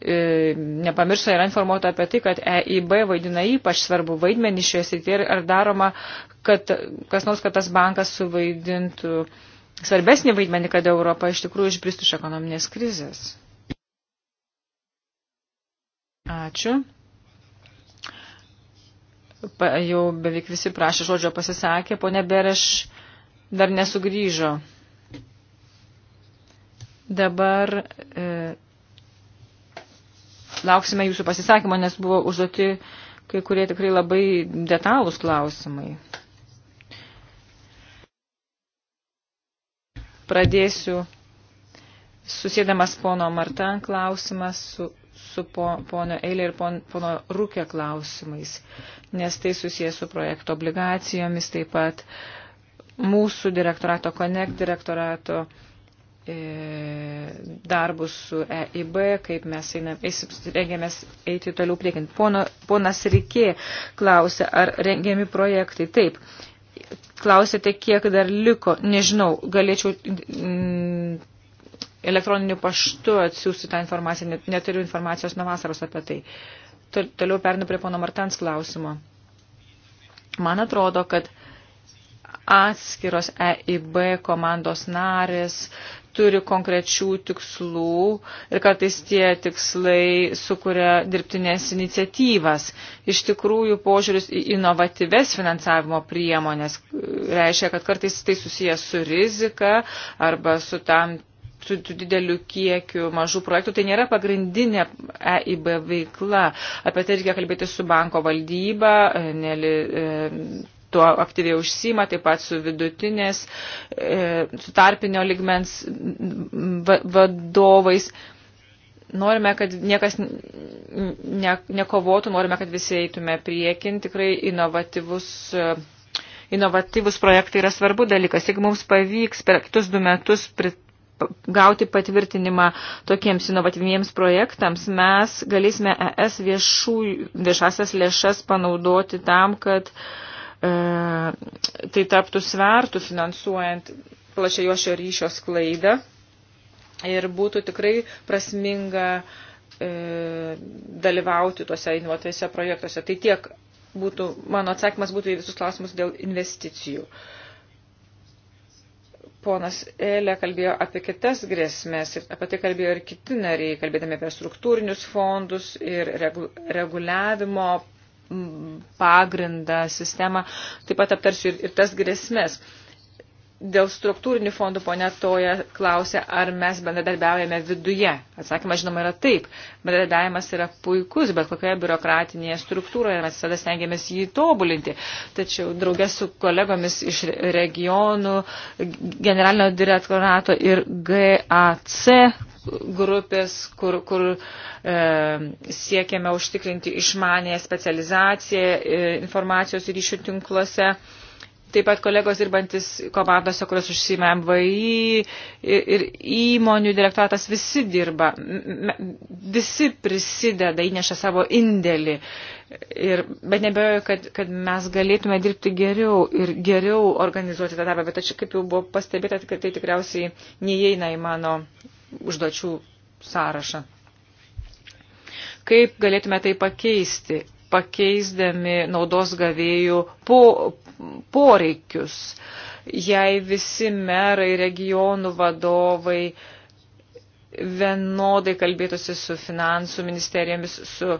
E, nepamiršta yra informuota apie tai, kad EIB vaidina ypač svarbu vaidmenį šioje srityje ir ar daroma, kad kas nors, kad tas bankas suvaidintų svarbesnį vaidmenį, kad Europa iš tikrųjų išbristų iš ekonominės krizės. Ačiū. Pa, jau beveik visi prašė žodžio pasisakė, ponė Bereš dar nesugrįžo. Dabar e, lauksime jūsų pasisakymo, nes buvo užduoti kai kurie tikrai labai detalūs klausimai. Pradėsiu susėdamas pono Martan klausimą su, su po, pono Eilė ir pon, pono Rūkė klausimais, nes tai susijęs su projekto obligacijomis, taip pat mūsų direktorato Connect direktorato uh, E, darbus su EIB, kaip mes rengiamės eiti toliau priekin. Pono, ponas Rikė klausė, ar rengiami projektai. Taip, klausėte, kiek dar liko. Nežinau, galėčiau mm, elektroniniu paštu atsiųsti tą informaciją, neturiu informacijos nuo vasaros apie tai. Toliau pernu prie pono Martans klausimo. Man atrodo, kad atskiros EIB komandos narės turi konkrečių tikslų ir kartais tie tikslai sukuria dirbtinės iniciatyvas. Iš tikrųjų, požiūris į inovatyves finansavimo priemonės e, reiškia, kad kartais tai susijęs su rizika arba su tam su dideliu kiekiu mažų projektų. Tai nėra pagrindinė EIB veikla. Apie tai reikia kalbėti su banko valdyba, e, neli, e, tuo aktyviai užsima, taip pat su vidutinės, e, su tarpinio ligmens vadovais. Norime, kad niekas ne, nekovotų, norime, kad visi eitume priekin. Tikrai inovatyvus, e, inovatyvus projektai yra svarbu dalykas. Jeigu mums pavyks per kitus du metus prit, gauti patvirtinimą tokiems inovatyviems projektams, mes galėsime ES viešų, viešasias lėšas panaudoti tam, kad uh, E, tai taptų svertų finansuojant plačiai jo šio ryšio sklaidą ir būtų tikrai prasminga e, dalyvauti tuose inovatyviuose projektuose. Tai tiek būtų, mano atsakymas būtų į visus klausimus dėl investicijų. Ponas Elė kalbėjo apie kitas grėsmės ir apie tai kalbėjo ir kiti nariai, kalbėdami apie struktūrinius fondus ir reguliavimo pagrindą, sistemą, taip pat aptarsiu ir, ir tas grėsmės. Uh, Dėl struktūrinių fondų ponia Toja klausė, ar mes bendradarbiaujame viduje. Atsakymas, žinoma, yra taip. Bendradarbiavimas yra puikus, bet kokioje biurokratinėje struktūroje mes visada stengiamės jį tobulinti. Tačiau draugė su kolegomis iš regionų, generalinio direktorato ir GAC grupės, kur, kur e, siekiame užtikrinti išmanę specializaciją e, informacijos ryšių tinkluose. E, Taip pat kolegos dirbantis komandose, kurios užsima MVI ir, ir įmonių direktoratas visi dirba, visi prisideda, įneša savo indėlį. Ir, bet nebejoju, kad, kad mes galėtume dirbti geriau ir geriau organizuoti tą darbą, bet aš kaip jau buvo pastebėta, kad tai tikriausiai neįeina į mano užduočių sąrašą. Kaip galėtume tai pakeisti? pakeisdami naudos gavėjų po, poreikius. Jei visi merai, regionų vadovai vienodai kalbėtųsi su finansų ministerijomis, su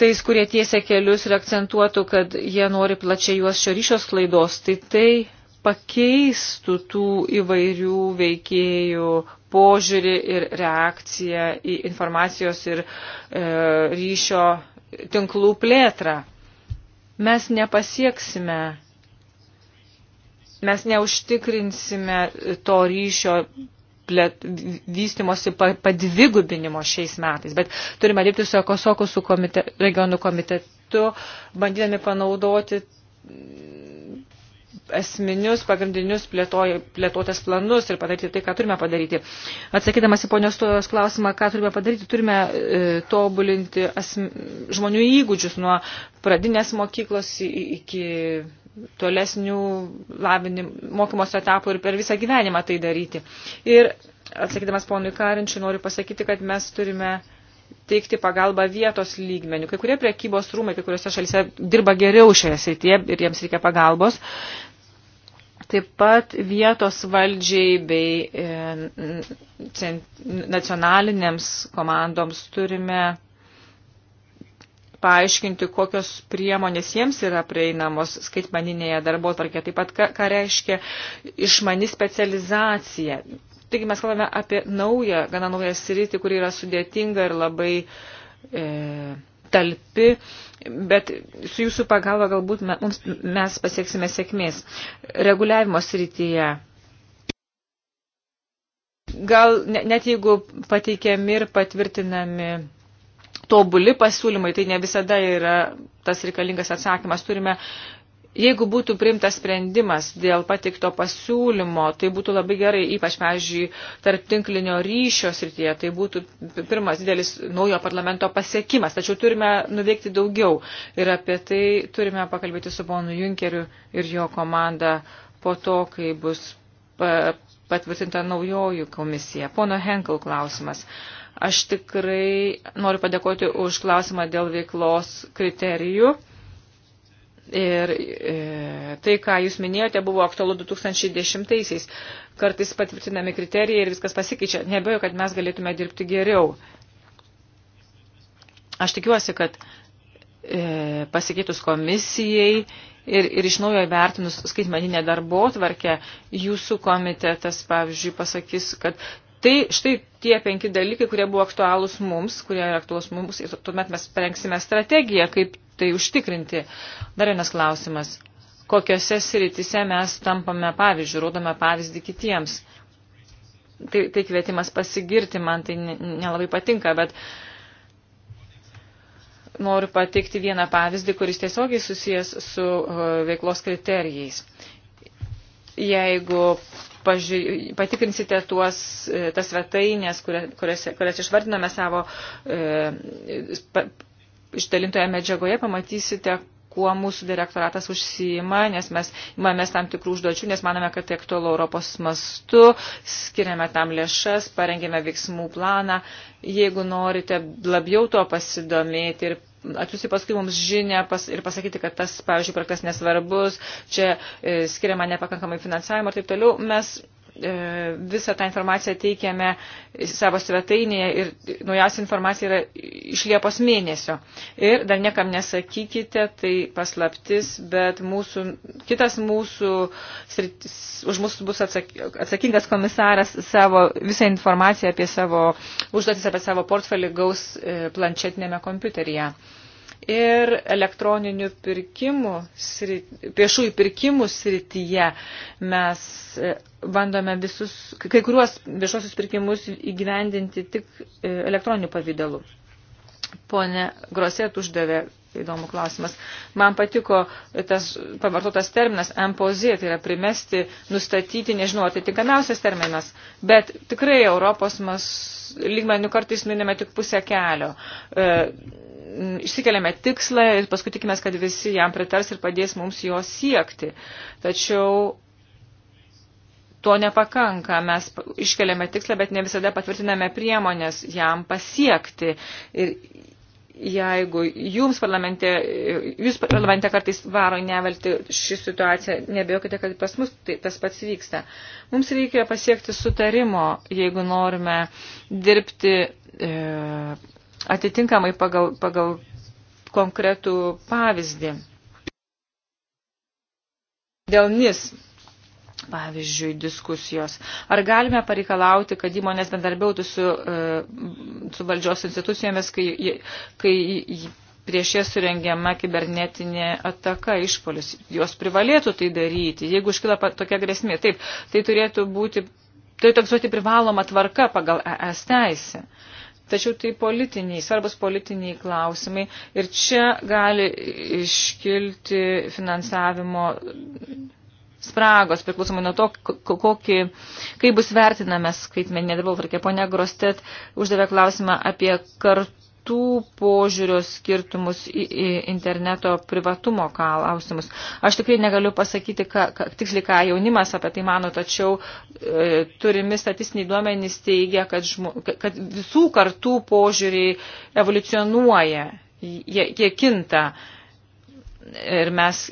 tais, kurie tiesia kelius ir akcentuotų, kad jie nori plačiai juos šio ryšios klaidos, tai tai pakeistų tų įvairių veikėjų požiūrį ir reakciją į informacijos ir e, ryšio tinklų plėtrą. Mes nepasieksime, mes neužtikrinsime to ryšio plėt, vystimosi padvigubinimo šiais metais, bet turime dirbti su Ekosoku, su komite, regionų komitetu, bandydami panaudoti esminius, pagrindinius plėtoj, plėtotės planus ir padaryti tai, ką turime padaryti. Atsakydamas į ponios Tojos klausimą, ką turime padaryti, turime e, tobulinti asm, žmonių įgūdžius nuo pradinės mokyklos iki tolesnių lavinim, mokymosi etapų ir per visą gyvenimą tai daryti. Ir atsakydamas ponui Karinčiui, noriu pasakyti, kad mes turime teikti pagalbą vietos lygmenių. Kai kurie priekybos rūmai, kai kuriuose šalyse dirba geriau šioje srityje ir jiems reikia pagalbos, Taip pat vietos valdžiai bei e, nacionalinėms komandoms turime paaiškinti, kokios priemonės jiems yra prieinamos skaitmaninėje darbo tarkė. Taip pat, ką, ką reiškia išmani specializacija. Taigi mes kalbame apie naują, gana naują sritį, kuri yra sudėtinga ir labai e, talpi, bet su jūsų pagalba galbūt mums, mes pasieksime sėkmės. Reguliavimo srityje. Gal net jeigu pateikiami ir patvirtinami tobuli pasiūlymai, tai ne visada yra tas reikalingas atsakymas. Turime uh, Jeigu būtų priimtas sprendimas dėl patikto pasiūlymo, tai būtų labai gerai, ypač, pavyzdžiui, tarp tinklinio ryšio srityje, tai būtų pirmas didelis naujo parlamento pasiekimas. Tačiau turime nuveikti daugiau ir apie tai turime pakalbėti su ponu Junkeriu ir jo komanda po to, kai bus patvirtinta naujoji komisija. Pono Henkel klausimas. Aš tikrai noriu padėkoti už klausimą dėl veiklos kriterijų. Ir e, tai, ką jūs minėjote, buvo aktualu 2010-aisiais. Kartais patvirtinami kriterijai ir viskas pasikeičia. Nebejoju, kad mes galėtume dirbti geriau. Aš tikiuosi, kad e, pasikeitus komisijai ir, ir iš naujo įvertinus skaitmaninę darbo tvarkę, jūsų komitetas, pavyzdžiui, pasakys, kad tai štai tie penki dalykai, kurie buvo aktualūs mums, kurie yra aktualūs mums, ir tuomet mes parengsime strategiją, kaip tai užtikrinti. Dar vienas klausimas. Kokiose sritise mes tampame pavyzdžių, rodome pavyzdį kitiems? Tai, tai kvietimas pasigirti, man tai nelabai patinka, bet noriu pateikti vieną pavyzdį, kuris tiesiogiai susijęs su uh, veiklos kriterijais. Jeigu paži... patikrinsite tuos, uh, tas svetainės, kurias, kurias išvardinome savo e, išdalintoje medžiagoje pamatysite, kuo mūsų direktoratas užsijima, nes mes imamės tam tikrų užduočių, nes manome, kad tai aktualu Europos mastu, skiriame tam lėšas, parengėme veiksmų planą. Jeigu norite labiau tuo pasidomėti ir atsiusi paskui mums žinę pas, ir pasakyti, kad tas, pavyzdžiui, projektas nesvarbus, čia e, skiriama nepakankamai finansavimo ir taip toliau, mes E, visą tą informaciją teikiame savo svetainėje ir naujausia informacija yra iš Liepos mėnesio. Ir dar niekam nesakykite, tai paslaptis, bet mūsų, kitas mūsų, už mūsų bus atsakingas komisaras savo, visą informaciją apie savo, užduotis apie savo portfelį gaus e, planšetinėme kompiuteryje ir elektroninių pirkimų, viešųjų pirkimų srityje mes e, bandome visus, kai kuriuos viešosius pirkimus įgyvendinti tik e, elektroniniu pavydalu. Pone Grosėt uždavė įdomų klausimas. Man patiko tas pavartotas terminas empozė, tai yra primesti, nustatyti, nežinau, ar tai tinkamiausias terminas, bet tikrai Europos mas, lygmenių kartais minime tik pusę kelio. E, Mm, išsikeliame tikslą ir paskui tikimės, kad visi jam pritars ir padės mums jo siekti. Tačiau to nepakanka. Mes iškeliame tikslą, bet ne visada patvirtiname priemonės jam pasiekti. Ir jeigu jums parlamente, jūs parlamente kartais varo nevelti šį situaciją, nebijokite, kad pas mus tai, tas pats vyksta. Mums reikia pasiekti sutarimo, jeigu norime dirbti. E, atitinkamai pagal, pagal konkretų pavyzdį. Dėl NIS, pavyzdžiui, diskusijos. Ar galime pareikalauti, kad įmonės bendarbiautų su, e, su valdžios institucijomis, kai, kai prieš jas surengiama kibernetinė ataka išpolis. Jos privalėtų tai daryti, jeigu iškila tokia grėsmė. Taip, tai turėtų būti, tai toks būti privaloma tvarka pagal ES teisę. Uh, Tačiau tai politiniai, svarbus politiniai klausimai ir čia gali iškilti finansavimo spragos, priklausomai nuo to, kokį, kaip bus vertiname skaitmeninė darbo tvarkė. Pone Grostet uždavė klausimą apie kartu kitų požiūrio skirtumus į, į interneto privatumo klausimus. Aš tikrai negaliu pasakyti, ką, ką, tiksliai, ką jaunimas apie tai mano, tačiau e, turimi statistiniai duomenys teigia, kad, žmo, kad visų kartų požiūriai evoliucionuoja, jie, jie kinta ir mes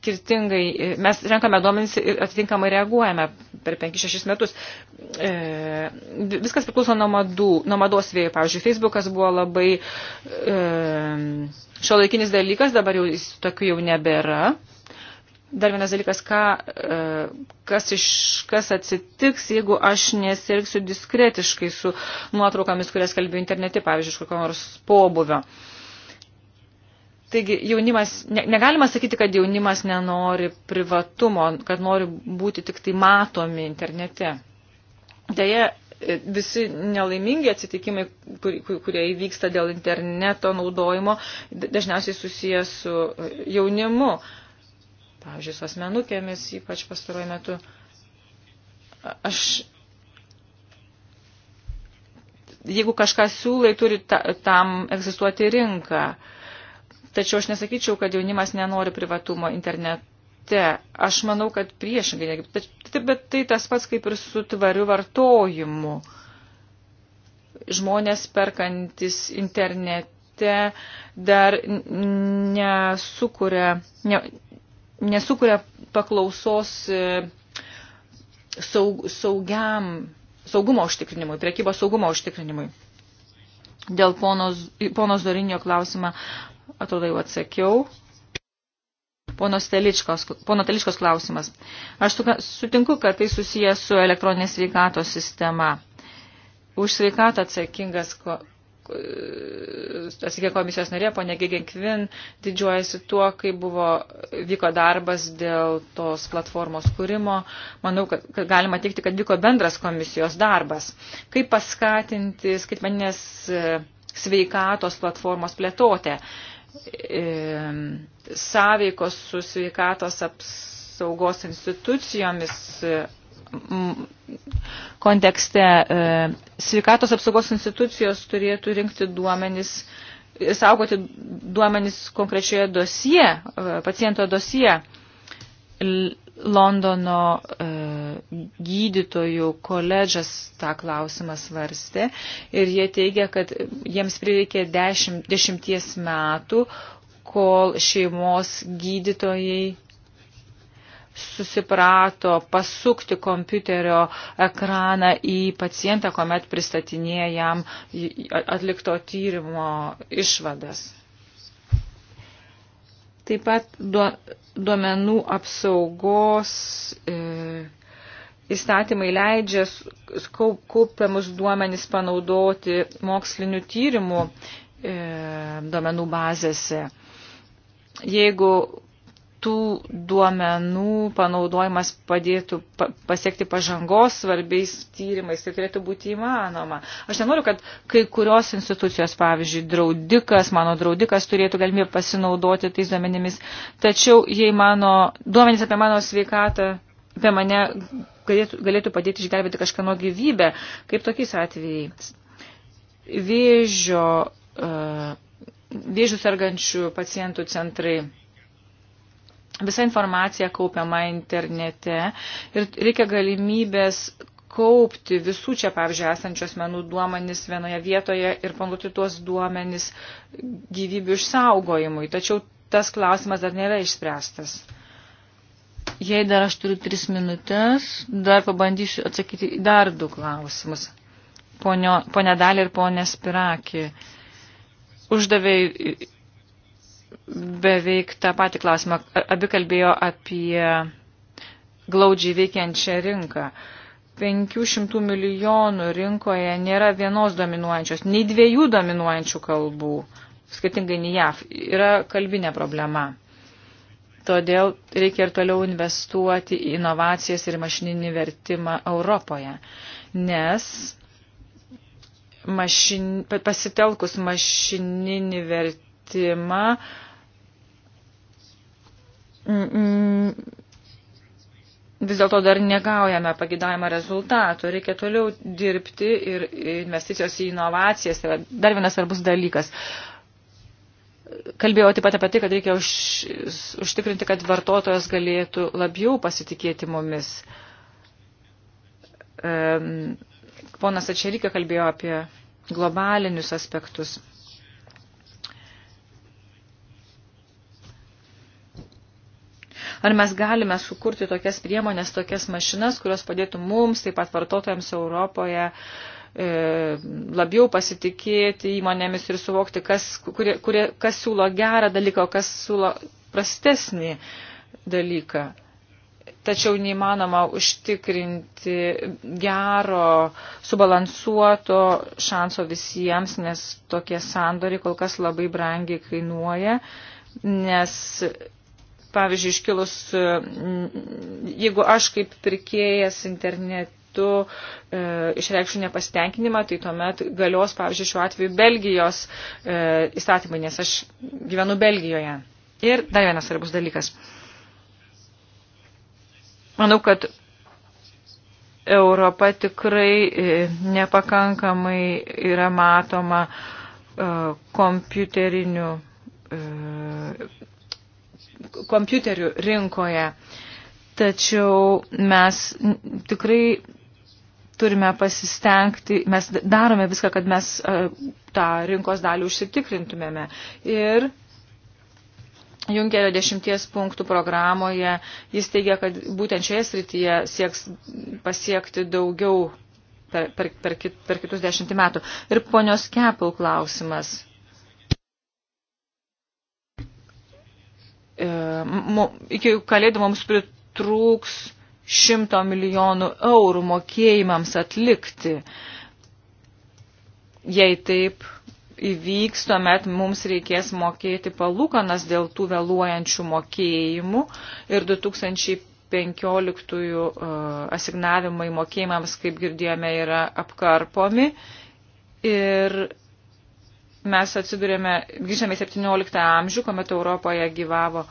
skirtingai, e, mes renkame duomenys ir atitinkamai reaguojame per 5-6 metus. E, viskas priklauso nuo, madų, nuo mados vėjų. Pavyzdžiui, Facebookas buvo labai e, šio laikinis dalykas, dabar jau jis tokių jau nebėra. Dar vienas dalykas, ką, e, kas, iš, kas atsitiks, jeigu aš nesirgsiu diskretiškai su nuotraukomis, kurias kalbėjau internete, pavyzdžiui, iš kokio nors pobuvio. E, Taigi jaunimas, ne, negalima sakyti, kad jaunimas nenori privatumo, kad nori būti tik tai matomi internete. Deja, e, visi nelaimingi atsitikimai, kur, kurie įvyksta dėl interneto naudojimo, dažniausiai susijęs su e, jaunimu. Pavyzdžiui, su asmenukėmis, ypač pastaruoju metu. Aš, jeigu kažką siūlai, turi ta, tam egzistuoti rinka. Uh, Tačiau aš nesakyčiau, kad jaunimas nenori privatumo internete. Aš manau, kad priešingai, bet tai tas pats kaip ir su tvariu vartojimu. Žmonės perkantis internete dar nesukuria, ne, nesukuria paklausos e, saug, saugiam, saugumo užtikrinimui, priekybos saugumo užtikrinimui. Dėl ponos, ponos Zorinio klausimą atrodo jau atsakiau. Pono Teličkos, pono Teličkos klausimas. Aš sutinku, kad tai susijęs su elektroninės sveikatos sistema. Už sveikatą atsakingas ko, atsakė komisijos narė, ponė Gegenkvin, didžiuojasi tuo, kaip buvo, vyko darbas dėl tos platformos kūrimo. Manau, kad, kad galima teikti, kad vyko bendras komisijos darbas. Kaip paskatinti skaitmeninės e, sveikatos platformos plėtotę. E, sąveikos su sveikatos apsaugos institucijomis e, kontekste e, sveikatos apsaugos institucijos turėtų rinkti duomenis, saugoti duomenis konkrečioje dosie, paciento dosie. Londono e, gydytojų koledžas tą klausimą svarstė ir jie teigia, kad jiems prireikė dešimt, dešimties metų, kol šeimos gydytojai susiprato pasukti kompiuterio ekraną į pacientą, kuomet pristatinėja jam atlikto tyrimo išvadas. Taip pat duomenų apsaugos e, įstatymai leidžia kaupiamus duomenys panaudoti mokslinių tyrimų e, duomenų bazėse. Jeigu tų duomenų panaudojimas padėtų pasiekti pažangos svarbiais tyrimais. Tai turėtų būti įmanoma. Aš nenoriu, kad kai kurios institucijos, pavyzdžiui, draudikas, mano draudikas turėtų galimybę pasinaudoti tais duomenimis. Tačiau jei mano duomenys apie mano sveikatą, apie mane galėtų, galėtų padėti išgelbėti kažkieno gyvybę, kaip tokiais atvejais. Vėžio, e, vėžių sergančių pacientų centrai Visa informacija kaupiama internete ir reikia galimybės kaupti visų čia, pavyzdžiui, esančių asmenų duomenis vienoje vietoje ir panaudoti tuos duomenis gyvybių išsaugojimui. Tačiau tas klausimas dar nėra išspręstas. Jei dar aš turiu tris minutės, dar pabandysiu atsakyti į dar du klausimus. Ponio, ponė Dalė ir ponė Spiraki uždavė beveik tą patį klausimą. Abi kalbėjo apie glaudžiai veikiančią rinką. 500 milijonų rinkoje nėra vienos dominuojančios, nei dviejų dominuojančių kalbų, skirtingai nei JAV, yra kalbinė problema. Todėl reikia ir toliau investuoti į inovacijas ir mašininį vertimą Europoje, nes mašin, pasitelkus mašininį vertimą, vis dėlto dar negaujame pagidavimą rezultatų. Reikia toliau dirbti ir investicijos į inovacijas. Tai dar vienas svarbus dalykas. Kalbėjau taip pat apie tai, kad reikia už, užtikrinti, kad vartotojas galėtų labiau pasitikėti mumis. Um, ponas Ačerikė kalbėjo apie globalinius aspektus. Ar mes galime sukurti tokias priemonės, tokias mašinas, kurios padėtų mums, taip pat vartotojams Europoje, e, labiau pasitikėti įmonėmis ir suvokti, kas, kurie, kurie, kas siūlo gerą dalyką, o kas siūlo prastesnį dalyką. Tačiau neįmanoma užtikrinti gero, subalansuoto šanso visiems, nes tokie sandoriai kol kas labai brangiai kainuoja, nes Pavyzdžiui, iškilus, e, jeigu aš kaip pirkėjas internetu e, išreikščiau nepastenkinimą, tai tuomet galios, pavyzdžiui, šiuo atveju Belgijos e, įstatymai, nes aš gyvenu Belgijoje. Ir dar vienas svarbus dalykas. Manau, kad Europa tikrai e, nepakankamai yra matoma e, kompiuterinių kompiuterių rinkoje. Tačiau mes tikrai turime pasistengti, mes darome viską, kad mes e, tą rinkos dalį užsitikrintumėme. Ir Junkerio dešimties punktų programoje jis teigia, kad būtent šioje srityje sieks pasiekti daugiau per, per, per, kit, per kitus dešimtį metų. Ir ponios Kepul klausimas. E, iki kalėdų mums pritrūks šimto milijonų eurų mokėjimams atlikti. Jei taip įvyks, tuomet mums reikės mokėti palūkanas dėl tų vėluojančių mokėjimų ir 2015 e, asignavimai mokėjimams, kaip girdėjome, yra apkarpomi ir mes atsidurėme, grįžtame į 17 amžių, kuomet Europoje gyvavo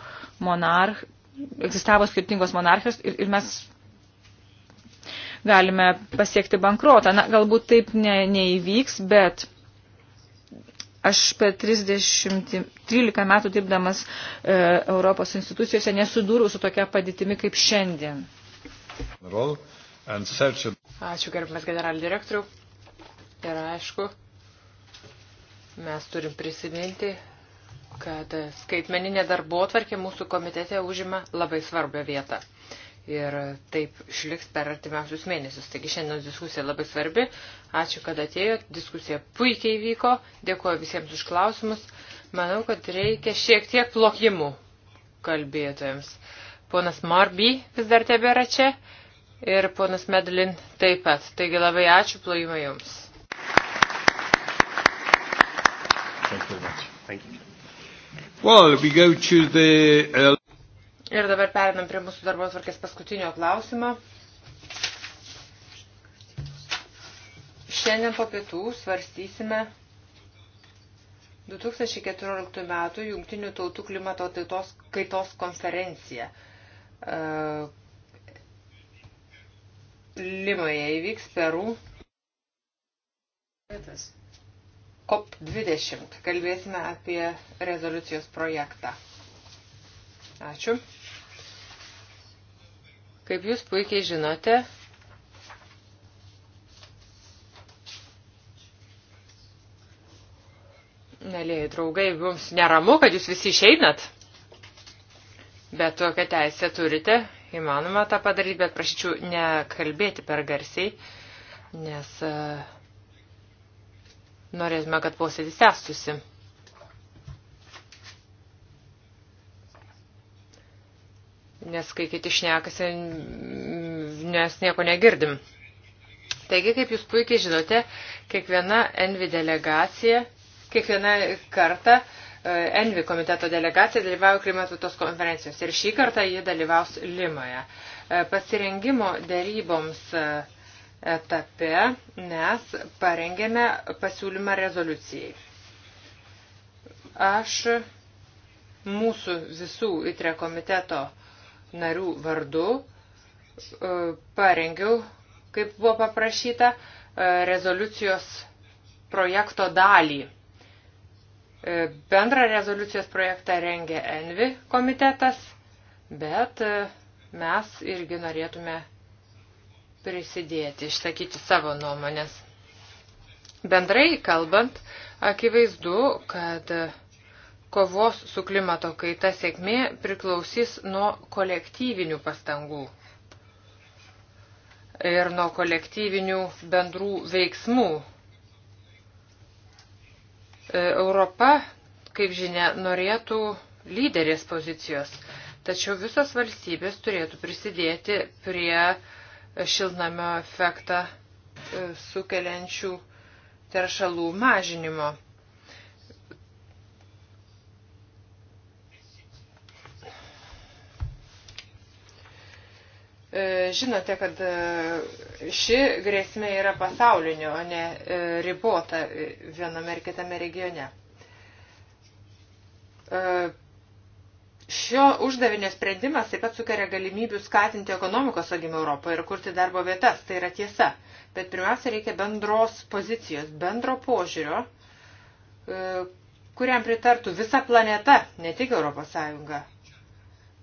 monarch, egzistavo skirtingos monarchijos ir, ir mes galime pasiekti bankrotą. Na, galbūt taip ne, neįvyks, bet aš per 30, 13 metų dirbdamas e, Europos institucijose nesudūrau su tokia padėtimi kaip šiandien. Ačiū gerbimas generaldirektorių. Ir aišku, Mes turim prisiminti, kad skaitmeninė darbo atvarkė mūsų komitete užima labai svarbią vietą. Ir taip išliks per artimiausius mėnesius. Taigi šiandien diskusija labai svarbi. Ačiū, kad atėjot. Diskusija puikiai vyko. Dėkuoju visiems už klausimus. Manau, kad reikia šiek tiek plokimų kalbėtojams. Ponas Marby vis dar tebėra čia ir ponas Medlin taip pat. Taigi labai ačiū plojimai jums. Thank you. Well, we go to the, uh... Ir dabar perinam prie mūsų darbo atvarkės paskutinio klausimo. Šiandien po pietų svarstysime 2014 m. Jungtinių tautų klimato taitos, kaitos konferencija. Uh, Limoje įvyks Peru. Vietas. COP20. Kalbėsime apie rezoliucijos projektą. Ačiū. Kaip jūs puikiai žinote, Mėlėjai draugai, jums neramu, kad jūs visi išeinat. Bet tokią teisę turite, įmanoma tą padaryti, bet prašyčiau nekalbėti per garsiai, nes uh, Norėtume, kad posėdis tęstusi. Nes kai kiti šnekasi, nes nieko negirdim. Taigi, kaip jūs puikiai žinote, kiekviena Envi delegacija, kiekviena kartą e, Envi komiteto delegacija dalyvauja klimatos konferencijos ir šį kartą jie dalyvaus Limoje. E, pasirengimo dėryboms e, etape mes parengėme pasiūlymą rezoliucijai. Aš mūsų visų ITRE komiteto narių vardu e, parengiau, kaip buvo paprašyta, e, rezoliucijos projekto dalį. E, bendrą rezoliucijos projektą rengia ENVI komitetas, bet mes irgi norėtume prisidėti, išsakyti savo nuomonės. Bendrai kalbant, akivaizdu, kad kovos su klimato kaita sėkmė priklausys nuo kolektyvinių pastangų ir nuo kolektyvinių bendrų veiksmų. E, Europa, kaip žinia, norėtų lyderės pozicijos, tačiau visos valstybės turėtų prisidėti prie uh, šiltnamio efektą e, sukeliančių teršalų mažinimo. E, žinote, kad e, ši grėsmė yra pasaulinio, o ne ribota viename ir kitame regione Šio uždavinio sprendimas taip pat sukeria galimybių skatinti ekonomikos augimą Europoje ir kurti darbo vietas, tai yra tiesa. Bet pirmiausia, reikia bendros pozicijos, bendro požiūrio, e, kuriam pritartų visa planeta, ne tik Europos Sąjunga.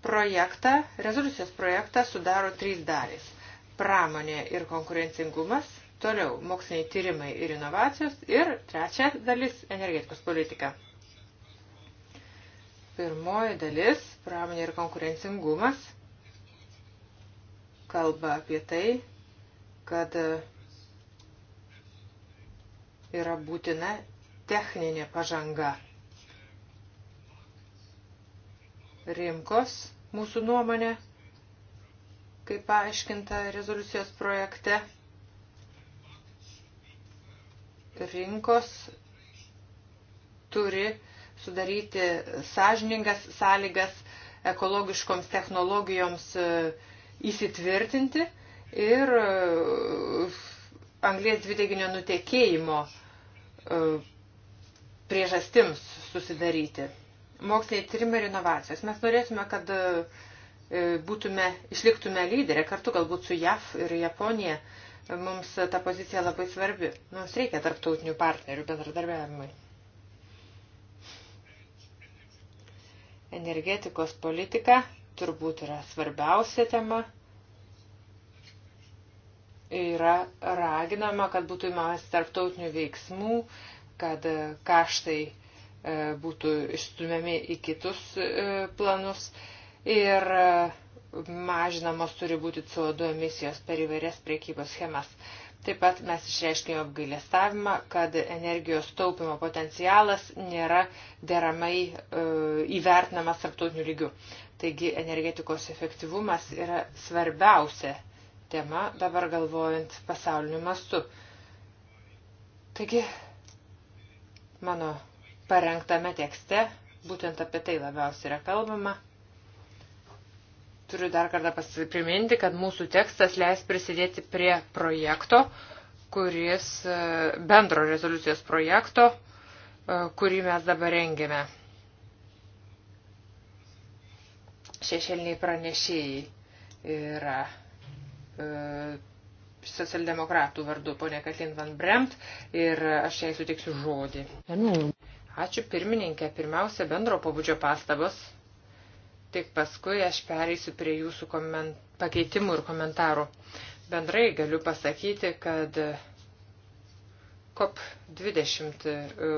Projektą, rezoliucijos projektą sudaro trys dalys. Pramonė ir konkurencingumas, toliau moksliniai tyrimai ir inovacijos ir trečia dalis energetikos politika. Pirmoji dalis - pramonė ir konkurencingumas - kalba apie tai, kad yra būtina techninė pažanga. Rinkos, mūsų nuomonė, kaip paaiškinta rezoliucijos projekte, rinkos turi sudaryti sąžiningas sąlygas ekologiškoms technologijoms e, įsitvirtinti ir e, anglės dvideginio nutekėjimo e, priežastims susidaryti. Moksliniai tyrimai ir inovacijos. Mes norėtume, kad būtume, išliktume lyderė kartu galbūt su JAF ir Japonija. Mums ta pozicija labai svarbi. Mums reikia tarptautinių partnerių bendradarbiavimui. Energetikos politika turbūt yra svarbiausia tema. Yra raginama, kad būtų įmamas tarptautinių veiksmų, kad kaštai e, būtų išstumiami į kitus e, planus ir e, mažinamos turi būti CO2 emisijos per įvairias priekybos schemas. Taip pat mes išreiškėme apgailestavimą, kad energijos taupimo potencialas nėra deramai e, įvertinamas tarptautiniu lygiu. Taigi energetikos efektyvumas yra svarbiausia tema dabar galvojant pasauliniu mastu. Taigi mano parengtame tekste būtent apie tai labiausiai yra kalbama. Turiu dar kartą pasipriminti, kad mūsų tekstas leis prisidėti prie projekto, kuris e, bendro rezoliucijos projekto, e, kurį mes dabar rengiame. Šešėliniai pranešėjai yra e, socialdemokratų vardu ponė Katlin Van Bremt ir aš jai sutiksiu žodį. Ačiū pirmininkė. Pirmiausia, bendro pabudžio pastabos Tik paskui aš pereisiu prie jūsų koment... pakeitimų ir komentarų. Bendrai galiu pasakyti, kad COP20 e,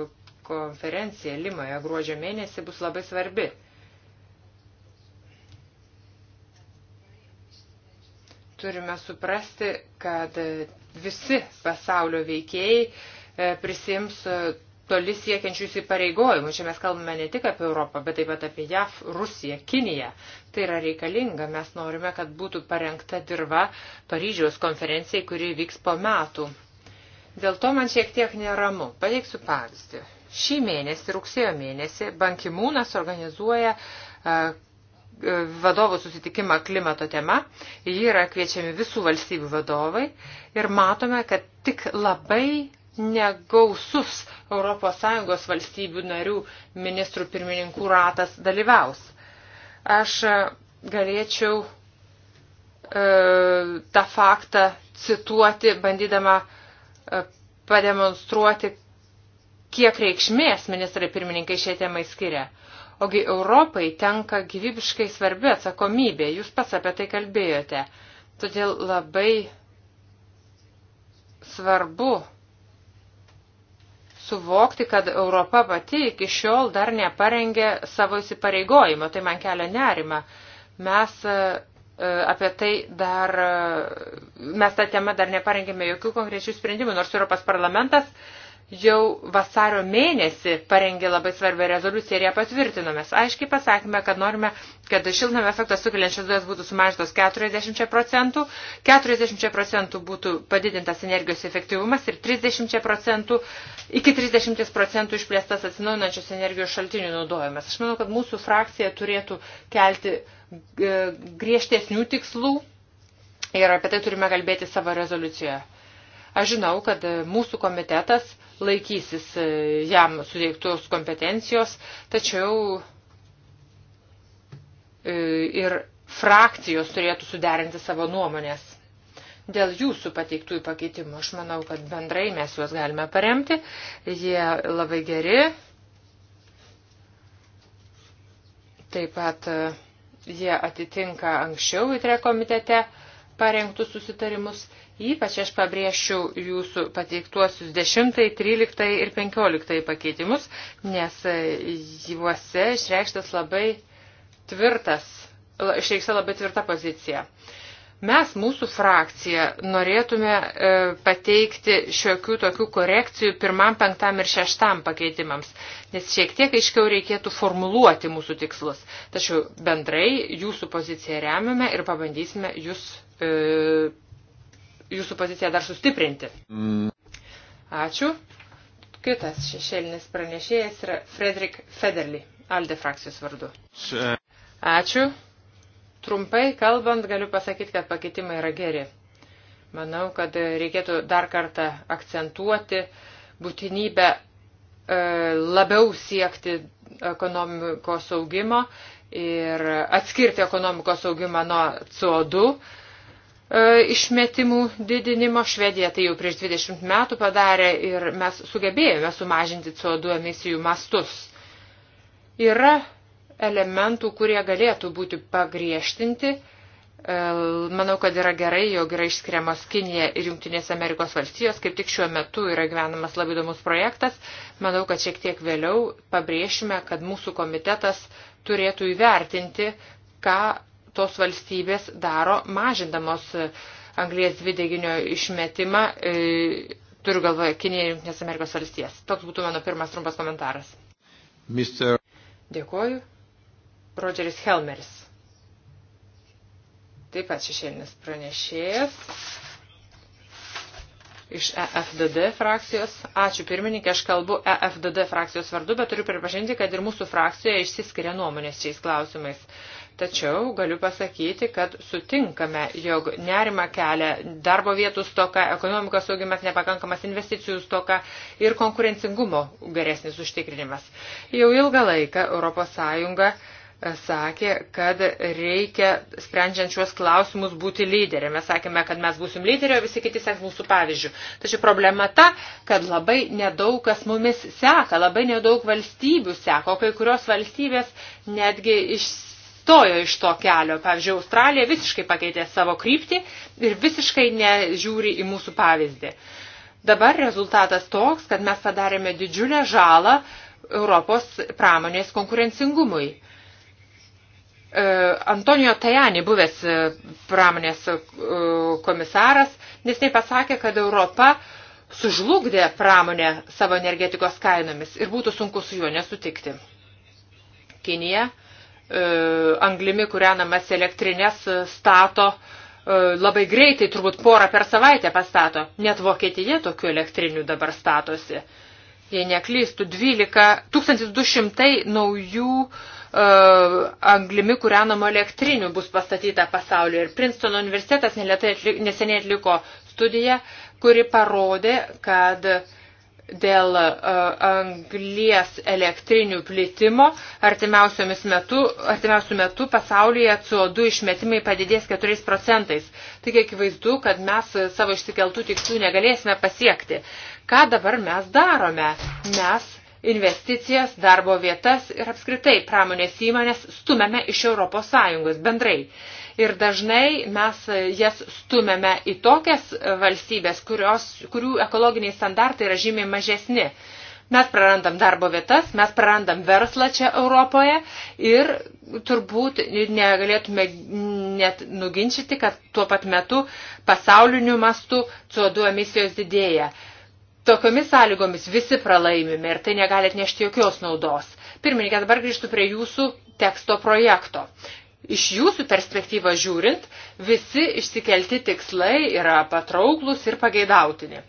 konferencija Limoje gruodžio mėnesį bus labai svarbi. Turime suprasti, kad visi pasaulio veikėjai e, prisims e, toli siekiančių įsipareigojimų. Čia mes kalbame ne tik apie Europą, bet taip pat apie JAV, Rusiją, Kiniją. Tai yra reikalinga. Mes norime, kad būtų parengta dirba Paryžiaus konferencijai, kuri vyks po metų. Dėl to man šiek tiek neramu. Pateiksiu pavyzdį. Šį mėnesį, rugsėjo mėnesį, Bankimūnas organizuoja vadovų susitikimą klimato tema. Jį yra kviečiami visų valstybių vadovai ir matome, kad tik labai negausus ES valstybių narių ministrų pirmininkų ratas dalyvaus. Aš e, galėčiau e, tą faktą cituoti, bandydama e, pademonstruoti, kiek reikšmės ministrai pirmininkai šiai temai skiria. Ogi Europai tenka gyvybiškai svarbi atsakomybė, jūs pats apie tai kalbėjote. Todėl labai svarbu suvokti, kad Europa pati iki šiol dar neparengė savo įsipareigojimo. Tai man kelia nerima. Mes e, e, apie tai dar, e, mes tą temą dar neparengėme jokių konkrečių sprendimų, nors Europos parlamentas uh, jau vasario mėnesį parengė labai svarbę rezoliuciją ir ją patvirtinome. Aiškiai pasakėme, kad norime, kad šiltnamio efektą sukeliančios dujas būtų sumažintos 40 procentų, 40 procentų būtų padidintas energijos efektyvumas ir 30 procentų, iki 30 procentų išplėstas atsinaujinančios energijos šaltinių naudojimas. Aš manau, kad mūsų frakcija turėtų kelti e, griežtesnių tikslų ir apie tai turime kalbėti savo rezoliucijoje. Aš žinau, kad mūsų komitetas uh, laikysis e, jam suteiktos kompetencijos, tačiau e, ir frakcijos turėtų suderinti savo nuomonės. Dėl jūsų pateiktų pakeitimų aš manau, kad bendrai mes juos galime paremti. Jie labai geri. Taip pat e, jie atitinka anksčiau įtre komitete parengtus susitarimus Ypač aš pabrėšiu jūsų pateiktuosius 10, 13 ir 15 pakeitimus, nes juose išreikštas labai tvirtas, išreikšta labai tvirta pozicija. Mes, mūsų frakcija, norėtume e, pateikti šiokių tokių korekcijų pirmam, penktam ir šeštam pakeitimams, nes šiek tiek aiškiau reikėtų formuluoti mūsų tikslus. Tačiau bendrai jūsų poziciją remiame ir pabandysime jūs e, jūsų poziciją dar sustiprinti. Ačiū. Kitas šešėlinis pranešėjas yra Frederik Federli, Alde frakcijos vardu. Ačiū. Trumpai kalbant, galiu pasakyti, kad pakeitimai yra geri. Manau, kad reikėtų dar kartą akcentuoti būtinybę e, labiau siekti ekonomikos augimo ir atskirti ekonomikos augimą nuo CO2 E, išmetimų didinimo. Švedija tai jau prieš 20 metų padarė ir mes sugebėjome sumažinti CO2 emisijų mastus. Yra elementų, kurie galėtų būti pagriežtinti. E, manau, kad yra gerai, jog yra išskiriamos Kinija ir Junktinės Amerikos valstijos. Kaip tik šiuo metu yra gyvenamas labai įdomus projektas. Manau, kad šiek tiek vėliau pabrėšime, kad mūsų komitetas turėtų įvertinti, ką tos valstybės daro mažindamos e, anglės dvideginio išmetimą, e, turiu galvoje Kinėje ir Junktinės Amerikos valstijas. Toks būtų mano pirmas trumpas komentaras. Mister... Dėkuoju. Rodžeris Helmeris. Taip pat šešėlinis pranešėjas iš EFDD frakcijos. Ačiū pirmininkė, aš kalbu EFDD frakcijos vardu, bet turiu pripažinti, kad ir mūsų frakcijoje išsiskiria nuomonės šiais klausimais. Uh, Tačiau galiu pasakyti, kad sutinkame, jog nerima kelia darbo vietų stoka, ekonomikos augimas, nepakankamas investicijų stoka ir konkurencingumo geresnis užtikrinimas. Jau ilgą laiką ES e, sakė, kad reikia sprendžiančios klausimus būti lyderė. Mes sakėme, kad mes būsim lyderė, o visi kiti seks mūsų pavyzdžių. Tačiau problema ta, kad labai nedaug kas mumis seka, labai nedaug valstybių seka, o kai kurios valstybės netgi išsiskiria išstojo iš to kelio. Pavyzdžiui, Australija visiškai pakeitė savo kryptį ir visiškai nežiūri į mūsų pavyzdį. Dabar rezultatas toks, kad mes padarėme didžiulę žalą Europos pramonės konkurencingumui. E, Antonijo Tajani, buvęs e, pramonės e, komisaras, nesnei pasakė, kad Europa sužlugdė pramonę savo energetikos kainomis ir būtų sunku su juo nesutikti. Kinija E, anglimi kūrenamas elektrinės stato e, labai greitai, turbūt porą per savaitę pastato. Net Vokietija tokių elektrinių dabar statosi. Jei neklystų, 12, 1200 naujų uh, anglimi kūrenamo elektrinių bus pastatyta pasaulyje. Ir Princeton universitetas atlik, neseniai atliko studiją, kuri parodė, kad uh, dėl e, anglies elektrinių plitimo metu, artimiausių metų pasaulyje CO2 išmetimai padidės 4 procentais. Tik akivaizdu, kad mes savo išsikeltų tikslų negalėsime pasiekti. Ką dabar mes darome? Mes investicijas, darbo vietas ir apskritai pramonės įmonės stumėme iš Europos Sąjungos bendrai ir dažnai mes jas stumėme į tokias valstybės, kurios, kurių ekologiniai standartai yra žymiai mažesni. Mes prarandam darbo vietas, mes prarandam verslą čia Europoje ir turbūt negalėtume net nuginčyti, kad tuo pat metu pasauliniu mastu CO2 emisijos didėja. Tokiomis sąlygomis visi pralaimime ir tai negali atnešti jokios naudos. Pirmininkė, dabar grįžtų prie jūsų teksto projekto iš jūsų perspektyvos žiūrint, visi išsikelti tikslai yra patrauklus ir pageidautini.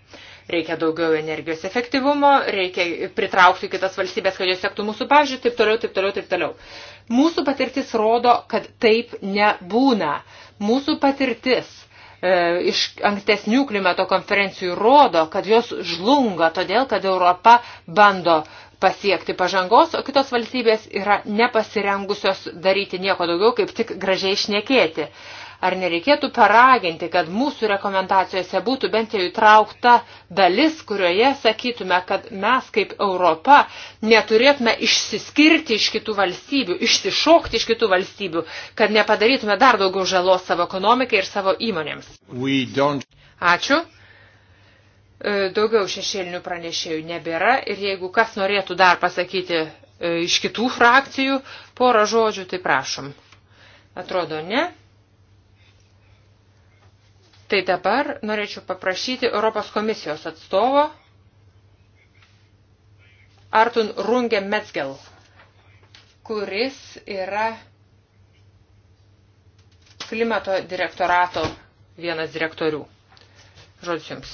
Reikia daugiau energijos efektyvumo, reikia pritraukti kitas valstybės, kad jos sektų mūsų pavyzdžių, taip toliau, taip toliau, taip toliau. Mūsų patirtis rodo, kad taip nebūna. Mūsų patirtis e, iš ankstesnių klimato konferencijų rodo, kad jos žlunga, todėl kad Europa bando pasiekti pažangos, o kitos valstybės yra nepasirengusios daryti nieko daugiau, kaip tik gražiai šnekėti. Ar nereikėtų paraginti, kad mūsų rekomendacijose būtų bent jau įtraukta dalis, kurioje sakytume, kad mes kaip Europa neturėtume išsiskirti iš kitų valstybių, išsišokti iš kitų valstybių, kad nepadarytume dar daugiau žalos savo ekonomikai ir savo įmonėms. Ačiū. E, daugiau šešėlinių pranešėjų nebėra ir jeigu kas norėtų dar pasakyti e, iš kitų frakcijų porą žodžių, tai prašom. Atrodo, ne. Tai dabar norėčiau paprašyti Europos komisijos atstovo Artun Rungė Metzgel, kuris yra klimato direktorato vienas direktorių. Žodžiu Jums.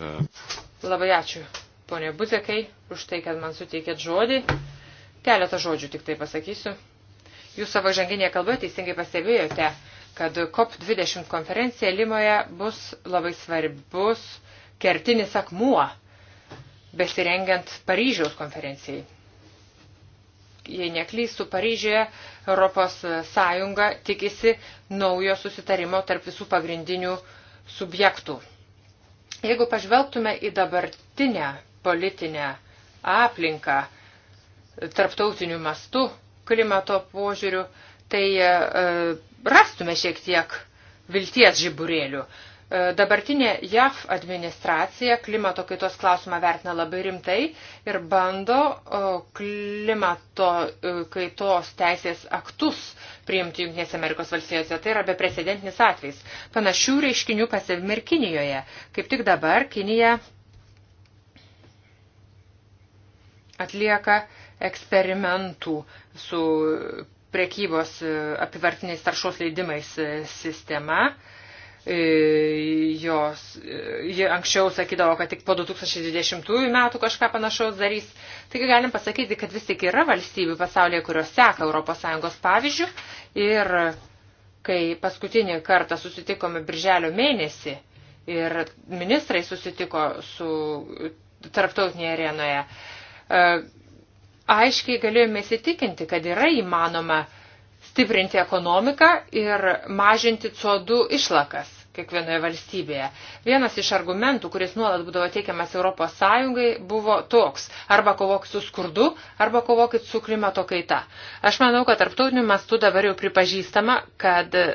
Uh... Labai ačiū, ponė Buzekai, už tai, kad man suteikėt žodį. Keletą žodžių tik tai pasakysiu. Jūs savo žanginėje kalboje teisingai pastebėjote, kad COP20 konferencija Limoje bus labai svarbus kertinis akmuo besirengiant Paryžiaus konferencijai. Jei neklystų Paryžioje, Europos Sąjunga tikisi naujo susitarimo tarp visų pagrindinių subjektų. Jeigu pažvelgtume į dabartinę politinę aplinką tarptautiniu mastu klimato požiūriu, tai e, rastume šiek tiek vilties žiburėlių. E, dabartinė JAF administracija klimato kaitos klausimą vertina labai rimtai ir bando e, klimato e, kaitos teisės aktus priimti Junktinėse Amerikos valstijose. Tai yra beprecedentinis atvejs. Panašių reiškinių pasivim ir Kinijoje. Kaip tik dabar Kinija atlieka eksperimentų su prekybos apivartiniais taršos leidimais sistema. E, jos, e, ji anksčiau sakydavo, kad tik po 2020 metų kažką panašaus darys. Taigi galim pasakyti, kad vis tik yra valstybių pasaulyje, kurios seka ES pavyzdžių ir kai paskutinį kartą susitikome birželio mėnesį ir ministrai susitiko su tarptautinėje arenoje, e, aiškiai galėjome įsitikinti, kad yra įmanoma stiprinti ekonomiką ir mažinti CO2 išlakas kiekvienoje valstybėje. Vienas iš argumentų, kuris nuolat būdavo teikiamas Europos Sąjungai, buvo toks – arba kovokit su skurdu, arba kovokit su klimato kaita. Aš manau, kad tarptautiniu mastu dabar jau pripažįstama, kad e,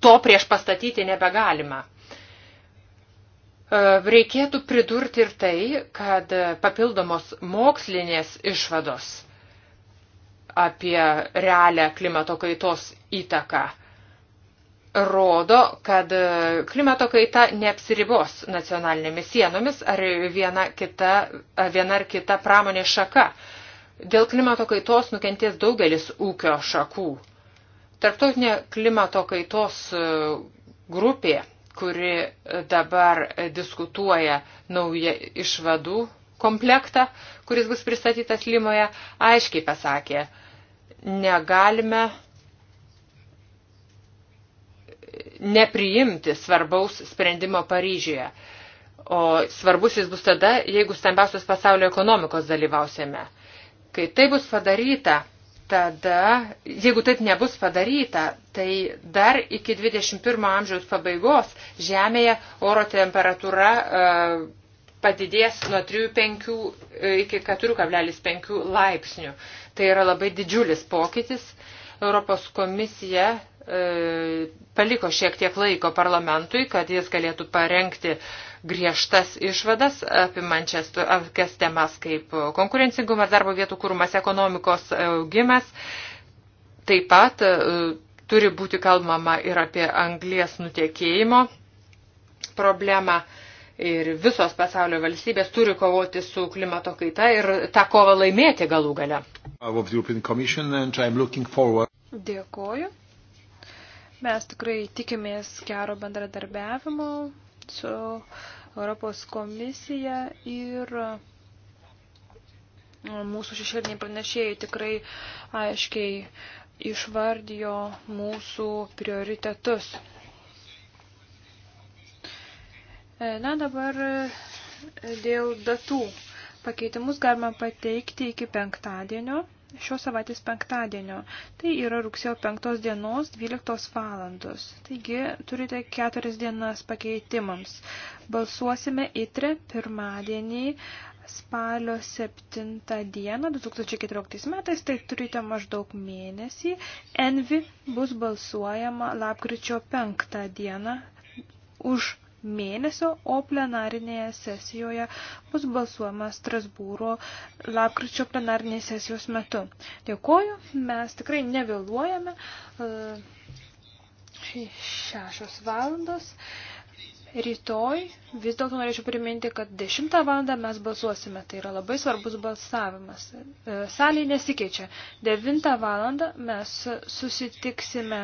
to prieš pastatyti nebegalima. E, reikėtų pridurti ir tai, kad papildomos mokslinės išvados apie realią klimato kaitos įtaką – rodo, kad e, klimato kaita neapsiribos nacionalinėmis sienomis ar viena, kita, viena ar kita pramonė šaka. Dėl klimato kaitos nukentės daugelis ūkio šakų. Tarptautinė klimato kaitos e, grupė, kuri e, dabar diskutuoja naują išvadų komplektą, kuris bus pristatytas Limoje, aiškiai pasakė, negalime nepriimti svarbaus sprendimo Paryžiuje. O svarbus jis bus tada, jeigu stambiausios pasaulio ekonomikos dalyvausime. Kai tai bus padaryta, tada, jeigu taip nebus padaryta, tai dar iki 21 amžiaus pabaigos Žemėje oro temperatūra e, padidės nuo 3,5 e, iki 4,5 laipsnių. Tai yra labai didžiulis pokytis. Europos komisija E, paliko šiek tiek laiko parlamentui, kad jis galėtų parengti griežtas išvadas apimančias tokias temas kaip konkurencingumas, darbo vietų kūrumas, ekonomikos augimas. Taip pat e, turi būti kalbama ir apie anglies nutiekėjimo problemą. Ir visos pasaulio valstybės turi kovoti su klimato kaita ir tą kovą laimėti galų gale. Dėkoju. Mes tikrai tikimės gero bendradarbiavimo su Europos komisija ir e, mūsų šešėliniai pranešėjai tikrai aiškiai išvardijo mūsų prioritetus. E, na dabar e, dėl datų. Pakeitimus galima pateikti iki penktadienio šios savaitės penktadienio. Tai yra rugsėjo 5 dienos 12 valandos. Taigi turite 4 dienas pakeitimams. Balsuosime įtre pirmadienį spalio 7 dieną 2014 metais, tai turite maždaug mėnesį. Envi bus balsuojama lapkričio 5 dieną už mėnesio, o plenarinėje sesijoje bus balsuojama Strasbūro lapkričio plenarinės sesijos metu. Dėkoju, mes tikrai nevėluojame. E, šešios valandos. Rytoj vis dėlto norėčiau priminti, kad 10 valandą mes balsuosime. Tai yra labai svarbus balsavimas. E, Salė nesikeičia. 9 valandą mes susitiksime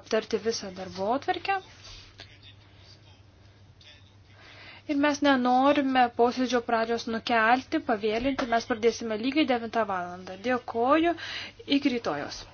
aptarti visą darbo atverkę. Ir mes nenorime posėdžio pradžios nukelti, pavėlinti, mes pradėsime lygiai 9 valandą. Dėkoju, iki rytojos.